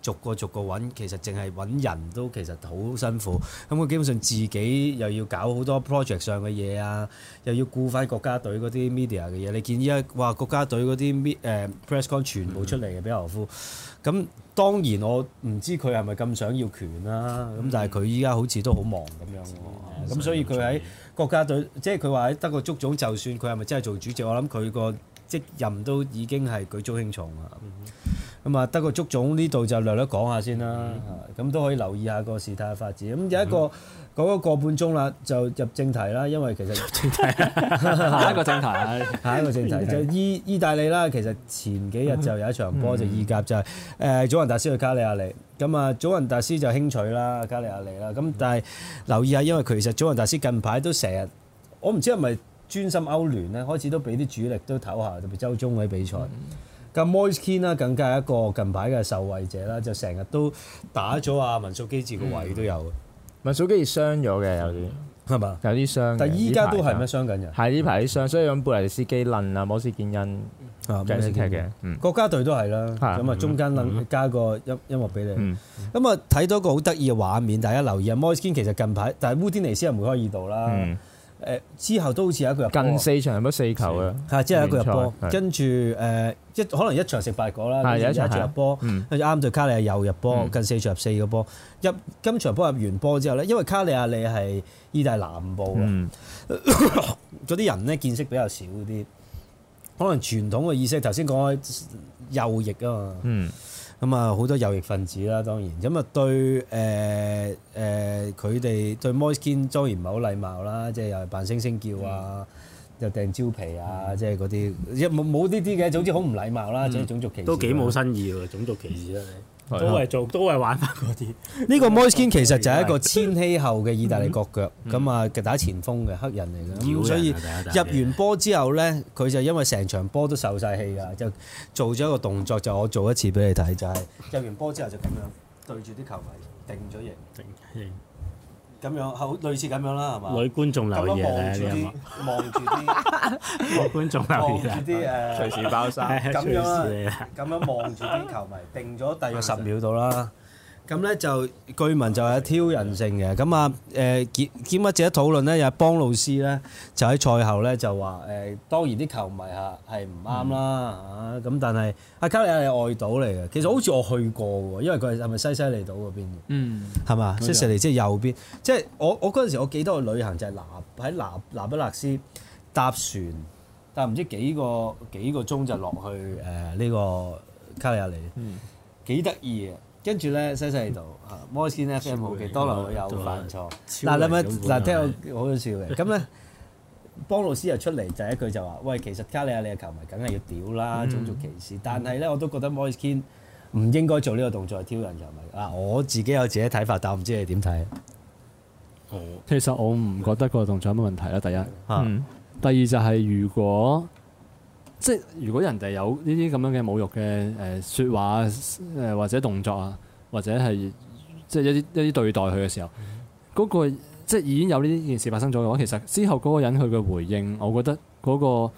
A: 逐個逐個揾，其實淨係揾人都其實好辛苦。咁佢基本上自己又要搞好多 project 上嘅嘢啊，又要顧翻國家隊嗰啲 media 嘅嘢。你見依家哇國家隊嗰啲 media、呃、press con 全部出嚟嘅，俾侯、嗯、夫。咁當然我唔知佢係咪咁想要權啦。咁、嗯、但係佢依家好似都好忙咁樣喎。咁、嗯、所以佢喺國家隊，即係佢話喺德國足總，就算佢係咪真係做主席，我諗佢個職任都已經係舉足輕重啦。嗯咁啊，得個足總呢度就略略講下先啦，咁都、嗯、可以留意下個事態發展。咁、嗯、有一個講咗個半鐘啦，就入正題啦，因為其實入正題 下一個正題， 下一個正題 就意意大利啦。其實前幾日就有一場波、嗯、就意甲、就是，就係誒祖雲達斯去卡里亞利。咁啊，祖雲達斯就輕取啦卡里亞利啦。咁但係、嗯、留意下，因為其實祖雲達斯近排都成日，我唔知係咪專心歐聯咧，開始都俾啲主力都唞下，特別周中位比賽。嗯咁 Moisekin 啦，更加係一個近排嘅受惠者啦，就成日都打咗阿文素姬治個位都有啊，
D: 文素姬治傷咗嘅有啲係嘛，有啲傷，但係依家都係咩傷緊人？係呢排啲傷，所以咁布萊尼斯基嫩啊，摩斯建恩就係啲嘅國家隊都係啦，咁啊中間撚
A: 加個音音樂俾你，咁啊睇到個好得意嘅畫面，大家留意啊，Moisekin 其實近排，但係烏甸尼斯係梅開二度啦。誒之後都好似有一個入，近四場入咗四球啊？係，即係有一個入波，跟住誒即可能一場食白果啦，跟住的一,一場入波，跟住啱就卡利亞又入波，的近四場入四個波，入今場波入完波之後咧，因為卡利亞里係意大南部，嗰啲的 人咧見識比較少啲，可能傳統嘅意識頭先講開右翼啊嘛。嗯咁啊，好、嗯、多右翼分子啦，當然咁啊、嗯，對誒誒，佢、呃、哋、呃、對 Moskin 當然唔係好禮貌啦，即係又係扮猩猩叫啊，嗯、又掟蕉皮啊，即係嗰啲一冇冇啲啲嘅，總之好唔禮貌啦，總之種族歧視都幾冇新意喎，種族歧視啊！嗯都係做，都係玩翻嗰啲。呢、嗯、個 Moise 其實就係一個千禧後嘅意大利國腳，咁啊嘅打前鋒嘅黑人嚟嘅，咁所以入完波之後咧，佢就因為成場波都受晒氣啊，就做咗一個動作，就我做一次俾你睇，就係、是、入完波之後就咁樣對住啲球迷定咗型。定型咁樣好類似咁樣啦，係嘛？女觀眾留意啊，望住啲觀眾留意啊，隨時爆晒，咁樣望住啲球迷， 定咗第概十秒到啦。咁咧就據聞就係挑釁性嘅，咁的、嗯、啊誒兼兼乜者討論咧，又係幫老師咧，就喺賽後咧就話誒、呃，當然啲球迷嚇係唔啱啦，咁但係阿卡利亞係外島嚟嘅，其實好似我去過喎，因為佢係係咪西西利島嗰邊嗯，係嘛吧？西西利即係右邊，即係我我嗰陣時我記得去旅行就係南喺南南比勒斯搭船，但唔知幾個幾個鐘就落去誒呢、呃這個卡利亞嚟，幾得意啊！跟住咧西西度 Moise 呢，Kean 咧非常好多倫又犯錯。嗱、啊、你咪嗱、啊、聽好好笑嘅，咁咧幫老師又出嚟就一句就話，喂，其實卡利亞你嘅球迷梗係要屌啦，種族、嗯、歧視。但係咧我都覺得 Moise 唔應該做呢個動作挑釁球迷。嗱、啊、我自己有自己睇法，但我唔知你點睇。
C: 其實我唔覺得個動作有乜問題啦。第一，嗯嗯、第二就係如果。即係如果人哋有呢啲咁樣嘅侮辱嘅誒說話誒或者動作啊或者係即係一啲一啲對待佢嘅時候，嗰個即係已經有呢件事發生咗嘅話，其實之後嗰個人佢嘅回應，我覺得嗰個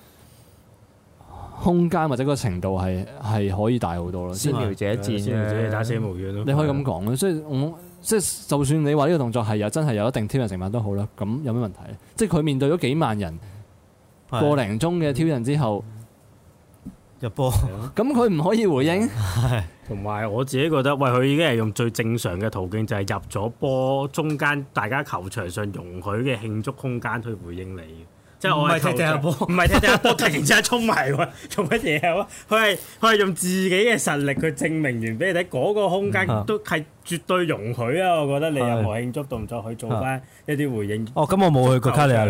C: 空間或者嗰個程度係係可以大好多咯。先撩者賤，先打死無怨咯。你可以咁講是的 所以即係就算你話呢個動作係有真係有一定挑釁成分都好啦，咁有咩問題？即係佢面對咗幾萬人個
B: 零鐘嘅挑釁之後。入波，咁佢唔可以回應？係，同埋我自己覺得，喂，佢已經係用最正常嘅途徑就，就係入咗波中間，大家球場上容許嘅慶祝空間去回應你。即係我係踢踢入波，唔係踢踢入波，突然之間衝埋喎，做乜嘢？佢係佢係用自己嘅實力去證明完俾你睇，嗰個空間都係。嗯絕對容許啊！我覺得你任何慶祝動作的去做翻一啲回應。哦，咁我冇去過卡利亞啊，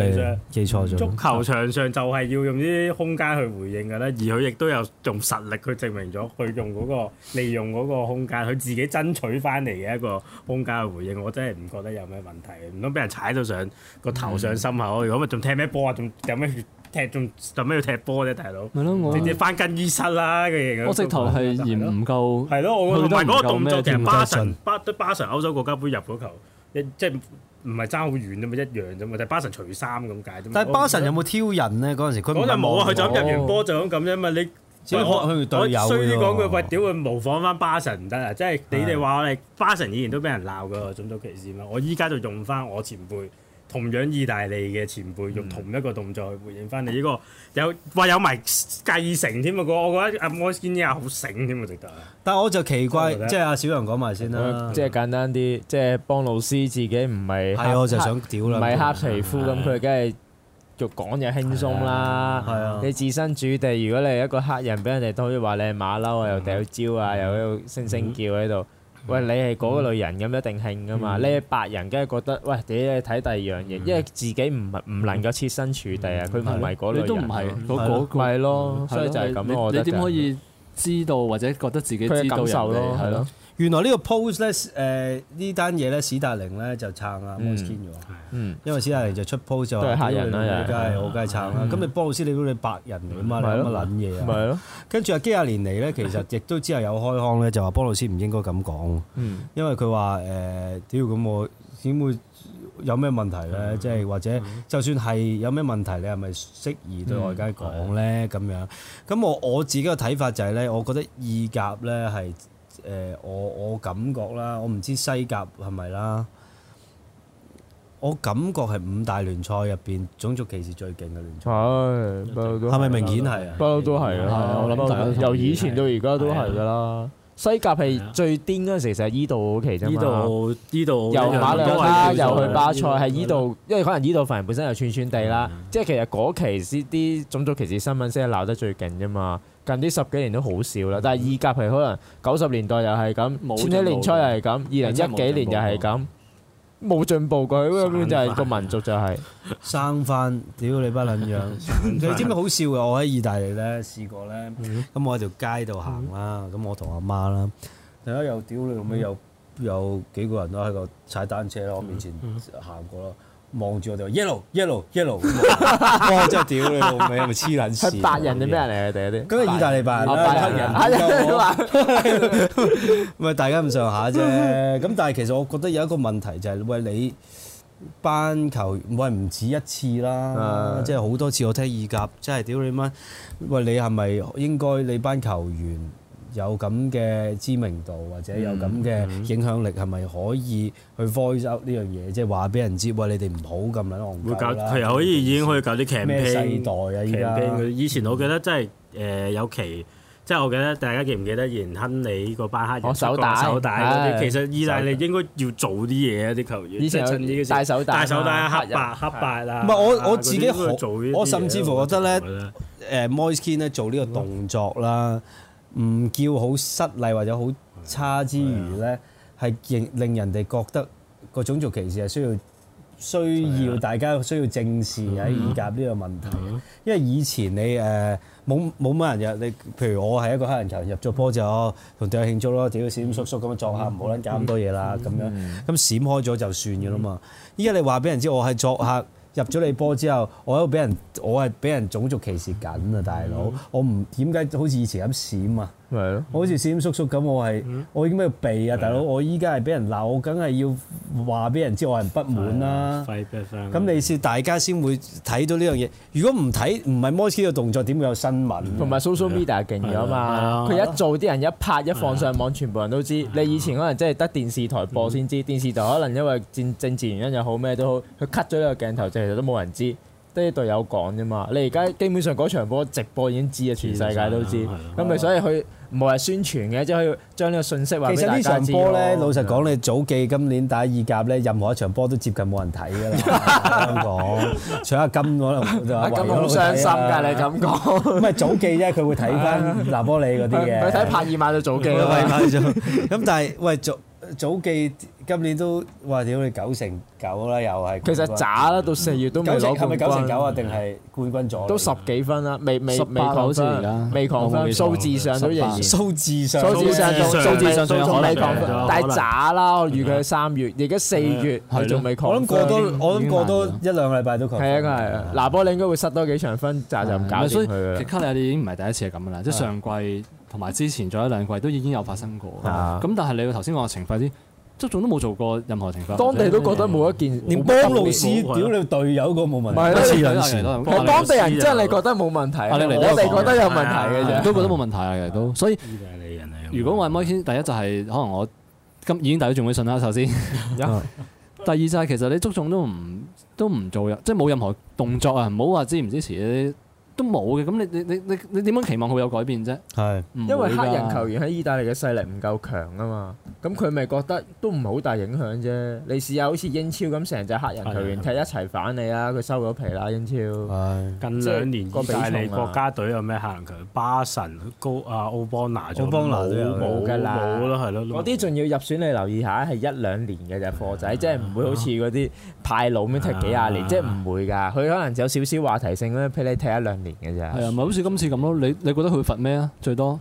B: 你
A: 記錯咗。足球
B: 場上就係要用啲空間去回應㗎啦，是的 而佢亦都有用實力去證明咗、那個，佢用嗰個利用嗰個空間，佢自己爭取翻嚟嘅一個空間去回應，我真係唔覺得有咩問題。唔通俾人踩到上個頭上心口？如果咪仲踢咩波啊？仲有咩？踢仲做咩要踢波啫，大佬？係咯吧，我直接翻更衣室啦嘅嘢。我直頭係
C: 嫌唔夠，係咯吧，我唔係嗰個動作。其實巴神
B: 巴都巴神歐洲國家杯入咗球，即係唔係爭好遠啫嘛，一樣啫嘛，就巴神除衫咁解啫。但係巴神有
A: 冇挑人呢？嗰陣時？佢冇、哦，佢就咁入完波
B: 就咁咁啫嘛。你我我衰啲講句話，屌佢模仿翻巴神唔得啊！即係你哋話我哋的巴神以前都俾人鬧噶，種種歧視嘛。我依家就用翻我前輩。同樣意大利嘅前輩用同一個動作去回應翻你呢個有，有話有埋繼承添啊！我我覺得阿 Mozzini 啊好醒添啊！值得。
D: 但我就奇怪，即係阿小楊講埋先啦，即係簡單啲，即係對，幫老師自己唔係黑皮膚咁，佢梗係就講嘢輕鬆啦。你置身處地，如果你係一個黑人，人，俾人哋都可以話你係馬騮啊，又掉蕉啊，又喺度聲聲叫喺度。嗯嗯喂，你係嗰類人咁一定興㗎嘛？你係白人梗係覺得，喂，你睇第二樣嘢，因為自己唔唔能夠設身處地啊，佢唔係嗰類人，你都唔係嗰嗰個，咪係咯，所以就係咁，我覺得就係你點可以
C: 知道或者覺得自己感受咯，係咯。
A: 原來個 post、呃、呢個 post 咧，誒呢單嘢咧，史達寧咧就撐阿 Monstie 咗，嗯、因為史達寧就出 post 就係黑人啦、啊，梗係、嗯、我梗係撐啦。咁、嗯、你波老師，你都你白人嚟啊嘛，嗯、你乜撚嘢啊？係咯、嗯。跟住啊，幾廿年嚟咧，其實亦都之後有開腔咧，就話波老師唔應該咁講，嗯、因為佢話誒，屌、呃、咁我點會有咩問題咧？即係、嗯、或者就算係有咩問題，你係咪適宜對外界講咧？咁、嗯嗯、樣咁我我自己嘅睇法就係、是、咧，我覺得意甲咧係。誒我我感覺啦，我唔知西甲係咪啦，我感覺係五大聯賽入邊種族歧視最勁嘅聯
D: 賽，係、哎，咪明顯係啊？不嬲都係啊，我諗由、啊、以前到而家都係㗎啦。西甲係最癲嗰陣時，其實係呢度期啫嘛，呢度呢
B: 度又馬兩家，又去巴塞，係呢度，
D: 因為可能呢度凡人本身又串串地啦，嗯、即係其實嗰期先啲種族歧視新聞先係鬧得最勁啫嘛，近啲十幾年都好少啦，但係二甲係可能九十年代又係咁，嗯、前一年初又係咁，二零一幾年又係咁。冇進步佢，咁就係個民族就係 生翻，屌你不撚樣！ 飯
A: 你知唔知好笑嘅？我喺意大利咧試過咧，咁、mm hmm. 嗯、我喺條街度行啦，咁、mm hmm. 我同阿媽啦，突然又屌你，後屘又有幾個人都喺度踩單車啦，我面前行過啦。Mm hmm. 嗯望住我哋，話 yellow yellow yellow，
D: 哇，真係屌你老味，咪黐撚線。白人定咩人嚟？第一啲。咁係意大利白人啦，白人，
A: 喂、哦， 大家咁上下啫。咁 但係其實我覺得有一個問題就係，喂你班球員，喂唔止一次啦，即係好多次我聽意甲，真係屌你媽！喂你係咪應該你班球員？有咁嘅知名度或者有咁嘅影響力，係咪可以去 voice up 呢樣嘢？即係話俾人知，喂，你哋唔好咁撚戇鳩啦。其實可以已經可以搞啲 campaign 嘅。咩世代
B: 啊？以前我記得真係誒有期，即係我記得大家記唔記得？延亨利個巴克手帶手帶。其實意大利應該要
A: 做啲嘢啊！啲球
D: 員以前襯戴手帶戴手帶黑白黑白啦。唔係我我自己，去
A: 做，我甚至乎覺得咧誒 Moise Kean 咧做呢個動作啦。唔叫好失禮或者好差之餘咧，係令的令人哋覺得個種族歧視係需要需要大家需要正視喺意甲呢個問題，的因為以前你誒冇冇乜人入你，譬如我係一個黑人球員入咗波就同隊友慶祝咯，自己閃閃縮縮咁樣作客唔好撚搞咁多嘢啦，咁樣咁閃開咗就算嘅啦嘛。依的家你話俾人知我係作客。入咗你波之後，我喺度俾人，我係俾人種族歧視緊啊，大佬！我唔係點解好似以前咁閃啊？咪咯，好似閃叔叔咁，我係我已經喺度避啊，大佬！我依家係俾人鬧，我梗係要話俾人知，我人不滿啦。咁你先大家先會睇到呢
D: 樣嘢。如果唔睇，唔係摩 o 嘅動作點會有新聞？同埋 Soso Media 勁咗啊嘛！佢的一做啲人一拍，一，拍一放上網，全部人都知。的你以前可能真係得電視台播先知，的電視台可能因為政政治原因又好咩都好，佢 cut 咗呢個鏡頭，其實都冇人知，得啲隊友講啫嘛。你而家基本上嗰場波直播已經知啊，全世界都知。咁咪的所以佢。冇話宣傳嘅，即係要將呢個信息話俾啲人知。其實呢場波咧，老實
A: 講，你早記今年打意甲咧，任何一場波都接近冇人睇㗎啦。咁講，香港除咗阿金可能就遺留睇。阿金好傷心㗎，你咁講。唔係早記啫，佢會睇翻拿波里嗰啲嘅。佢睇帕爾馬就早記啦。咁但係喂，早早記。今年都
D: 哇！屌你九成九啦，又係其實渣啦，到四月都未攞冠軍。九成九咪九成九啊？定係冠軍咗？都十幾分啦，未未未擴升，未擴升。數字上都仍然，數字上，數字上，數字上但係渣啦！我預佢三月，而家四月仲未擴。我諗過多，我諗過多一兩個禮拜都擴。係啊，係啊。嗱波你應該會失多幾場分，就就咁搞。所以，卡尼亞你已經唔係第一次係咁啦。即係上季同
C: 埋之前再一兩季都已經有發生過。咁但係你頭先講情況啲。足總都冇做過任何情況，當地都覺得
D: 冇一件，連幫老師屌
A: 你隊友個冇
C: 問題，當地人真係你覺得冇問題，我哋覺得有問題嘅啫，都覺得冇問題啊都，所以如果我係麥堅，第一就係可能我今已經大家仲會信啦，首先。第二就係其實你足總都唔都唔做，即係冇任何動作啊，唔好話支唔支持都冇嘅，咁你你你你你點樣期望佢會有改變啫？係是，因為黑人球員
D: 喺意大利嘅勢力唔夠強啊嘛，咁佢咪覺得都唔好大影響啫。你試下好似英超咁，成隻黑人球員踢一齊反你啊！佢的收咗皮啦，英超。的近兩年意大利國家隊有咩黑人球？巴神高啊奧邦拿，奧邦拿冇冇㗎啦，係咯。嗰啲仲要入選你留意下，係一兩年嘅就貨仔，即係唔會好似嗰啲太老咁踢幾廿年，即係唔會㗎。佢可能有少少話題性咧，俾你踢一兩年。係啊，咪好似今次咁咯。你你覺得佢罰咩啊？最多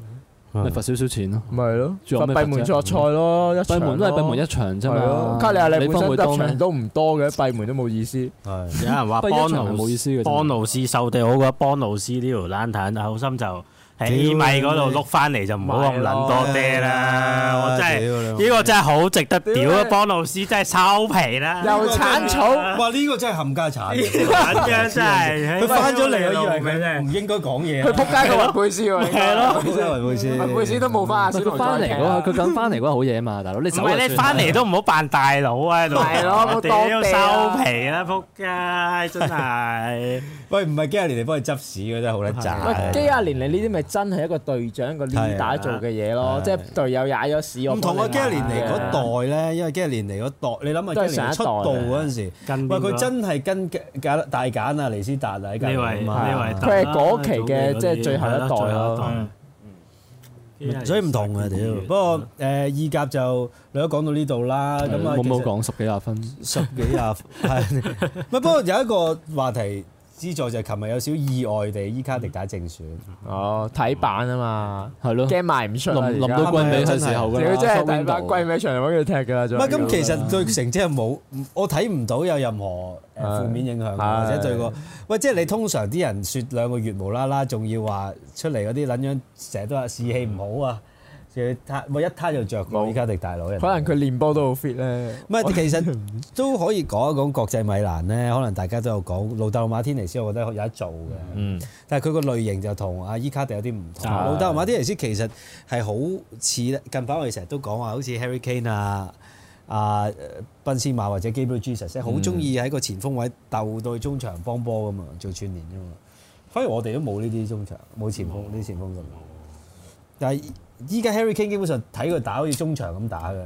D: 咪罰少少錢咯。咪咯，仲有咩？閉門作賽咯，一閉門都係閉門一場啫嘛。卡利亞你本身得人都唔多嘅，閉門都冇意思。係有人話邦奴斯，邦
B: 奴斯受地好嘅，邦奴斯呢條冷毯，但係好心就。喺米嗰度碌翻嚟就唔好咁諗多啲啦！我真係呢個真係好值得屌啊！幫老師真係收皮啦，又鏟
A: 草。哇！呢個真係冚家鏟，呢個真係。佢
B: 翻咗嚟，我以為
D: 佢唔應該講嘢。佢撲街個揾貝斯喎。係咯，
A: 揾貝斯。
D: 揾貝斯都冇法。佢翻嚟嗰個，
C: 佢咁翻嚟嗰個好嘢啊嘛，大佬。唔係你翻嚟都唔好扮大
A: 佬啊！大佬，我當收皮啦，撲
D: 街真
A: 係。喂，唔係幾廿年嚟幫佢執屎嘅真係好得賺。幾
D: 廿年嚟呢啲咪？真係一個隊長個 lead 打做嘅嘢咯，即係隊友踩咗屎，我唔同啊！幾年嚟嗰
A: 代咧，因為幾年嚟嗰代，你諗下，出道嗰陣時，喂佢真係跟大簡啊、尼斯達啊、加爾曼，佢係嗰期嘅即係最後一代咯。
C: 所以唔同啊屌！
A: 不過誒意甲就你都講到呢度啦。咁啊，冇冇講
D: 十幾廿分？十幾廿係
A: 咪？不過有一個話題。資助就係琴日有少意外地，伊卡迪打正選。
D: 哦，睇板啊嘛，係咯，驚賣唔出嚟，到季尾嗰陣時候嘅啦。如果真係打季尾場嚟俾佢踢㗎啦，仲。咁其實對
A: 成績係冇，我睇唔到有任何誒負面影響，或者對個。喂，即係你通常啲人説兩個月無啦啦，仲要話出嚟嗰啲撚樣，成日都話士氣唔好啊。嘅攤，我一攤就着著，伊卡迪大佬。可
D: 能佢練波都好 fit 咧。唔
A: 係，其實都可以講一講國際米蘭咧。可能大家都有講老豆馬天尼斯，我覺得有得做嘅。嗯。但係佢個類型就同阿伊卡迪有啲唔同。老豆、嗯、馬天尼斯其實係好似近排我哋成日都講話，好似 Harry Kane 啊、阿、啊、賓斯馬或者 Gabriel Jesus 好中意喺個前鋒位鬥到中場幫波咁啊，做串連啫嘛。反而我哋都冇呢啲中場，冇前鋒啲、嗯、前鋒咁。但係。依家 Harry Kane 基本上睇佢打好似中場咁打嘅，咁、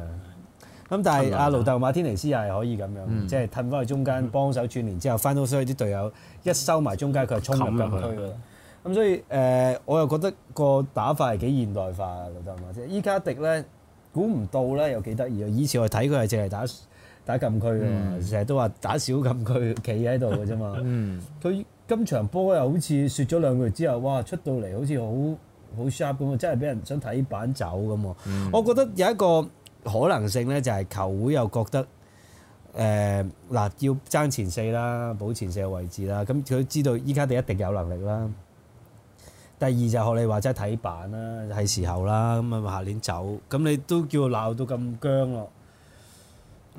A: 嗯、但係阿盧豆馬天尼斯又係可以咁樣，嗯、即係褪翻去中間、嗯、幫手串連之後，翻到所以啲隊友一收埋中間佢係衝入禁區嘅。咁、嗯嗯嗯、所以誒、呃，我又覺得個打法係幾現代化，盧豆馬即係。依家迪咧估唔到咧又幾得意啊！以前我睇佢係淨係打打禁區嘅嘛，成日、嗯嗯、都話打小禁區，企喺度嘅啫嘛。佢今、嗯、 場波又好似説咗兩句之後，哇！出到嚟好似好～好 sharp 咁啊！真係俾人想睇板走咁喎。我覺得有一個可能性咧，就係球會又覺得誒嗱，要爭前四啦，保前四嘅位置啦。咁佢都知道依家哋一定有能力啦。第二就學你話齋睇板啦，係時候啦。咁啊，下年走咁你都叫鬧到咁僵咯。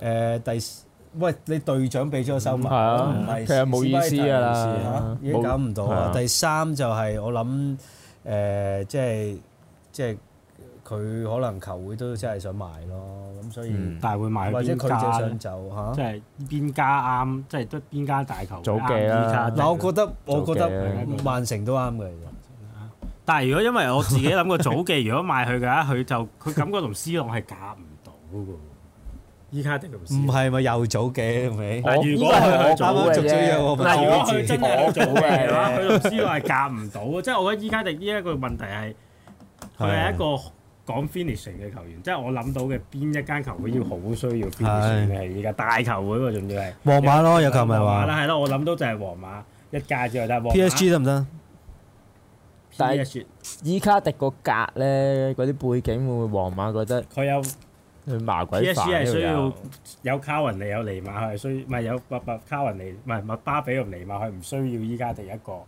A: 誒，第餵你隊長俾咗個收物，唔係其實冇意思啊，已經搞唔到啦。第三就係我諗。誒、呃，即係即係佢可能球會都真係想賣咯，咁所以、嗯、但會或者佢就想走嚇，即係邊家啱，即係都邊家大球？早記啦、啊，嗱，我覺得、啊、我覺得曼城都啱嘅、嗯、
B: 但係如果因為我自己諗過早記， 如果賣佢嘅話，佢就佢感覺同 C 朗係夾唔到嘅。伊卡
A: 迪唔係咪又早嘅？但係如果佢係早嘅啫，但係如果真係好早嘅，係嘛？佢老
B: 師話夾唔到嘅，即係我覺得伊卡迪呢一個問題係佢係一個講 finish 嘅球員，即係我諗到嘅邊一間球會要好需要 finish 嘅係而家大球會喎，仲要係，皇馬咯，有球迷話，係咯，我諗到就係皇馬一家之外，但係 PSG 得唔得？但係
D: 伊卡迪個格咧，嗰啲背景會唔會皇馬覺得佢有。P.S.G，係需要
B: 有卡雲尼，有尼瑪，係需唔係有伯伯卡雲尼？唔係麥巴比同尼瑪，係唔需要依家第一個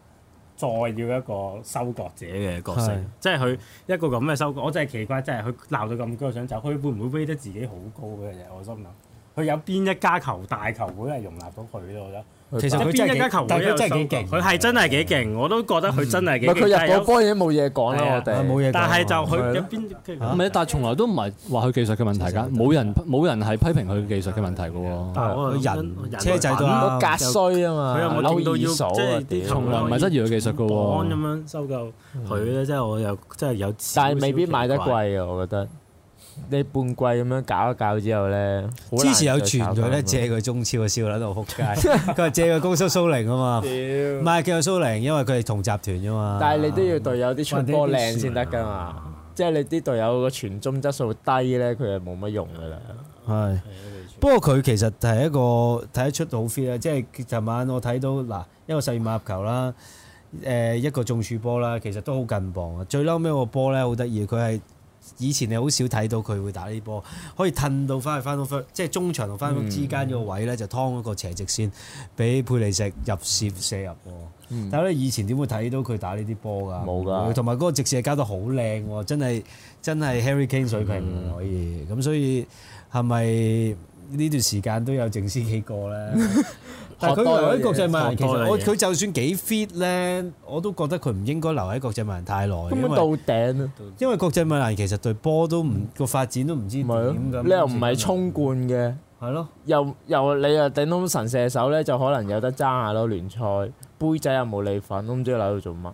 B: 再要一個收割者嘅角色，是的 即係佢一個咁嘅收割。我真係奇怪，即係佢鬧到咁高，想走，佢會唔會威得自己好高嘅啫？我心諗佢有邊一家球大球會係容納到佢，我覺得。其實一邊一家球隊又受，佢係真係幾勁，我都覺得佢真係幾勁。唔係佢入嗰波已經冇嘢講啦，我哋。冇嘢講。但係就佢一
F: 邊，唔
C: 係，但係從來都唔係話佢技術嘅問題噶，冇人冇人係批評佢技術嘅問
B: 題嘅喎。但係人車仔都格衰啊嘛，佢又冇攞到一手，從來唔係質疑
D: 佢技術嘅喎。安
B: 咁樣收購
D: 佢咧，即係我又即係有。但係未必買得貴啊！我覺得。你半季咁樣搞一搞之後咧，之前有傳佢咧借佢中超嘅笑甩度撲
A: 街，佢係 借佢高叔蘇寧啊嘛，唔係叫佢蘇寧，因為佢哋同集團啊嘛。但係你都
D: 要隊友啲傳波靚先得噶嘛，即係、啊、你啲隊友個傳中質素低咧，佢係冇乜用噶啦。
A: 係是， 不過佢其實係一個睇得出好 fit 啊，即係琴晚我睇到嗱，一個十二碼球啦，誒一個中柱波啦，其實都好近磅啊。最嬲尾個波咧好得意，佢係。以前你好少睇到佢會打呢啲波，可以褪到翻去翻到即係中場同翻屋之間嗰個位咧，嗯、就劏一個斜直線俾佩利石入射射入。嗯、但係咧，以前點會睇到佢打呢啲波㗎？冇㗎。同埋嗰個直射交得好靚喎，真係真係 Harry Kane 水平。嗯、可以咁，所以係咪呢段時間都有淨先幾個咧？
E: 但係佢留喺國際米蘭，其實我佢
A: 就算幾 fit 咧，我都覺得佢唔應該留喺國際米蘭太耐。咁咪到頂咯，因為國際米蘭其實對波都唔個發展都唔知點咁。你又唔係衝冠嘅，
D: 係咯？又又你又頂到神射手咧，就可能有得爭下咯。聯賽杯仔又冇你份，都唔知佢留喺度做乜。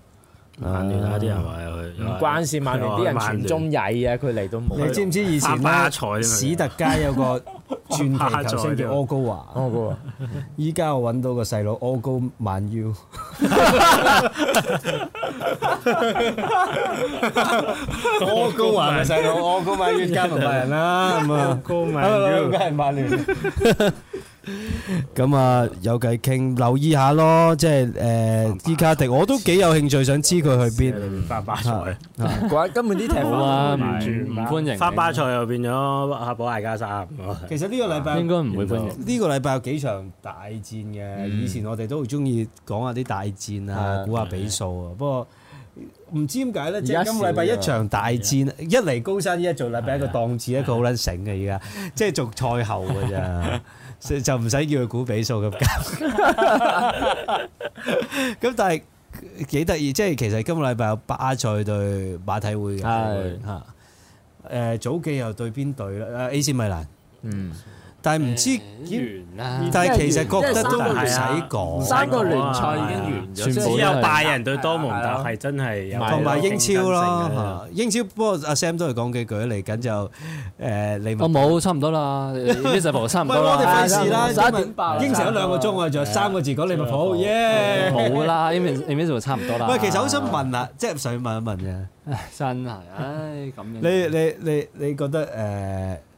D: 曼聯啊！啲人話佢唔關事曼聯啲人全中曳啊！佢嚟到冇。你知唔知以前咧史特佳有個傳奇球星叫柯
A: 高華？柯高啊！依家我揾到個細佬柯高曼 U。柯高華咪細佬，柯高曼 U 加埋埋人啦。柯高曼 U 加盟曼聯。咁啊，有偈傾，留意下咯，即係誒，伊卡迪，我都幾有興趣，想知佢去邊。巴巴
D: 賽，根本啲題目啊，
B: 唔歡迎。巴巴賽
A: 又變咗阿寶二加沙。其實呢個禮拜應該唔會歡迎。呢個禮拜有幾場大戰嘅，以前我哋都好中意講下啲大戰啊，估下比數啊。不過唔知點解咧，即係今個禮拜一場大戰，一嚟高山，二嚟做禮拜一個檔次一個好捻醒嘅。而家即係做賽後嘅咋。就唔使叫佢估比數咁計，咁 但係幾得意，即係其實今個禮拜有巴塞對馬體會嘅對會嚇，的早幾又對邊隊啦？A.C. 米蘭，嗯。但係唔知完啦，但係其實覺得都唔使講，三個聯賽已經完咗，
B: 只有拜仁對多蒙特係真係同埋英超啦。
A: 英超，不過阿 Sam 都係講幾句，嚟緊就誒利物浦，我冇差唔多啦，Imesful 差唔多啦，應承咗兩個鐘，我哋仲有三個字講利物浦，yeah，好啦
C: ，Imesful 差唔多啦。喂，其實好想
A: 問啊，即係想問一問啫。唉，真
C: 係，唉，
D: 咁樣。你
A: 你你你覺得誒？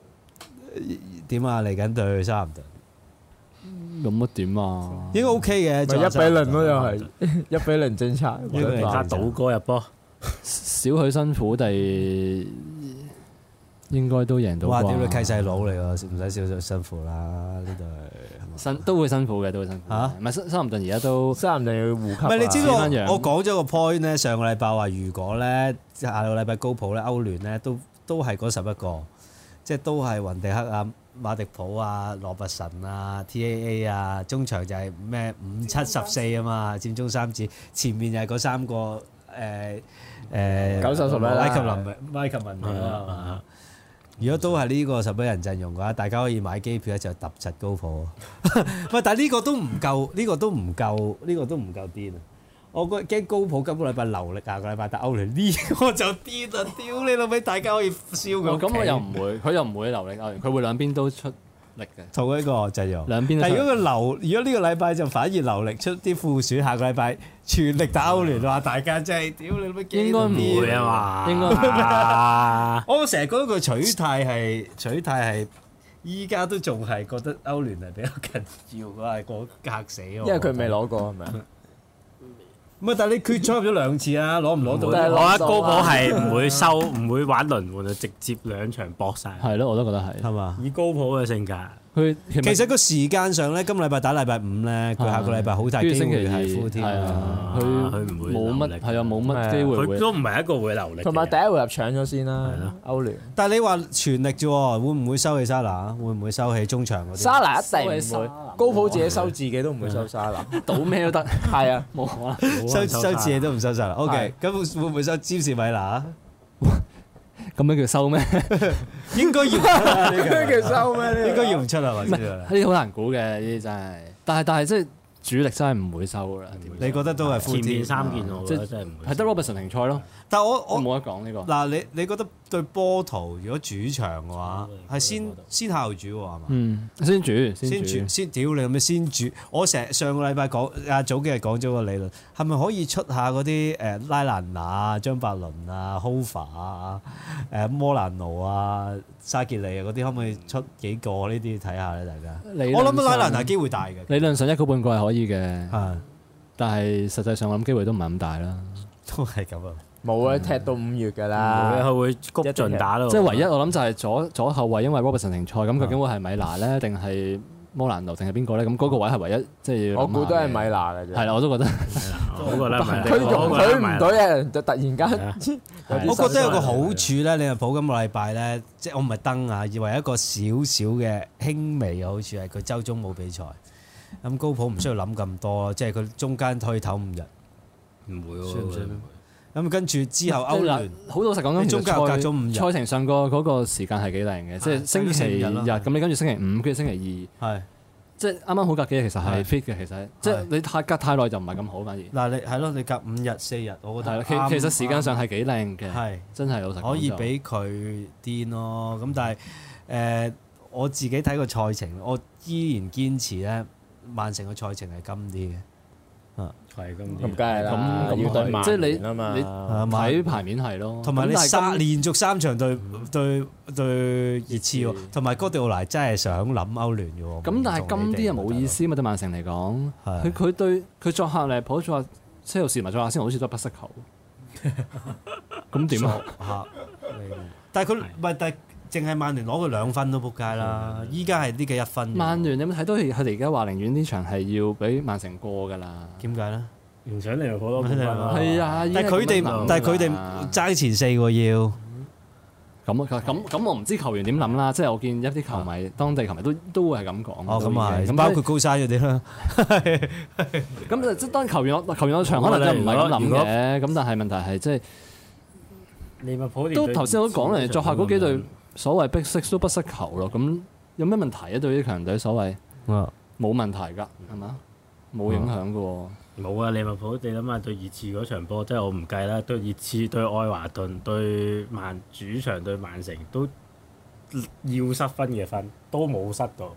A: 點啊嚟緊對三連，咁乜點啊？嗯、應該 OK 嘅，就是一比零咯，又係
C: 一比零政策，佢而家賭哥入波，少許 辛苦，但係應該都贏到。哇！屌你契細佬嚟個，唔使少少辛苦啦，
B: 呢度
A: 辛都會辛苦嘅，都會辛苦。吓，唔係三連，而家都三連要護級，啊。唔係，你知道我講咗個 point 呢，上個禮拜話如果呢，果下個禮拜高普呢，歐聯呢，都都係嗰十一個。都是 11 即係都係雲迪克啊、馬迪普啊、羅拔臣啊、TAA 啊，中場就係咩五七十四啊嘛，佔中三子前面就係嗰三個誒誒，九手十咩？麥、欸、琴林、麥琴的文如果都係呢個十一人陣容嘅話，大家可以買機票一齊揼柒高普。喂， 但係呢個都唔夠，呢、呢個都唔夠，呢、呢個都唔夠癲啊！呢個我覺驚高普今個禮拜留力，下個禮拜打歐聯呢個就跌啦！屌你老味，大家可以笑佢。咁我又唔會，佢又唔會留力歐聯，佢會兩邊都出力嘅。做一個藉由，兩邊。但係如果佢留，如果呢個禮拜就反而留力出啲副選，下個禮拜全力打歐聯，哇！大家真係屌你老味，應該唔會啊嘛？應該啊！我成日講個取態係取態係，依家都仲係覺得歐聯係比較緊要，我係講嚇死我。因為佢未攞過係咪？唔係，但係你決賽入咗兩次啊，攞唔攞到？我啊會，高普係唔會收，唔 會
B: 玩輪換啊，直接兩場搏晒。
A: 係咯，我都覺得係。係嘛吧？
B: 以高普嘅性格。
A: 佢其實個時間上咧，今禮拜打禮拜五咧，佢下個禮拜好大機會 full team 啊！佢佢唔會，
D: 冇乜係啊，冇乜機會。佢都唔係一個會留力，同埋第一回合搶咗先啦，
A: 歐聯。但係你話全力啫，會唔會收起沙拿？會唔會收起中場嗰啲？沙
D: 拿一定唔會。高普自己收自己都唔會收沙拿，賭咩都得。係啊，冇啊，收
A: 收自己都唔收沙拿。O K，咁會唔會收詹士米拿？咁樣叫收咩？ 應該要、啊，呢個、 應該叫收咩？應該要唔出啊？呢
C: 啲好難估嘅，呢啲真係。但係但係即係主力真係唔會收㗎啦。你覺得都係前面三件我、啊，我覺得真係得 Robinson 停賽咯。
A: 但我我冇得講呢個嗱，你你覺得對波圖如果主場嘅話係先先客後主喎，係嘛？嗯，先主先主先屌你咁咪先主？我成日上個禮拜講阿早幾日講咗個理論，係咪可以出下嗰啲誒拉蘭拿、張伯倫啊、Hofa 啊、誒摩蘭奴啊、沙杰利啊嗰啲，可唔可以出幾個呢啲睇下咧？大家
D: 我諗拉蘭娜機會大嘅
C: 理論上一個半個係可以嘅，但係實際上我諗機會都唔係咁大啦，都係咁啊。
D: 冇啊！踢到五月㗎喇，佢
C: 會一盡打咯。即係唯一我諗就係左左後衛，因為 Robertson 停賽，咁究竟會係米娜咧，定係摩蘭奴定係邊個咧？咁嗰個位係唯一，即係我估都係米娜嘅啫。係啦，我都覺得，我
A: 都覺得米。佢用佢唔對
D: 啊！就突然間，我覺得有個好
A: 處咧。你話普今個禮拜咧，即係我唔係登啊，以為一個小小嘅輕微嘅好處係佢周中冇比賽，咁高普唔需要諗咁多咯。即係佢中間可以唞五日，唔會。算唔算咧？咁跟住之後歐聯，好老實講，中間隔咗五日。賽程
C: 上個嗰個時間係幾靚嘅，即係星期日。咁你跟住星期五，跟住星期二，係即係啱啱好隔幾日，其實係 fit 嘅，其實即係你太隔太耐就唔係咁好反而。嗱你
A: 係咯，你隔五日四日，我覺得其實時間上係幾靚嘅，係真係老實講。可以俾佢癲咯，咁但係誒，我自己睇個賽程，我依然堅持咧，曼城嘅賽程係金啲嘅。啊，係咁、嗯，咁梗係啦，嗯、要對曼即係你啊嘛，睇牌面係咯，同埋你三、喔、連續三場對對對、嗯嗯嗯、熱刺喎，同埋哥迪奧拿真係想諗歐聯嘅
C: 喎。咁但係今啲又冇意思嘛？喔、對,對曼城嚟講，佢佢、欸、對佢作客嚟普作，
A: 車路士咪再亞仙好似都不失球，
C: 咁點啊？但
A: 係佢唔但係。淨係曼聯攞佢兩分都仆街啦！依家係呢幾一分。曼聯你有冇睇到佢哋而家話寧願呢場係要俾曼城過㗎啦？點解呢？唔想
C: 嚟
B: 好多盤。係
C: 啊，但
A: 係佢哋，但係佢哋爭前四喎要。
C: 咁啊，咁咁我唔知球員點諗啦。即係我見一啲球迷，當地球迷都都會係咁講。哦，咁係，咁包括
A: 高山嗰啲啦。
C: 咁就即係當球員，我球員喺場可能就唔係咁諗嘅。咁但係問題係即係
B: 利物浦都頭先我都講啦，作客嗰幾
C: 隊。所謂 Big 6都不失球咯，咁有咩問題，呢問題啊？對啲強隊，所謂
B: 冇問題㗎，係嘛？冇影響嘅喎。冇啊，利物浦你諗下對熱刺嗰場波，即係我唔計啦。對熱刺對愛華頓對曼主場對曼城，都要失分嘅分都冇失到，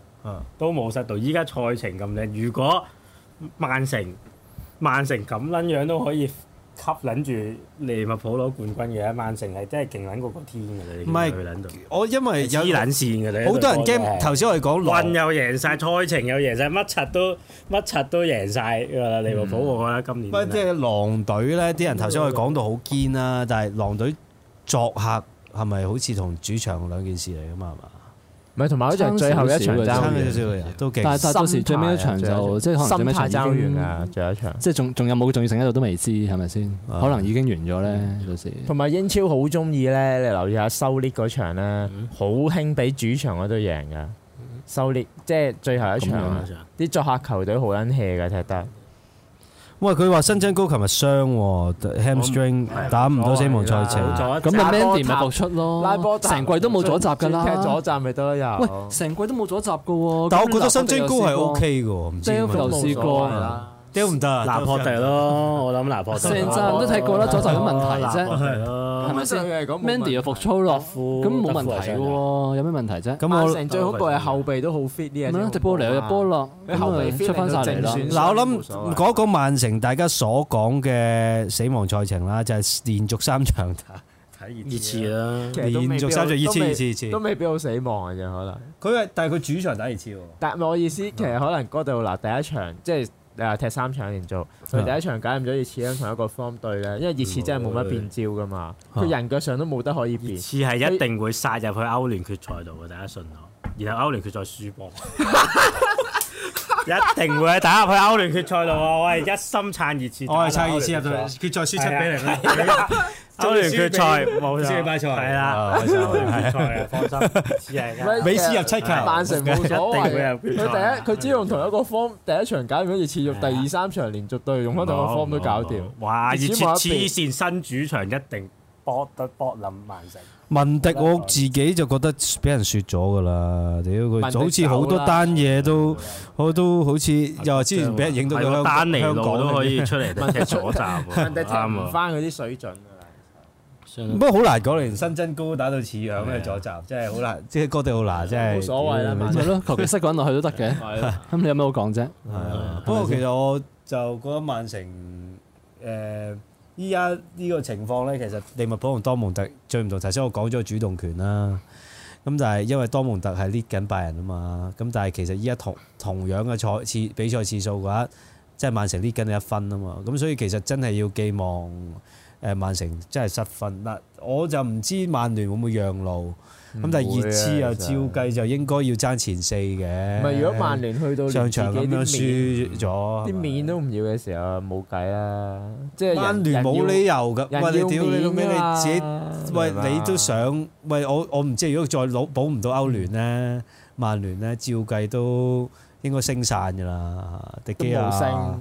B: 都冇失到。依家、啊、賽程咁靚，如果曼城曼城咁撚樣，樣都可以。吸撚住利物浦攞冠軍嘅，曼城係真係勁撚過個天
A: 嘅是你。唔係，我因為有撚線。你好多人驚頭先我哋講運又贏
B: 晒， 賽程又贏晒，乜柒都乜柒都贏晒。利物浦喎！我覺得今年。
A: 唔即係狼隊咧，啲人頭先我哋講到好堅啦，但係狼隊作客係咪好似同主場兩件事嚟㗎嘛？係嘛？
D: 唔係，同埋好似最後一場爭少少嘅，都勁。但係到時最尾一場就即係可能爭完啊！最後一場，
C: 即係仲仲有冇重要性喺度都未知係咪先？是是啊、可能已
D: 經完咗咧。到、嗯、時同埋英超好中意咧，你留意下修列嗰場咧，好興俾主場嗰隊贏嘅。修列，即、就、係、是、最後一場，啲、嗯、作客球隊好撚 hea 嘅踢得。泰泰喂，佢話新增高
A: 琴日傷，hamstring 打唔到希望賽前，咁就 Mandy 咪復出
C: 咯，拉波成季都冇咗集噶啦，踢咗集
A: 咪得啦。又喂，
C: 成季都冇咗集噶喎，但我覺得新增高係 OK
A: 嘅喎，唔知點解。屌唔得啊！拿破底咯，
C: 我諗拿破。成扎人都睇過啦，阻滯啲問題啫。
D: 係咪先？Mandy 又復操落庫，咁冇問題嘅
A: 喎。有咩問題啫？咁我最好個係
D: 後備都好 fit 啲嘅。咁咧，隻波嚟，隻波落，咁後備出翻曬嚟
A: 啦。嗱，我諗嗰個曼城大家所講嘅死亡賽程啦，就係連續三場打。
B: 睇熱熱刺啦，連續三場熱刺，熱刺，熱刺都
D: 未必好死亡嘅啫，可能。佢係，但係佢主場打熱刺喎。但係我意思，其實可能嗰度嗱，第一場即係。你話踢三場連做，佢的第一場解唔咗熱刺咧，同一個方隊咧，因為熱刺真係冇乜變招㗎嘛，佢的人腳上都冇得可以變。熱刺係一定會殺入去歐聯決賽度嘅，大家信我。然後歐聯決賽輸波。
B: 一定會喺打入去歐聯決賽度啊。我係一心撐熱刺，我係撐熱刺入到決賽輸七比零
A: 啦，歐聯決賽冇輸，拜賽係啦，決賽放
D: 心。美斯入七球，曼城冇所謂。佢第一，佢只用同一個 form 第一場搞完，決，要切入第二三場連續對用翻同一個 form 都搞掂。哇！熱刺黐
B: 線新主場一定。博特博
D: 林
A: 曼城，文迪我自己就覺得俾人說咗噶啦，屌佢，好似好多單嘢都，我都好似又話之前俾人影到個丹尼香港可以出嚟踢左閘，唔返
D: 佢啲水準啊！不過好難講，你連新津高
A: 打到似樣咧，左閘真係好難。即係哥迪奧拿真係冇所謂啦，曼迪咯，求其識滾落去都得
C: 嘅。咁你有咩好講啫？
A: 不過其實我就覺得曼城誒。依家呢個情況呢，其實利物浦同多蒙特最唔同，頭先我講咗主動權啦。咁但係因為多蒙特係攣緊拜仁啊嘛，咁但係其實依家同同樣嘅賽次比賽次數嘅話，即係曼城攣緊一分啊嘛。咁所以其實真係要寄望誒、呃、曼城真係失分。嗱，我就唔知曼聯會唔會讓路。咁但係熱刺又照計就應該要爭前四嘅。唔係，如果曼聯
D: 去到聯上場咁樣輸咗，啲面都唔要嘅時候，冇計啦。即係曼聯冇理由噶。喂，你屌你咩？你自己喂你都想
A: 喂我？我唔知如果再攞保唔到歐聯咧，嗯、曼聯咧照計都應該升散㗎啦。迪基亞啊！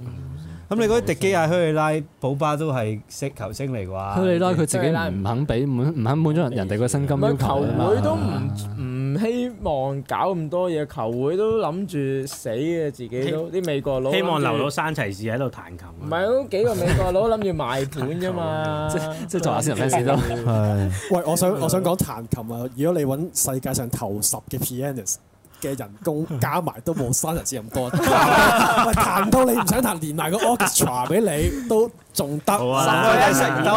A: 咁、嗯、你嗰啲迪基亞、希利拉，拉、
D: 普巴都係識球星嚟嘅話，希利拉佢自己唔
A: 肯俾唔肯滿足人人哋個薪
D: 金要求啊，球會都唔唔希望搞咁多嘢，球會都諗住死嘅自己都啲美國佬。希望留到山齊士喺度彈琴，啊。唔係，都幾個美國
E: 佬諗住賣盤啫嘛。即即做下先，咩事都。喂，我想我想講彈琴啊！如果你揾世界上頭十嘅 pianist。嘅人工加埋都冇山神資咁多 喂，彈到你唔想彈， 連埋個 orchestra 俾你都仲、啊、得。但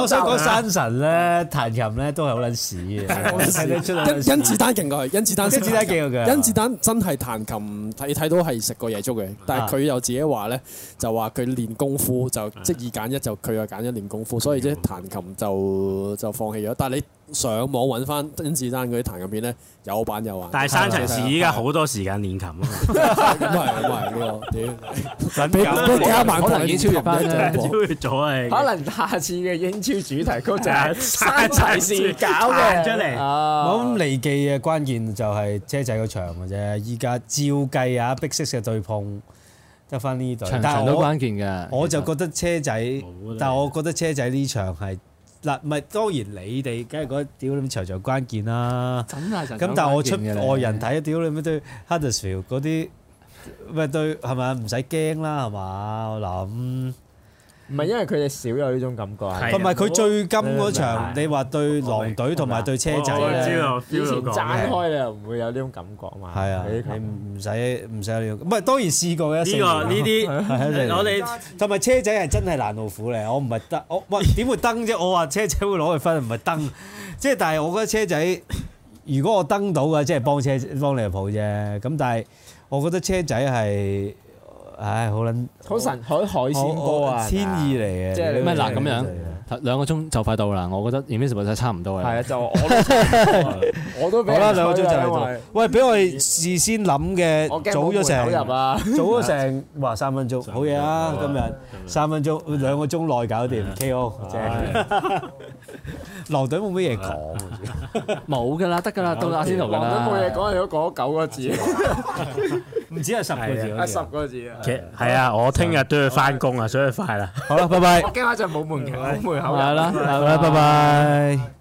E: 我想講山
A: 神咧，彈琴咧都係好撚屎嘅。甄子
E: 丹勁過佢，甄子丹識。甄子丹勁過佢，甄子丹真係彈琴睇睇到係食過夜粥嘅，但係佢又自己話咧，就話佢練功夫就即係二揀一，就佢又揀一練功夫，所以即彈琴就就放棄咗。但係你。上網揾翻甄子丹嗰啲彈入面咧，有版有玩。但係三層市依家好多時間練琴 啊！咁係呢個屌，你都加埋可能已經超越翻
B: 咗係。啊啊啊、可
D: 能下次嘅英超主題曲就係三層市搞嘅、啊、出嚟。啊、我
A: 諗利記嘅關鍵就係車仔個場嘅啫，依家照計啊，Big Six 嘅對碰得翻呢度。但長都關鍵㗎。我，其實 我就覺得車仔，但係我覺得車仔呢場係。嗱，唔係當然你哋梗係覺得屌你咪場場關鍵啦，咁但係我出外人睇，屌你咪對 Huddersfield 嗰啲，咪對，係咪？唔使驚啦，係嘛？我諗、嗯。唔係因為佢哋少有呢種感覺，同埋佢最近嗰場，你話對狼隊同埋對車仔咧，要前爭開
D: 你又唔會有呢種感覺嘛？係啊，你
A: 唔使唔使呢種，唔係當然試過一四年，呢啲我哋同埋車仔係真係攔路虎嚟，我唔係得我喂點會登啫？我話車仔會攞佢分唔係登，即係但係我覺得車仔如果我登到嘅即係幫車幫你哋抱啫，咁但係我覺得車仔係。唉，好撚，
D: 好神海海鮮哥啊，千
A: 二嚟嘅，即
D: 係你咩嗱咁樣
C: 兩個鐘就快到啦！我覺得 Invisible 真差唔多嘅，係啊，
D: 就我都俾我兩個鐘就嚟到，
A: 喂，俾我哋事先諗嘅早咗成，早咗成話三分鐘，好嘢啊！今日三分鐘兩個鐘內搞掂，K.O. 正。狼隊冇咩嘢講，冇噶啦，得噶啦，
B: 到達先同狼隊。狼隊冇嘢
D: 講，你都講咗九個字，唔止係十個字，係十個字啊。
B: 係啊，我聽日都要翻工啊，所以快啦。好啦，拜
D: 拜。我今晚就冇門嘅啦，門口有啦，啦，拜
B: 拜。